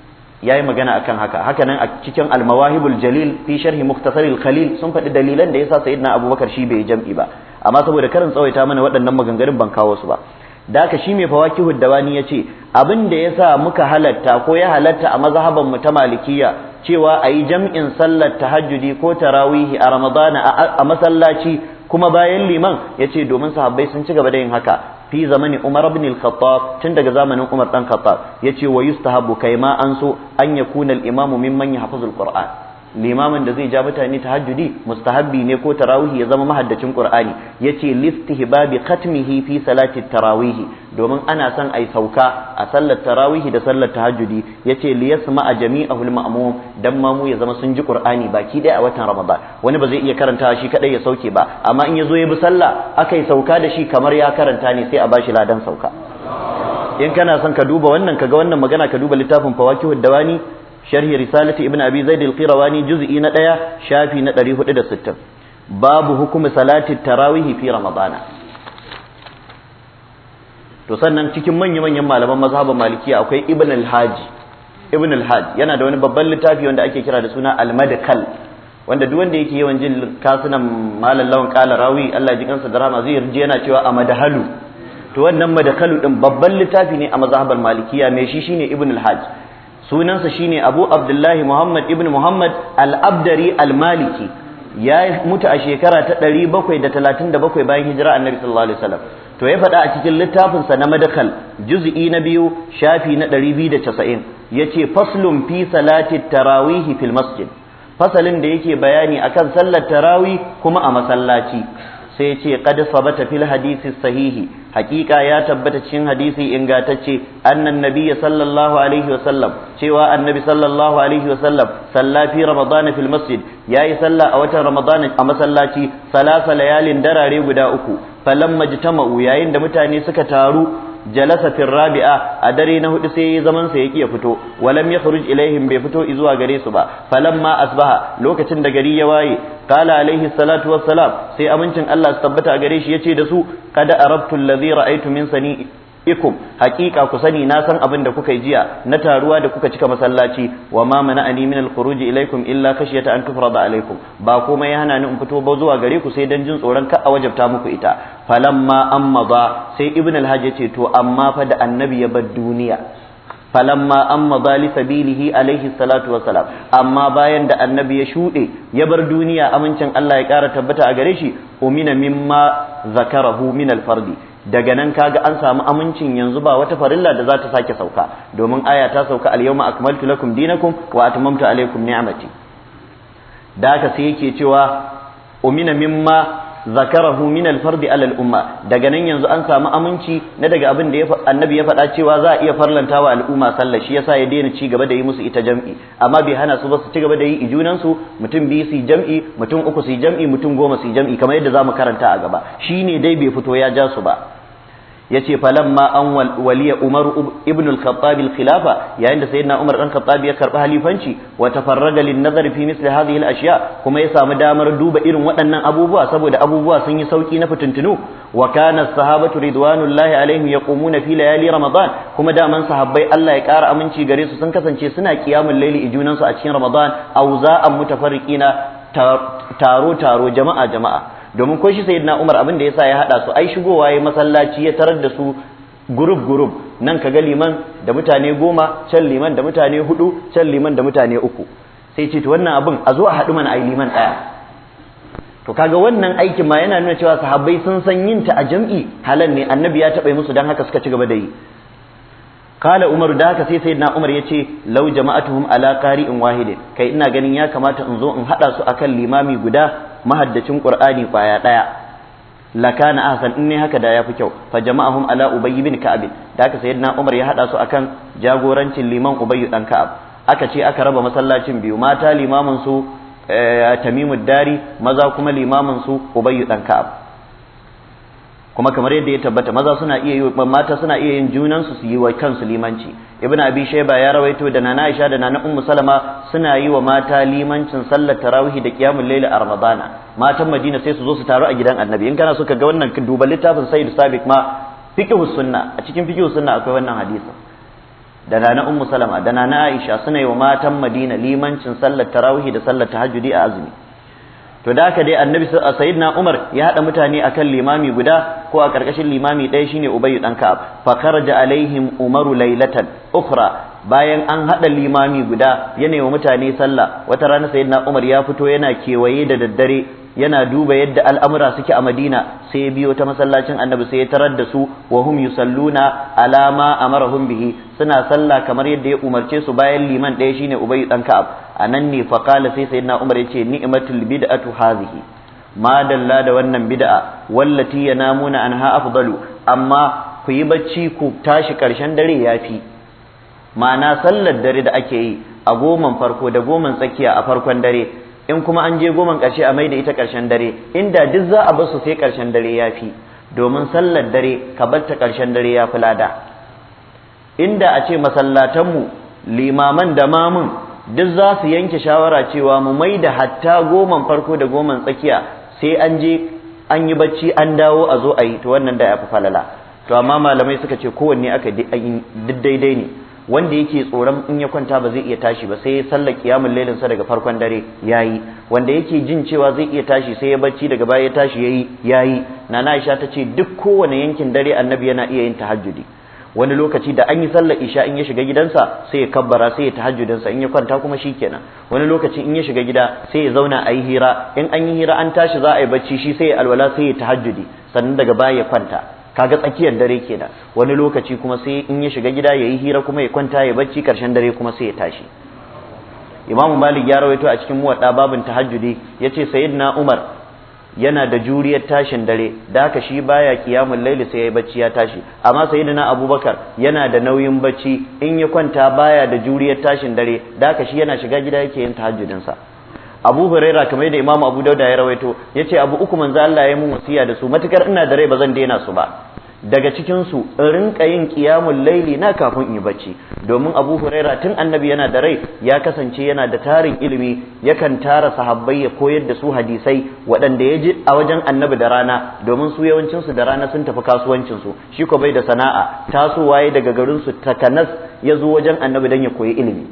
Ya yi magana akan haka hakanan a cikin almawahibul jalil fi sharhi muktasaril khalil sun faɗi dalilan da yasa sayyidina abubakar shi bai jam'i ba amma saboda karin tsawaita mana waɗannan maganganun ban kawo su ba da haka shi mai fawakihud dawani yace abin da yasa muka halatta ko ya halatta a mazhaban mu ta malikiyya cewa ayi jam'in sallar tahajjudi ko tarawihi a ramadana a masallaci kuma bayan liman yace domin sahabbai sun ci gaba da yin haka fi zamani Umar ibn al-Khattab tun daga zamanin Umar dan Khattab yace wa yustahabu kai ma an so an yakuna al-imamu mimman yahfazul Qur'an limamin da zai ja mutane tahajjudi mustahabbi ne ko tarawihi ya zama mahaddacin qur'ani yace listihbabi khatmihi fi salati tarawihi domin ana son ai sauka a sallar tarawihi da sallar tahajjudi yace liyasma jami'ahul ma'mum dan mamu ya zama sun ji qur'ani baki daya a watan ramadan wani ba zai iya karanta shi kadai ya sauke ba amma in ya zo ya bi sallah akai sauka da shi kamar ya karanta ne sai a bashi ladan sauka in kana son ka duba wannan kaga wannan magana ka duba littafin fawakihud dawani sharhi risalati ibn abi zaid al-qirawani juz'i na ɗaya shafi na 460 babu hukumi salati tarawih fi ramadana to sannan cikin manya-manyan malaman mazhaban malikiya akwai ibn al-haji ibn al yana da wani babban littafi wanda ake kira da suna al-madkal wanda duk wanda yake yawan jin kasunan malallawan lawan rawi Allah ji kansa drama zai yarje yana cewa a to wannan madakalu din babban littafi ne a mazhaban malikiya me shi shine ibn al-haj sunansa shine Abu Abdullahi Muhammad ibn Muhammad al-Abdari al-Maliki ya mutu a shekara ta 737 bayan hijira Annabi sallallahu alaihi wasallam to ya faɗa a cikin littafin sa na madakal juz'i na biyu shafi na 290 yace faslun fi salati tarawih fil masjid fasalin da yake bayani akan sallar tarawih kuma a masallaci sai yace qad sabata fil hadisi sahihi hakika ya tabbata cikin hadisi ingatacce annan nabi sallallahu alaihi wasallam cewa annabi sallallahu alaihi wasallam salla fi ramadan fil masjid yayi sallah a watan ramadan a masallaci salasa layalin darare guda uku falamma jitama'u yayin da mutane suka taru jalasa rabi'a a dare na hudu sai ya zaman sa yake ya fito walam yakhruj ilaihim bai fito zuwa gare su ba falamma asbaha lokacin da gari ya waye qala alaihi salatu wassalam sai amincin Allah su tabbata gare shi yace da su kada arabtu alladhi ra'aytu min sani ikum haƙiƙa ku sani na san abin da kuka yi jiya na taruwa da kuka cika masallaci wa ma mana'ani min al-khuruj illa khashyata an tufrada alaykum ba komai ya hana ni in fito ba zuwa gare ku sai dan jin tsoron ka a wajabta muku ita falamma amma ba sai ibn hajj ya ce to amma fa da annabi ya bar duniya falamma amma ba li sabilihi alayhi salatu amma bayan da annabi ya shuɗe ya bar duniya amincin Allah ya kara tabbata a gare shi umina mimma zakarahu min al-fardi daga nan kaga an samu amincin yanzu ba wata farilla da za ta sake sauka domin aya ta sauka al-yawma akmaltu lakum dinakum wa atmamtu alaykum ni'amati da haka sai yake cewa umina mimma zakarahu min al-fardi ala al-umma daga nan yanzu an samu aminci na daga abin da annabi ya faɗa cewa za a iya farlantawa al'umma sallah shi yasa ya daina ci gaba da yi musu ita jam'i amma bai hana su ba su ci gaba da yi ijunan su mutum biyu su jam'i mutum uku su jam'i mutum goma su jam'i kamar yadda zamu karanta a gaba shine dai bai fito ya ja su ba yace falamma an waliya umar ibn al-khattab al-khilafa yayin da sayyidina umar dan khattab ya karba halifanci wa tafarraga lin nazar fi misli hadhihi al-ashya kuma ya samu damar duba irin waɗannan abubuwa saboda abubuwa sun yi sauki na fitintunu wa kana sahabatu ridwanullahi alaihim yaqumuna fi layali ramadan kuma daman sahabbai Allah ya ƙara aminci gare su sun kasance suna qiyamul layli ijunan su a cikin ramadan awza'an mutafarriqina taro taro jama'a jama'a domin ko shi sayyidina Umar abin da yasa ya hada su ai shigowa yayin masallaci ya tarar da su gurub gurub nan kaga liman da mutane goma can liman da mutane hudu can liman da mutane uku sai ce to wannan abin a zo a haɗu mana ai liman ɗaya to kaga wannan aikin ma yana nuna cewa sahabbai sun san yin ta a jam'i halan ne annabi ya taɓa musu dan haka suka ci gaba da yi kala umaru da haka sai sayyidina umar yace law jama'atuhum ala qari'in wahidin kai ina ganin ya kamata in zo in hada su akan limami guda mahaddacin qur'ani kwaya daya lakana ahsan in ne haka da yafi kyau fa jama'ahum ala ubay bin ka'ab da haka sayyidina umar ya hada su akan jagorancin liman ubay dan ka'ab aka ce aka raba masallacin biyu mata limamin su eh, tamimud dari maza kuma limamin su ubay dan ka'ab kuma kamar yadda ya tabbata maza suna iya yi mata suna iya yin junan su yi wa kansu limanci ibnu abi shayba ya rawaito da nana aisha da nana ummu salama suna yi wa mata limancin sallar tarawih da qiyamul layl a ramadana matan madina sai su zo su taru a gidan annabi in kana so ka ga wannan ka duba littafin sayyid sabiq ma fiqh sunna a cikin fiqh sunna akwai wannan hadisin da nana ummu salama da nana aisha suna yi wa matan madina limancin sallar tarawih da sallar tahajjudi a azumi to da ka dai annabi sayyidina Umar ya hada mutane akan limami guda ko a karkashin limami ɗaya shine Ubayy dan Ka'ab fa kharaja alaihim Umaru Lailatan. ukhra bayan an hada limami guda ya nemi mutane sallah wata rana sayyidina Umar ya fito yana kewaye da daddare yana duba yadda al'amura suke a Madina sai ya biyo ta masallacin Annabi sai ya tarar da su wa hum yusalluna alama a amarahum bihi suna sallah kamar yadda ya umarce su bayan liman ɗaya shine ubayi dan Ka'ab anan ne fa qala sai sayyidina Umar yace ni'matul bid'atu hazihi ma dalla da wannan bid'a wallati yanamuna anha afdalu amma ku yi bacci ku tashi karshen dare yafi ma'ana sallar dare da ake yi a goman farko da goman tsakiya a farkon dare in kuma an je goman ƙarshe a mai da ita ƙarshen dare inda duk za a basu sai ƙarshen dare ya fi domin sallar dare ka barta ƙarshen dare ya fi lada inda a ce masallatanmu limaman da mamun duk za su yanke shawara cewa mu mai da hatta goman farko da goman tsakiya sai an je an yi bacci an dawo a zo a yi to wannan da ya fi falala to amma malamai suka ce kowanne aka daidai ne wanda yake tsoron in ya kwanta ba zai iya tashi ba sai ya sallar kiyamun lailin sa daga farkon dare yayi wanda yake jin cewa zai iya tashi sai ya barci daga baya ya tashi yayi yayi nana Aisha ta ce duk kowane yankin dare annabi yana iya yin tahajjudi wani lokaci da an yi sallar isha in ya shiga gidansa sai ya kabbara sai ya tahajjudin sa in ya kwanta kuma shikenan wani lokaci in ya shiga gida sai ya zauna a yi hira in an yi hira an tashi za a yi bacci shi sai ya alwala sai ya tahajjudi sannan daga baya ya kwanta kaga tsakiyar dare kenan wani lokaci kuma sai in ya shiga gida yayi hira kuma ya kwanta ya bacci karshen dare kuma sai ya tashi imamu malik ya rawaito a cikin muwadda babin tahajjudi yace sayyidina umar yana da juriyar tashin dare da haka shi baya kiyamul laili sai yayi bacci ya tashi amma sayyidina abubakar yana da nauyin bacci in ya kwanta baya da juriyar tashin dare da haka shi yana shiga gida yake yin tahajjudin sa abu huraira kamar da imamu abu dauda ya rawaito ya ce abu uku manzo Allah ya mun wasiya da su matukar ina da rai ba zan daina su ba daga cikin su in rinka yin qiyamul laili na kafin in yi bacci domin abu huraira tun annabi yana da rai ya kasance yana da tarin ilimi yakan tara sahabbai ya koyar da su hadisai waɗanda ya ji a wajen annabi da rana domin su yawancinsu da rana sun tafi kasuwancin su shi ko bai da sana'a waye daga garinsu takanas ya zo wajen annabi dan ya koyi ilimi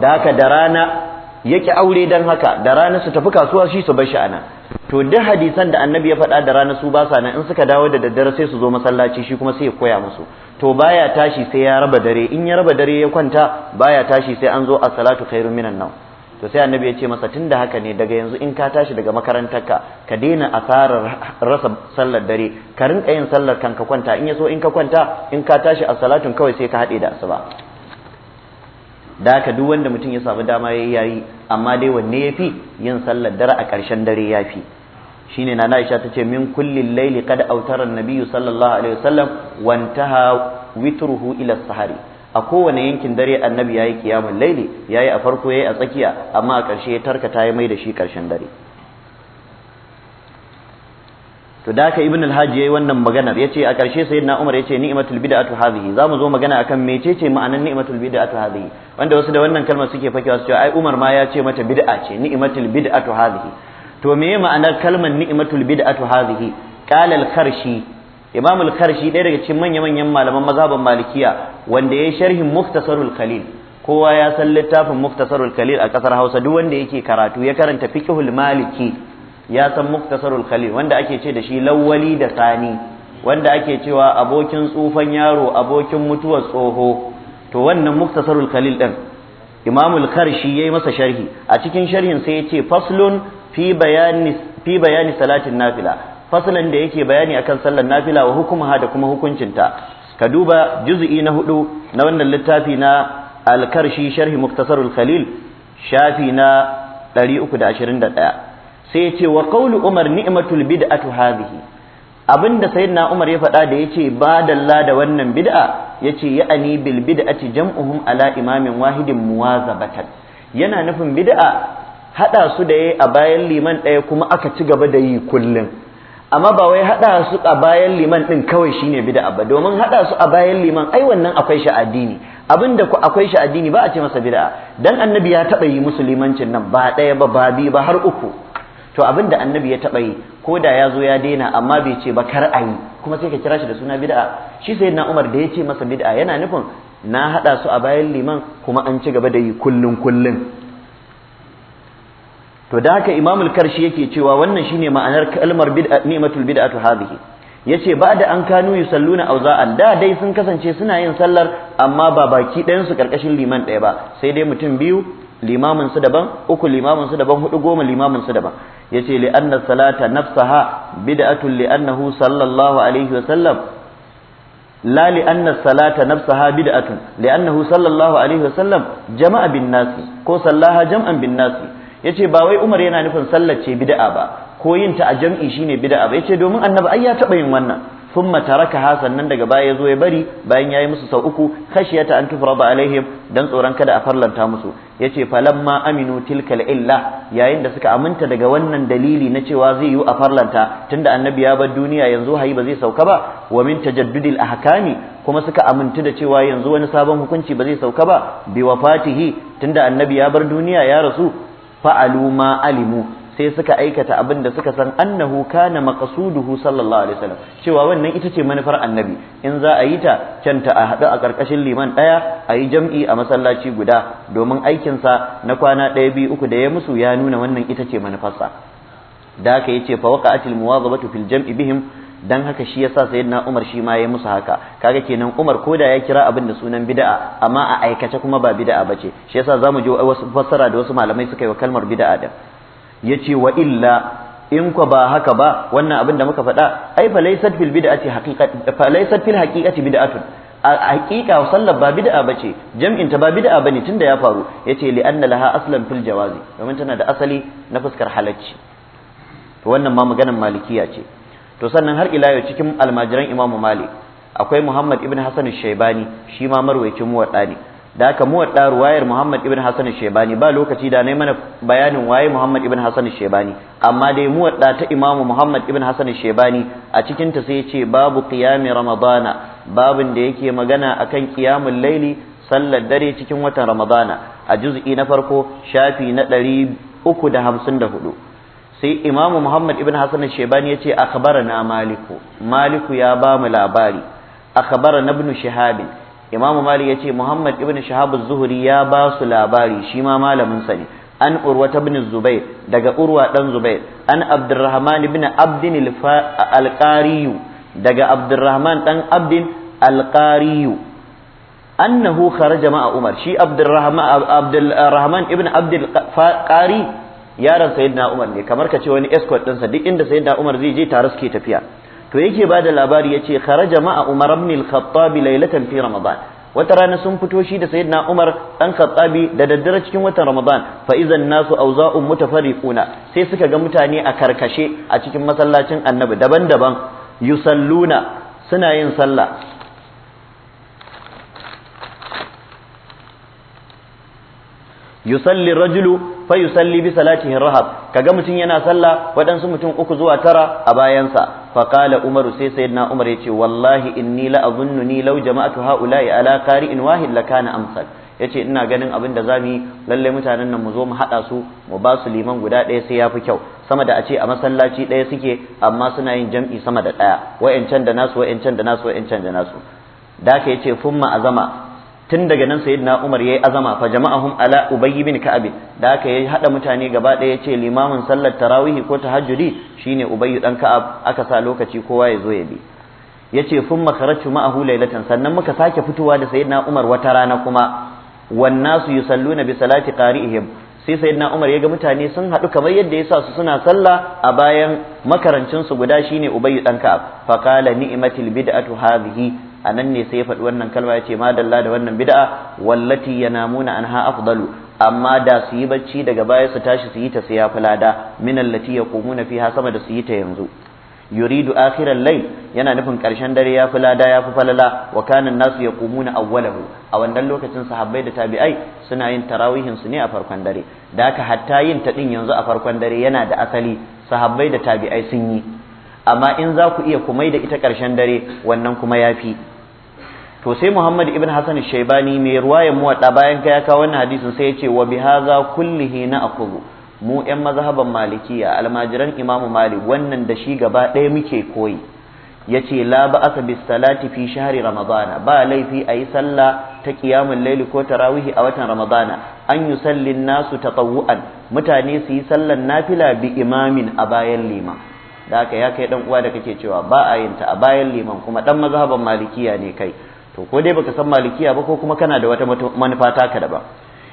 da haka da rana yake aure dan haka da ranar su tafi kasuwa shi su bar shi ana to duk hadisan da annabi ya faɗa da ranar su ba sa nan in suka dawo da daddare sai su zo masallaci shi kuma sai ya koya musu to baya tashi sai ya raba dare in ya raba dare ya kwanta baya tashi sai an zo a salatu khairun minan nan. to sai annabi ya ce masa tunda haka ne daga yanzu in ka tashi daga makarantarka ka daina asarar rasa sallar dare ka rinka yin sallar kanka kwanta in ya so in ka kwanta in ka tashi a salatun kawai sai ka haɗe da asuba da haka duk wanda mutum ya samu dama yi yayi amma dai wanne ya fi? yin sallar dare a ƙarshen dare ya fi. shine na ta ce min kullin laili kada autarar an sallallahu alaihi wasallam wantaha witruhu ila sahari a kowane yankin dare annabi yayi kiyamul laili yayi a farko ya yi a tsakiya amma a ƙarshe ya tarkata ya mai da shi ƙarshen dare to da yi ibn Alhaji ya yayi wannan magana yace a ƙarshe sayyidina umar yace ni'matul bid'atu hadhihi zamu zo magana akan mecece ma'anar ni'matul bid'atu hadhihi wanda wasu da wannan kalmar suke fakewa su ce ai umar ma ya ce mata bid'a ce ni'matul bid'atu hadhihi to meye ma'anar kalmar ni'matul bid'atu hadhihi qala al-kharshi imam al-kharshi ɗaya daga cikin manya manyan malaman mazhaban malikiya wanda yayi sharhin muftasarul khalil kowa ya san littafin muftasarul khalil a kasar Hausa duk wanda yake karatu ya karanta fiqhul maliki ya san muktasarul khalil wanda ake ce da shi lawwali da sani wanda ake cewa abokin tsufan yaro abokin mutuwar tsoho to wannan muktasarul khalil din imamul karshi yayi masa sharhi a cikin sharhin sai yace faslun fi bayani fi bayani salatin nafila faslan da yake bayani akan sallar nafila wa hukumaha da kuma hukuncinta ka duba juz'i na hudu na wannan littafi na al-karshi sharhi muktasarul khalil shafi na 321 sai ya ce wa qawlu umar ni'matul bid'atu hadhihi abinda sayyidina umar ya faɗa da ya ce ba dalla da wannan bid'a yace ya'ani bil bid'ati jam'uhum ala imamin wahidin muwazabatan yana nufin bid'a haɗa su da yayi a bayan liman ɗaya kuma aka ci gaba da yi kullum amma ba wai haɗa su a bayan liman ɗin kawai shine bid'a ba domin hada su a bayan liman ai wannan akwai shi addini abinda ku akwai shi addini ba a ce masa bid'a dan annabi ya taɓa yi musulmancin nan ba ɗaya ba ba biyu ba har uku to abin da annabi ya taɓa yi ko da ya zo ya daina amma bai ce ba kar a yi kuma sai ka kira shi da suna bid'a shi sai na umar da ya ce masa bid'a yana nufin na haɗa su a bayan liman kuma an ci gaba da yi kullun kullun to da haka imamul karshi yake cewa wannan shine ma'anar kalmar bid'a ni'matul bid'atu Ya ce ba da an kanu yusalluna auza'an da dai sun kasance suna yin sallar amma ba baki ɗayan su karkashin liman ɗaya ba sai dai mutum biyu limamin su daban uku limamin daban hudu goma limamin daban yace li anna salata nafsaha bid'atun li annahu sallallahu alaihi wa sallam la li anna salata nafsaha bid'atun li annahu sallallahu alaihi wa sallam jama'a bin nasi ko sallaha jam'an bin nasi yace ba wai Umar yana nufin sallace ce bid'a ba ko yin ta a jam'i shine bid'a ba yace domin annabi ai ya taba yin wannan sun mataraka sannan daga baya ya zo ya bari bayan ya yi musu sau uku khashiyata an tufrada alaihim dan tsoron kada a farlanta musu ya ce falamma aminu tilkal illa yayin da suka aminta daga wannan dalili na cewa zai yi a farlanta tunda annabi ya bar duniya yanzu hayi ba zai sauka ba wa min tajaddudil ahkami kuma suka amintu da cewa yanzu wani sabon hukunci ba zai sauka ba bi wafatihi tunda annabi ya bar duniya ya rasu fa'alu ma alimu sai suka aikata abin da suka san annahu kana maqsuduhu sallallahu alaihi wasallam cewa wannan ita ce manufar annabi in za a yi ta canta a haɗu a ƙarƙashin liman ɗaya a yi jam'i a masallaci guda domin aikinsa na kwana ɗaya biyu uku da ya musu ya nuna wannan ita ce manufarsa da haka ce fa waqa'atil muwazabatu fil jam'i bihim dan haka shi yasa sayyidina Umar shi ma ya musu haka kaga kenan Umar koda ya kira abin da sunan bid'a amma a aikace kuma ba bid'a bace shi yasa zamu je wasu fassara da wasu malamai suka yi wa kalmar bid'a din yace wa illa in kwa ba haka ba wannan abin da muka faɗa ai fa fil bid'ati haqiqati fa fil haqiqati bid'atun a haqiqa sallar ba bid'a bace jam'in ta ba bid'a bane tunda ya faru yace li anna laha aslan fil jawazi domin tana da asali na fuskar halacci to wannan ma maganar malikiya ce to sannan har ila yau cikin almajiran imamu malik akwai muhammad ibn hasan shaybani shi ma marwayacin muwadda da aka muwadda ruwayar Muhammad ibn Hassan Shebani ba lokaci da nayi mana bayanin waye Muhammad ibn Hassan Shebani amma dai muwaɗa ta Imam Muhammad ibn Hassan Shebani a cikin ta sai yace babu qiyami ramadana babin da yake magana akan qiyamul laili sallar dare cikin watan ramadana a juz'i na farko shafi na 354 sai Imam Muhammad ibn Hassan Shebani yace akhbarana maliku maliku ya ba mu labari akhbarana ibn shihabi imamu malik yace muhammad ibn shahab az-zuhri ya ba su labari shi ma malamin sa ne an urwa ta ibn zubair daga urwa dan zubair an abdurrahman ibn abdin al daga abdurrahman dan abdin al-qariyu annahu kharaja ma'a umar shi abdurrahman ibn abdul qari yaron sayyidina umar ne kamar ka ce wani escort din sa duk inda sayyidina umar zai je tare suke tafiya to yake ba da labari ya ce kara jama'a umar ibn al-khattab laylatan fi ramadan wata rana sun fito shi da sayyidina umar dan khattabi da daddare cikin watan ramadan fa idan nasu auza'un mutafariquna sai suka ga mutane a karkashe a cikin masallacin annabi daban-daban yusalluna suna yin sallah yusalli rajulu fa yusalli bi salatihi rahab kaga mutum yana sallah waɗansu mutum uku zuwa tara a bayansa fa qala umaru sai sayyidina umar yace wallahi inni la ni law jama'atu haula'i ala qari'in wahid lakana amsal yace ina ganin abin da zamu yi lalle mutanen nan mu zo mu hada su mu ba su liman guda ɗaya sai yafi kyau sama da a ce a masallaci ɗaya suke amma suna yin jam'i sama da ɗaya wa'ancan da nasu wa'ancan da nasu wa'ancan da nasu da yace fumma azama tun daga nan na Umar ya yi azama fa jama'ahum ala Ubay bin Ka'ab da aka yi haɗa mutane gaba daya ce limamin sallar tarawihi ko tahajjudi shine Ubay dan Ka'ab aka sa lokaci kowa ya zo ya bi yace fun kharajtu ma'ahu lailatan sannan muka sake fitowa da sayyidina Umar wata rana kuma wan nasu yusalluna bi salati qari'ihim sai sayyidina Umar ya ga mutane sun haɗu kamar yadda ya sa su suna sallah a bayan makarancinsu guda shine ubayyu dan Ka'ab fa qala ni'matil bid'atu hadhihi a nan ne sai ya faɗi wannan kalma ya ce ma dalla da wannan bid'a wallati yanamuna anha afdalu amma da su yi bacci daga baya su tashi su yi ta sai ya fi lada min allati yaqumuna fiha sama da su yi ta yanzu yuridu akhiral layl yana nufin karshen dare ya fi lada ya fi falala wa kana nasu yaqumuna awwalahu a wannan lokacin sahabbai da tabi'ai suna yin tarawihin su ne a farkon dare da haka hatta yin ta din yanzu a farkon dare yana da asali sahabbai da tabi'ai sun yi amma in za ku iya kumai da ita karshen dare wannan kuma yafi to sai Muhammad ibn Hassan Shaibani mai mu muwadda bayan ka ya kawo wannan hadisin sai ya ce wa haza kullihi na akubu mu yan mazhaban malikiya almajiran Imam Malik wannan da shi gaba ɗaya muke koyi yace la asa bis salati fi shahri ramadana ba laifi ayi sallah ta qiyamul layl ko tarawihi a watan ramadana an yusalli nasu tatawuan mutane su yi sallan nafila bi imamin a bayan lima da haka ya kai dan uwa da kake cewa ba a yin ta a bayan liman kuma dan mazhaban malikiya ne kai to ko dai baka san malikiya ba ko kuma kana da wata manufa taka daban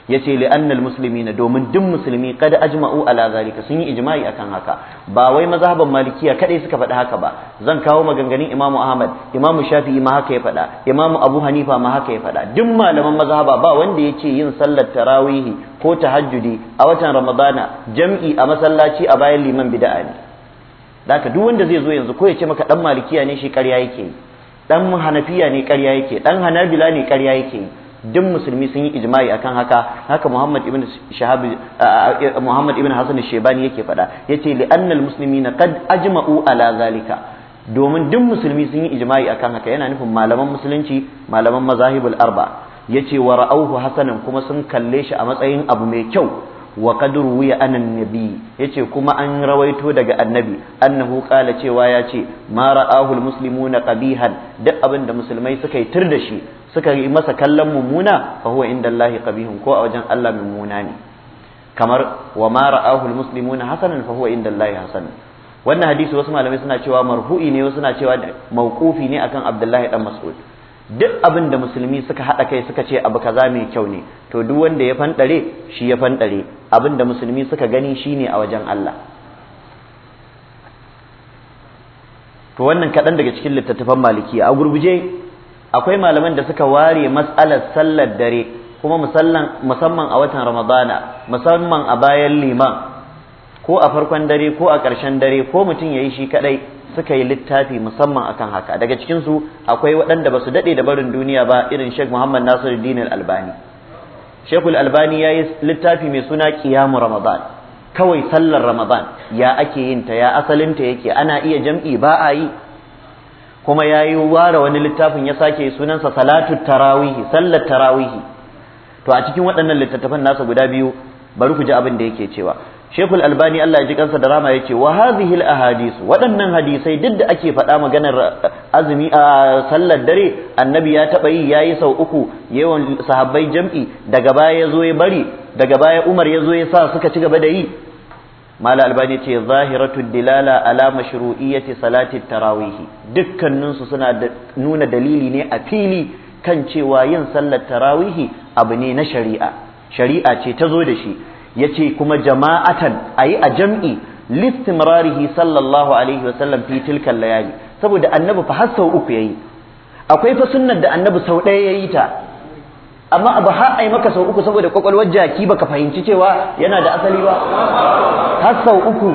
yace li annal muslimina domin duk musulmi kada ajma'u ala zalika sun yi ijma'i akan haka ba wai mazhaban malikiya kadai suka faɗi haka ba zan kawo maganganun imamu ahmad imamu shafi'i ma haka ya faɗa imamu abu hanifa ma haka ya faɗa duk malaman mazhaba ba wanda yace yin sallar tarawihi ko tahajjudi a watan ramadana jam'i a masallaci a bayan liman bid'a ne daka duk wanda zai zo yanzu ko ya ce maka dan malikiya ne shi ƙarya yake yi dan hanafiya ne ƙarya yake dan hanabila ne ƙarya yake duk musulmi sun yi ijma'i akan haka haka Muhammad ibn Shahab eh, Muhammad ibn Hasan Shaybani yake faɗa yace li annal muslimina qad ajma'u ala zalika domin duk musulmi sun yi ijma'i akan haka yana nufin malaman musulunci malaman mazahibul arba yace wa ra'awhu hasanan kuma sun kalle shi a matsayin abu mai kyau wa kadur wuya anan nabi yace kuma an rawaito daga annabi annahu qala cewa yace ma ra'ahul muslimuna qabihan duk abin da musulmai suka yi tur da shi suka yi masa kallon mummuna fa huwa inda Allah qabihun ko a wajen Allah mummuna ne kamar wa ma ra'ahul muslimuna hasanan fa huwa inda Allah hasanan wannan hadisi wasu malamai suna cewa marfu'i ne wasu suna cewa mauqufi ne akan Abdullahi dan Mas'ud duk abin da musulmi suka haɗa kai suka ce abu kaza mai kyau ne to duk wanda ya fanɗare shi ya fanɗare abin da musulmi suka gani shine a wajen Allah to wannan kaɗan daga cikin littattafan maliki a gurguje akwai malaman da suka ware mas'alar sallar dare kuma musamman a watan ramadana musamman a bayan liman ko a farkon dare ko a ƙarshen dare ko mutum ya yi shi kaɗai suka yi littafi musamman akan haka daga cikin su akwai waɗanda ba su daɗe da barin duniya ba irin Sheikh Muhammad Nasiruddin Al-Albani Sheikh Al-Albani yayi littafi mai suna Qiyamu Ramadan kawai sallar Ramadan ya ake yin ta ya asalinta ta yake ana iya jam'i ba a yi kuma yayi ware wani littafin ya sake sunansa Salatu tarawihi sallar tarawihi to a cikin waɗannan littattafan nasa guda biyu bari ku ji abin da yake cewa shekul albani Allah ya ji kansa da rama yace wa hadhihi hadisu. waɗannan hadisai duk da ake faɗa maganar uh, azumi a uh, sallar dare annabi ya taɓa yi yayi sau uku yawan sahabbai jam'i daga baya zo ya bari daga baya Umar yazo ya sa suka ci gaba da yi mala albani ce zahiratu dilala ala mashru'iyyati salati tarawih dukkanin su suna nuna dalili ne a fili kan cewa yin sallar tarawih abu ne na shari'a shari'a ce ta zo da shi yace kuma jama'atan ayi a jam'i listimrarihi sallallahu alaihi wasallam fi tilkal layali saboda annabi fa har sau uku yayi akwai fa sunnar da annabi sau ɗaya yayi ta amma abu har ai maka sau uku saboda kwakwalwar jaki baka fahimci cewa yana da asali ba har sau uku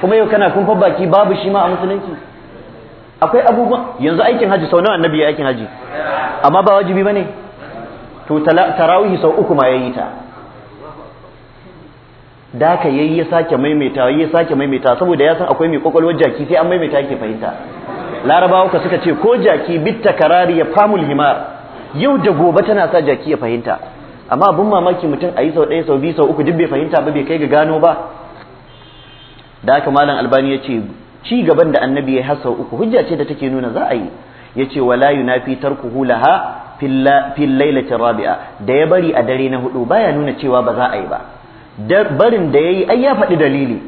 kuma yau kana kun baki babu shi ma a musulunci akwai abubuwa yanzu aikin haji sau nawa annabi ya aikin haji amma ba wajibi bane to tarawihi sau uku ma yayi ta da ka yi ya sake maimaita ya sake maimaita saboda ya san akwai mai kokolwar jaki sai an maimaita yake fahimta larabawa ka suka ce ko jaki bitta karari ya famul himar yau da gobe tana sa jaki ya fahimta amma abin mamaki mutum a yi sau ɗaya sau biyu sau uku duk bai fahimta ba bai kai ga gano ba da haka malam albani ya ce ci gaban da annabi ya har sau uku hujja ce da take nuna za a yi ya ce wala yunafi tarkuhu laha fil lailatin rabi'a da ya bari a dare na hudu baya nuna cewa ba za a yi ba barin da yayi ai ya faɗi dalili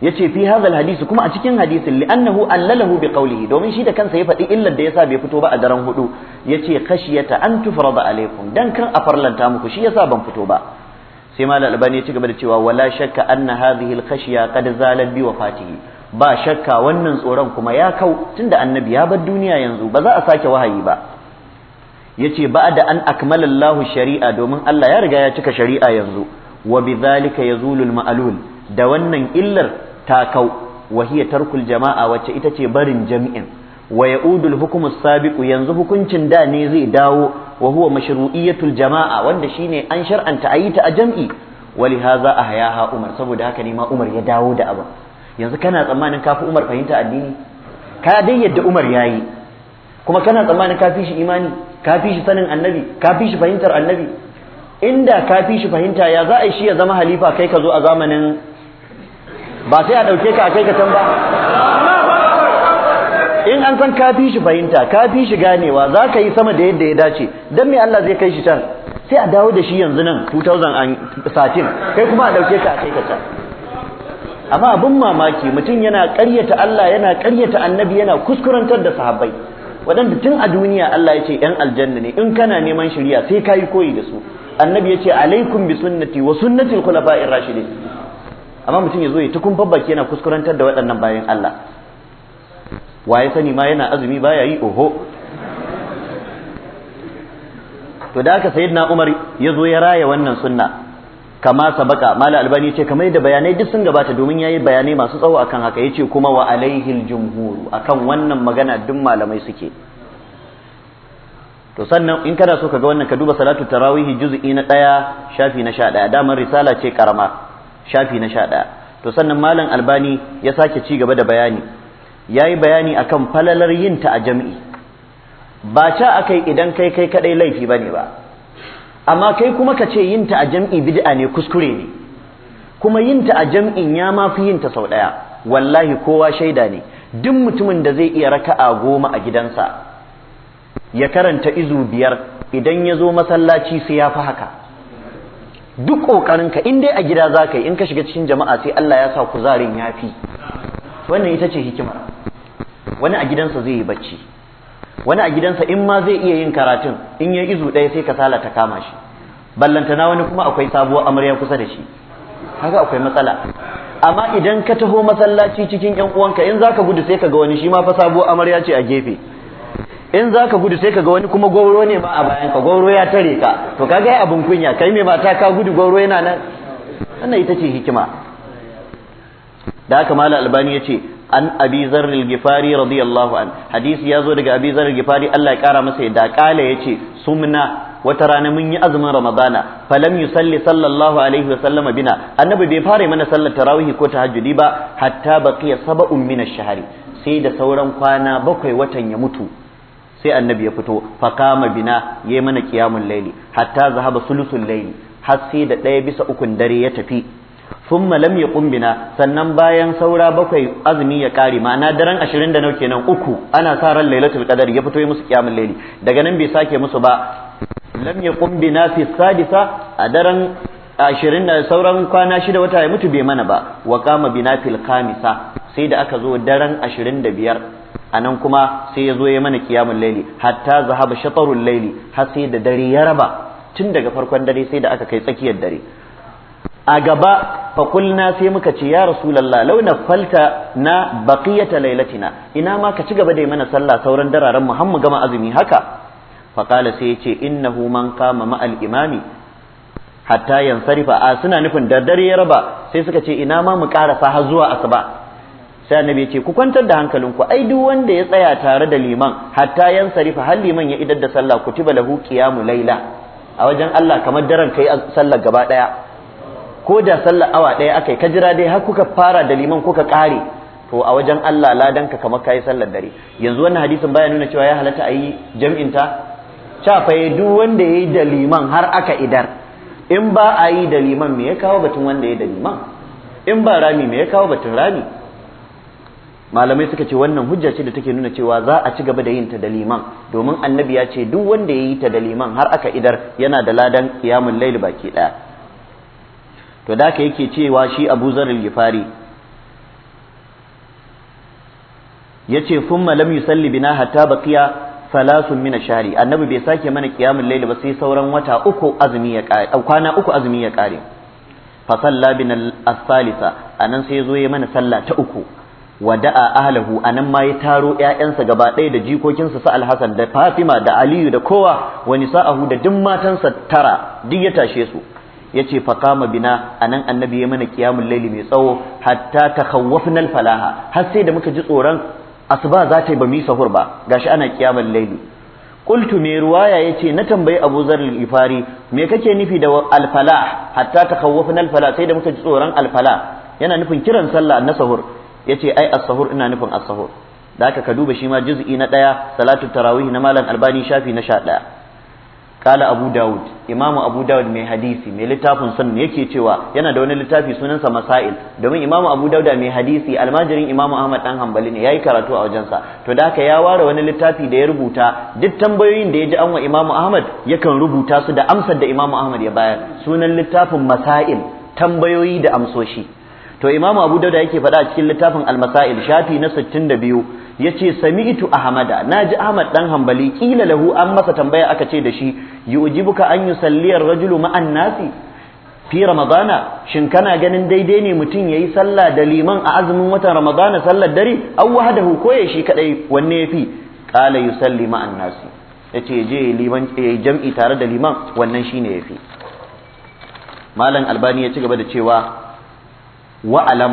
yace fi hadha alhadith kuma a cikin hadisin li'annahu allalahu biqawlihi domin shi da kansa ya faɗi illar da yasa bai fito ba a daren hudu yace khashiyata an tufrada alaikum dan kan a farlanta muku shi yasa ban fito ba sai malam albani ya ci gaba da cewa wala shakka anna hadhihi alkhashiya qad zalat bi wafatihi ba shakka wannan tsoron kuma ya kau tunda annabi ya bar duniya yanzu ba za a sake wahayi ba yace ba da an akmalallahu shari'a domin Allah ya riga ya cika shari'a yanzu wa bidhalika yazulul ma'lul da wannan illar ta kau wa hiya tarkul jama'a wacce ita ce barin jami'in wa ya'udul hukmu sabiqu yanzu hukuncin da ne zai dawo wa huwa mashru'iyatul jama'a wanda shine an shar'anta ayi a jam'i wali a hayaha umar saboda haka ne ma umar ya dawo da abin yanzu kana tsammanin kafi umar fahimta addini ka dai yadda umar yayi kuma kana tsammanin kafi shi imani kafi shi sanin annabi kafi shi fahimtar annabi inda ka fi shi fahimta ya za a shi ya zama halifa kai ka zo a zamanin ba sai a ɗauke ka a kai ka can ba in an san ka fi shi fahimta ka fi shi ganewa za ka yi sama da yadda ya dace don me Allah zai kai shi can sai a dawo da shi yanzu nan 2013 kai kuma a ɗauke ka a kai ka can amma abin mamaki mutum yana ƙaryata Allah yana karyata annabi yana kuskurantar da sahabbai waɗanda tun a duniya Allah ya ce ‘yan aljanna ne in kana neman shirya sai ka yi koyi da su annabi ya ce alaikum bi sunnati wa al khulafa'ir rashidin amma mutum ya zo ya tukun babba yana kuskurantar da waɗannan bayan Allah wa ya sani ma yana azumi baya yi oho to da aka sayyidina Umar ya zo ya raya wannan sunna kama sabaka mala albani ce kamar da bayanai duk sun gabata domin yayi bayanai masu tsawo akan haka yace kuma wa alaihil jumhur akan wannan magana duk malamai suke to sannan in kana so ka ga wannan ka duba salatu tarawih juz'i na ɗaya shafi na sha ɗaya damar risala ce karama shafi na sha ɗaya to sannan malam albani ya sake ci gaba da bayani ya yi bayani akan falalar yin ta a jam'i ba ca akai idan kai kai kaɗai laifi ba ne ba amma kai kuma ka ce yin ta a jam'i bid'a ne kuskure ne kuma yin ta a jam'in ya ma fi yin ta sau ɗaya wallahi kowa shaida ne duk mutumin da zai iya raka'a goma a gidansa ya karanta izu biyar idan ya zo masallaci sai ya fi haka duk ƙoƙarinka in dai a gida za ka yi in ka shiga cikin jama'a sai Allah ya sa kuzarin ya fi wannan ita ce hikima wani a gidansa zai yi bacci wani a gidansa in ma zai iya yin karatun in ya izu ɗaya sai kasala ta kama shi ballantana wani kuma akwai sabuwar amarya kusa da shi haka akwai matsala amma idan ka taho masallaci cikin yan uwanka in zaka gudu sai ka ga wani shi ma fa sabuwar amarya ce a gefe in za ka gudu sai ka ga wani kuma gwauro ne ma a bayan ka gwauro ya tare ka to kaga ya abin kunya kai mai mata ka gudu gwauro yana nan wannan ita ce hikima da haka mala albani ya ce an abi zarril gifari radiyallahu an hadisi ya zo daga abi zarril gifari Allah ya kara masa da kala ya ce sumna wata rana mun yi azumin ramadana falam yusalli sallallahu alaihi wa sallama bina annabi bai fara mana sallar tarawih ko tahajjudi ba hatta baqiya sab'un min ash-shahri sai da sauran kwana bakwai watan ya mutu sai annabi ya fito fa kama bina yayi mana qiyamul layli hatta zahaba sulusul layli har sai da ɗaya bisa ukun dare ya tafi thumma lam yaqum bina sannan bayan saura bakwai azumi ya kare ma'ana daren 20 da nau kenan uku ana sa ran lailatul qadar ya fito ya musu qiyamul layli daga nan bai sake musu ba lam yaqum bina fi sadisa a daren ashirin da sauran kwana shida wata ya mutu bai mana ba wa kama bina fil kamisa sai da aka zo daren ashirin da biyar anan kuma sai ya zo ya mana kiyamul laili hatta zahaba shatarul laili har sai da dare ya raba tun daga farkon dare sai da aka kai tsakiyar dare a gaba fakulna sai muka ce ya rasulallah launa falta na baqiyata lailatina ina ma ka ci gaba da mana sallah sauran dararen mu har mu gama azumi haka qala sai ya ce innahu man qama ma'al imami hatta yansarifa a suna nufin da dare ya raba sai suka ce ina ma mu karasa har zuwa asuba sai annabi ya ce ku kwantar da hankalinku ai duk wanda ya tsaya tare da liman hatta yan sarifa har liman ya idar da sallah kutiba lahu qiyamu laila a wajen Allah kamar daren kai sallar gaba daya ko da sallar awa daya akai ka jira dai har kuka fara da liman kuka kare to a wajen Allah ladan ka kamar kai sallar dare yanzu wannan hadisin baya nuna cewa ya halatta ayi jam'in ta ya eh, duk wanda yayi da liman har aka idar in ba a yi da liman me ya kawo batun wanda ya da liman in ba rami me ya kawo batun rami malamai suka ce wannan hujja ce da take nuna cewa za a ci gaba da yin ta da liman domin annabi ya ce duk wanda ya yi ta da liman har aka idar yana da ladan kiyamun laili baki daya to da yake cewa shi abu zarin gifari ya ce malam yi yusalli bina hatta baqiya salasun mina shari annabi bai sake mana kiyamun laili ba sai sauran wata uku azumi ya kare kwana uku azumi ya kare fa salla anan sai zo ya mana sallah ta uku wada'a ahlahu anan ma ya taro ƴaƴansa gaba ɗaya da jikokinsa sa alhasan da fatima da aliyu da kowa wani nisa'ahu da duk matansa tara duk ya tashe su yace fa qama bina anan annabi ya mana qiyamul laili mai tsawo hatta takhawwafna al-falaha har sai da muka ji tsoron asuba za ta yi ba mu sahur ba gashi ana qiyamul laili qultu mai ruwaya yace na tambayi Abu zarri ifari me kake nufi da al-falah hatta takhawwafna al-falah sai da muka ji tsoron al-falah yana nufin kiran sallah na sahur yace ai as ina nufin as-sahur da haka ka duba shi ma juz'i na daya salatu tarawih na malam albani shafi na sha daya kala abu daud imamu abu daud mai hadisi mai littafin sunan yake cewa yana da wani littafi sunansa masail domin imamu abu dauda mai hadisi almajirin imamu ahmad dan hanbali ne yayi karatu a wajensa to da haka ya ware wani littafi da ya rubuta duk tambayoyin da ya ji anwa wa imamu ahmad yakan rubuta su da amsar da imamu ahmad ya bayar sunan littafin masail tambayoyi da amsoshi to imamu abu dauda yake faɗa a cikin littafin almasail shafi na 62 yace sami'tu ahmada naji ahmad dan hanbali kila lahu an masa tambaya aka ce da shi yujibuka an yusalli ar-rajulu ma'an nasi fi ramadana shin kana ganin daidai ne mutum yayi sallah da liman a azumin watan ramadana sallar dare aw wahdahu ko ya shi kadai wanne yafi qala yusalli ma'an nasi yace je liman eh, jam'i tare da liman wannan shine yafi malam albani ya ci gaba da cewa Wa'alam alam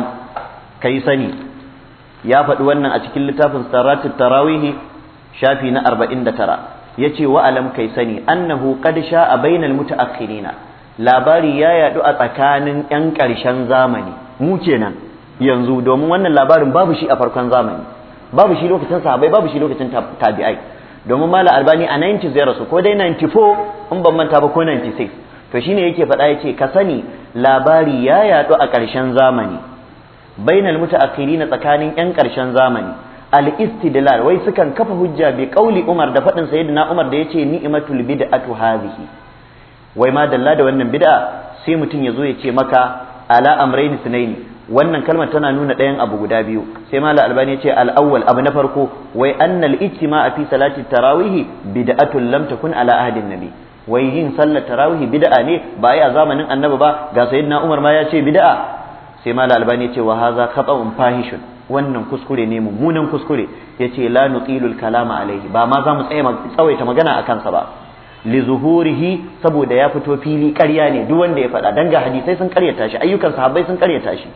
kai sani ya faɗi wannan a cikin littafin saratun tarawihi shafi na 49 ya ce wa'alam alam kai sani annahu qad sha'a bainal mutaakhirina labari ya yadu a tsakanin yan ƙarshen zamani mu kenan yanzu domin wannan labarin babu shi a farkon zamani babu shi lokacin sahabbai babu shi lokacin tabi'ai domin mala albani a 90 zai rasu ko dai 94 in ban manta ba ko 96 to shine yake faɗa yace ka sani labari ya yaɗu a ƙarshen zamani bainal mutaakhirina tsakanin yan ƙarshen zamani al istidlal wai sukan kafa hujja bi qauli umar da faɗin sayyidina umar da yace ni'matul bid'atu hadhihi wai ma dalla da wannan bid'a sai mutum ya zo ya ce maka ala amrayni sunaini wannan kalmar tana nuna ɗayan abu guda biyu sai mala albani ce al'awwal abu na farko wai annal ijtima'a fi salati tarawihi bid'atun lam takun ala ahadin nabi wai yin sallar tarawih bid'a ne ba yi a zamanin annabi ba ga sayyidina Umar ma ya ce bid'a sai mala albani ce wa haza khata'un fahishun wannan kuskure ne mummunan kuskure yace la nuqilul kalama alaihi ba ma za mu tsaya tsawaita magana a kansa ba li zuhurihi saboda ya fito fili ƙarya ne duk wanda ya faɗa dan ga hadisai sun ƙaryata shi ayyukan sahabbai sun ƙaryata shi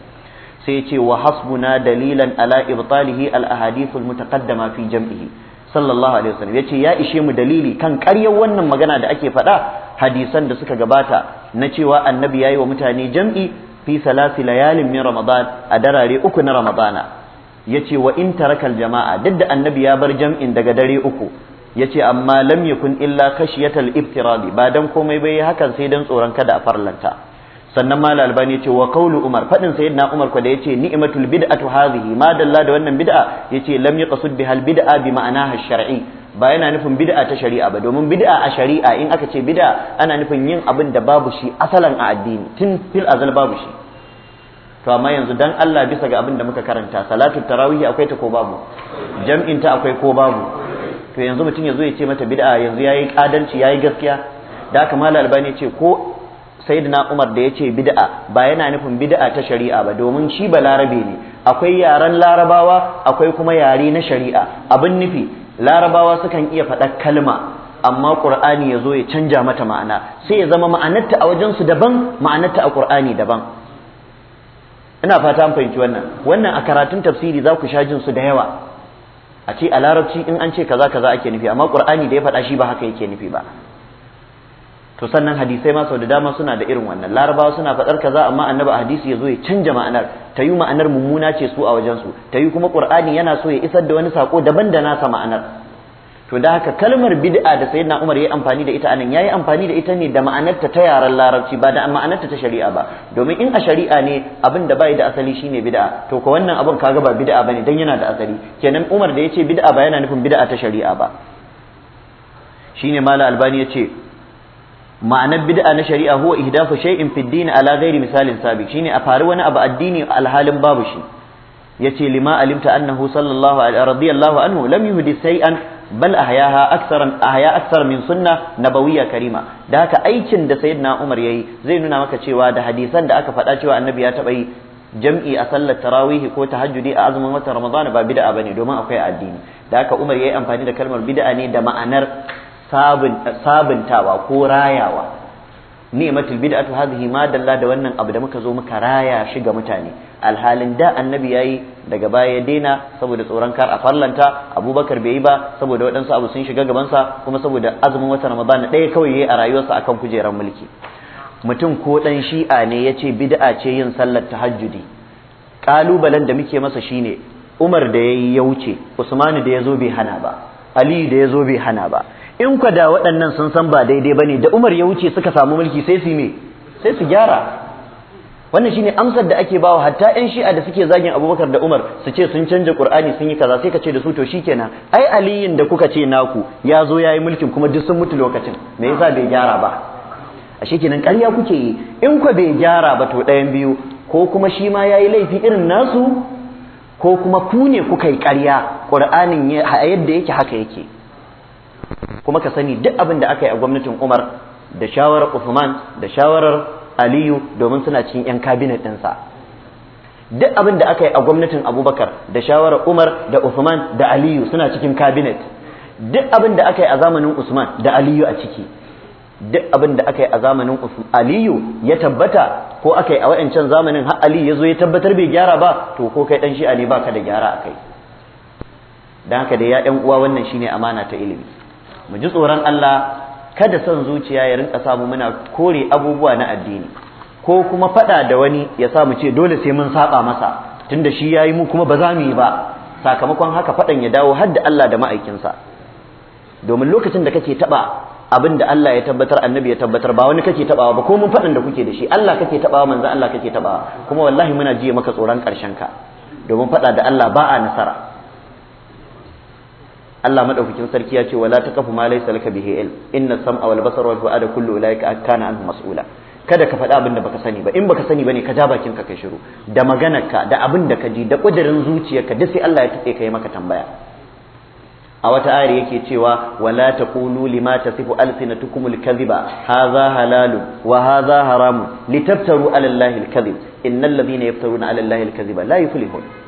sai ce wa hasbuna dalilan ala ibtalihi al ahadithul mutaqaddama fi jam'ihi sallallahu alaihi wasallam yace ya ishe mu dalili kan ƙaryar wannan magana da ake faɗa hadisan da suka gabata na cewa annabi yayi wa mutane jam'i fi salasi layalin min ramadan a darare uku na ramadana yace wa in tarakal jama'a duk da annabi ya bar jam'in daga dare uku yace amma lam yakun illa khashiyatal iftirabi ba dan komai bai hakan sai dan tsoron kada a farlanta sannan mala albani ce wa kaulu umar fadin na umar ko da yace ni'matul bid'atu hazihi ma dalla da wannan bid'a yace lam yaqsud bi hal bid'a bi ma'anaha shar'i ba yana nufin bid'a ta shari'a ba domin bid'a a shari'a in aka ce bid'a ana nufin yin abin da babu shi asalan a addini tun fil azal babu shi to amma yanzu dan Allah bisa ga abin da muka karanta salatu tarawih akwai ta ko babu jam'in ta akwai ko babu to yanzu mutum yazo ya ce mata bid'a yanzu yayi kadanci yayi gaskiya da aka mala albani ce ko sayyidina Umar da yace bid'a ba yana nufin bid'a ta shari'a ba domin shi ba larabe ne akwai yaren larabawa akwai kuma yare na shari'a abin nufi larabawa sukan iya faɗa kalma amma qur'ani yazo ya canja mata ma'ana sai ya zama ma'anarta a wajen su daban ma'anarta a qur'ani daban ina fata an fahimci wannan wannan a karatun tafsiri za ku sha jin su da yawa a ce a larabci in an ce kaza kaza ake nufi amma qur'ani da ya faɗa shi ba haka yake nufi ba to sannan hadisai ma sau da dama suna da irin wannan larabawa suna faɗar kaza amma annabi a hadisi ya zo ya canja ma'anar ta ma'anar mummuna ce su a wajen su ta kuma qur'ani yana so ya isar da wani sako daban da nasa ma'anar to da haka kalmar bid'a da sayyidina Umar yayi amfani da ita anan yayi amfani da ita ne da ma'anar ta yaren larabci ba da ma'anarta ta shari'a ba domin in a shari'a ne abin da bai da asali shine bid'a to ko wannan abin kaga ba bid'a bane dan yana da asali kenan Umar da yace bid'a ba yana nufin bid'a ta shari'a ba shine mala albani yace ma'anar bid'a na shari'a huwa ihdathu shay'in fi din ala ghairi misalin sabiq shine a faru wani abu addini alhalin babu shi yace lima alimta annahu sallallahu alaihi radiyallahu anhu lam yuhdi shay'an bal ahyaha aksaran ahya aksar min sunna nabawiyya karima da haka aikin da sayyidina Umar yayi zai nuna maka cewa da hadisan da aka faɗa cewa annabi ya taɓa yi jam'i a sallar tarawih ko tahajjudi a azumin watan ramadana ba bid'a bane domin akwai addini da haka Umar yayi amfani da kalmar bid'a ne da ma'anar sabuntawa ko rayawa ni'matul bid'atu hadhihi ma dalla da wannan abu da muka zo muka raya shi ga mutane alhalin da annabi ya yi daga baya ya daina saboda tsoron kar a farlanta abubakar bai yi ba saboda waɗansu abu sun shiga gabansa kuma saboda azumin watan ramadan ɗaya kawai ya yayi a rayuwarsa akan kujerar mulki mutum ko ɗan shi'a ne ya ce bid'a ce yin sallar tahajjudi ƙalubalen da muke masa shi ne umar da ya yi ya wuce usmanu da ya zo bai hana ba aliyu da ya zo bai hana ba in kwa da waɗannan sun san ba daidai ba ne da umar ya wuce suka samu mulki sai su me sai su gyara wannan shine amsar da ake bawa hatta yan shi'a da suke zagin abubakar da umar su ce sun canja qur'ani sun yi kaza sai ka ce da su to shi shikenan ai aliyin da kuka ce naku ya zo ya yi mulkin kuma duk sun mutu lokacin me yasa bai gyara ba a shikenan ƙarya kuke yi in ku bai gyara ba to ɗayan biyu ko kuma shi ma ya yi laifi irin nasu ko kuma ku ne kuka yi ƙarya ƙur'anin a yadda yake haka yake kuma ka sani duk abin da aka yi a gwamnatin Umar da shawarar Uthman da shawarar Aliyu domin suna cikin 'yan kabinet ɗinsa duk abin da aka yi a gwamnatin Abubakar da shawarar Umar da Uthman da Aliyu suna cikin kabinet duk abin da aka yi a zamanin Usman da Aliyu a ciki duk abin da aka yi a zamanin Aliyu ya tabbata ko aka yi a wa'ancan zamanin har Ali ya zo ya tabbatar bai gyara ba to ko kai dan shi Ali baka da gyara a kai. dan haka da ya ɗan uwa wannan shine amana ta ilimi mu ji tsoron Allah kada son zuciya ya rinka samu muna kore abubuwa na addini ko kuma faɗa da wani ya sa mu ce dole sai mun saba masa tunda shi yayi mu kuma ba za mu yi ba sakamakon haka faɗan ya dawo har da Allah da ma'aikinsa domin lokacin da kake taba abinda da Allah ya tabbatar annabi ya tabbatar ba wani kake tabawa ba ko mun faɗin da kuke da shi Allah kake tabawa manzo Allah kake tabawa kuma wallahi muna jiye maka tsoron karshen ka domin faɗa da Allah ba a nasara Allah madaukakin sarki ya ce wala takafu ma laysa laka bihi ilm inna sam'a wal basara wal fu'ada kullu ulaika kana anhu mas'ula kada ka faɗi abin da baka sani ba in baka sani bane ka ja bakin ka kai shiru da maganarka da abin da ka ji da kudirin zuciyarka duk sai Allah ya tuke kai maka tambaya a wata ayar yake cewa wala taqulu lima tasifu alsinatukum alkaziba hadha halalu wa hadha haramun litaftaru ala allahi alkazib innal ladhina yaftaruna ala allahi alkaziba la yuflihun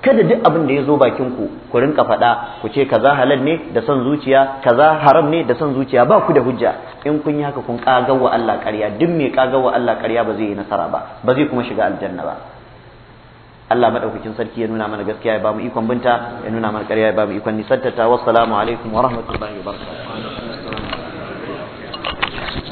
kada duk abin da ya zo bakin ku ku rinka faɗa ku ce kaza halal ne da son zuciya kaza haram ne da son zuciya ba ku da hujja in kun yi haka kun kagawa Allah ƙarya duk mai kagawa Allah ƙarya ba zai yi nasara ba ba zai kuma shiga aljanna ba Allah madaukakin sarki ya nuna mana gaskiya ya ba mu ikon binta ya nuna mana ƙarya ya ba mu ikon nisantata wassalamu alaikum wa rahmatullahi wa barakatuh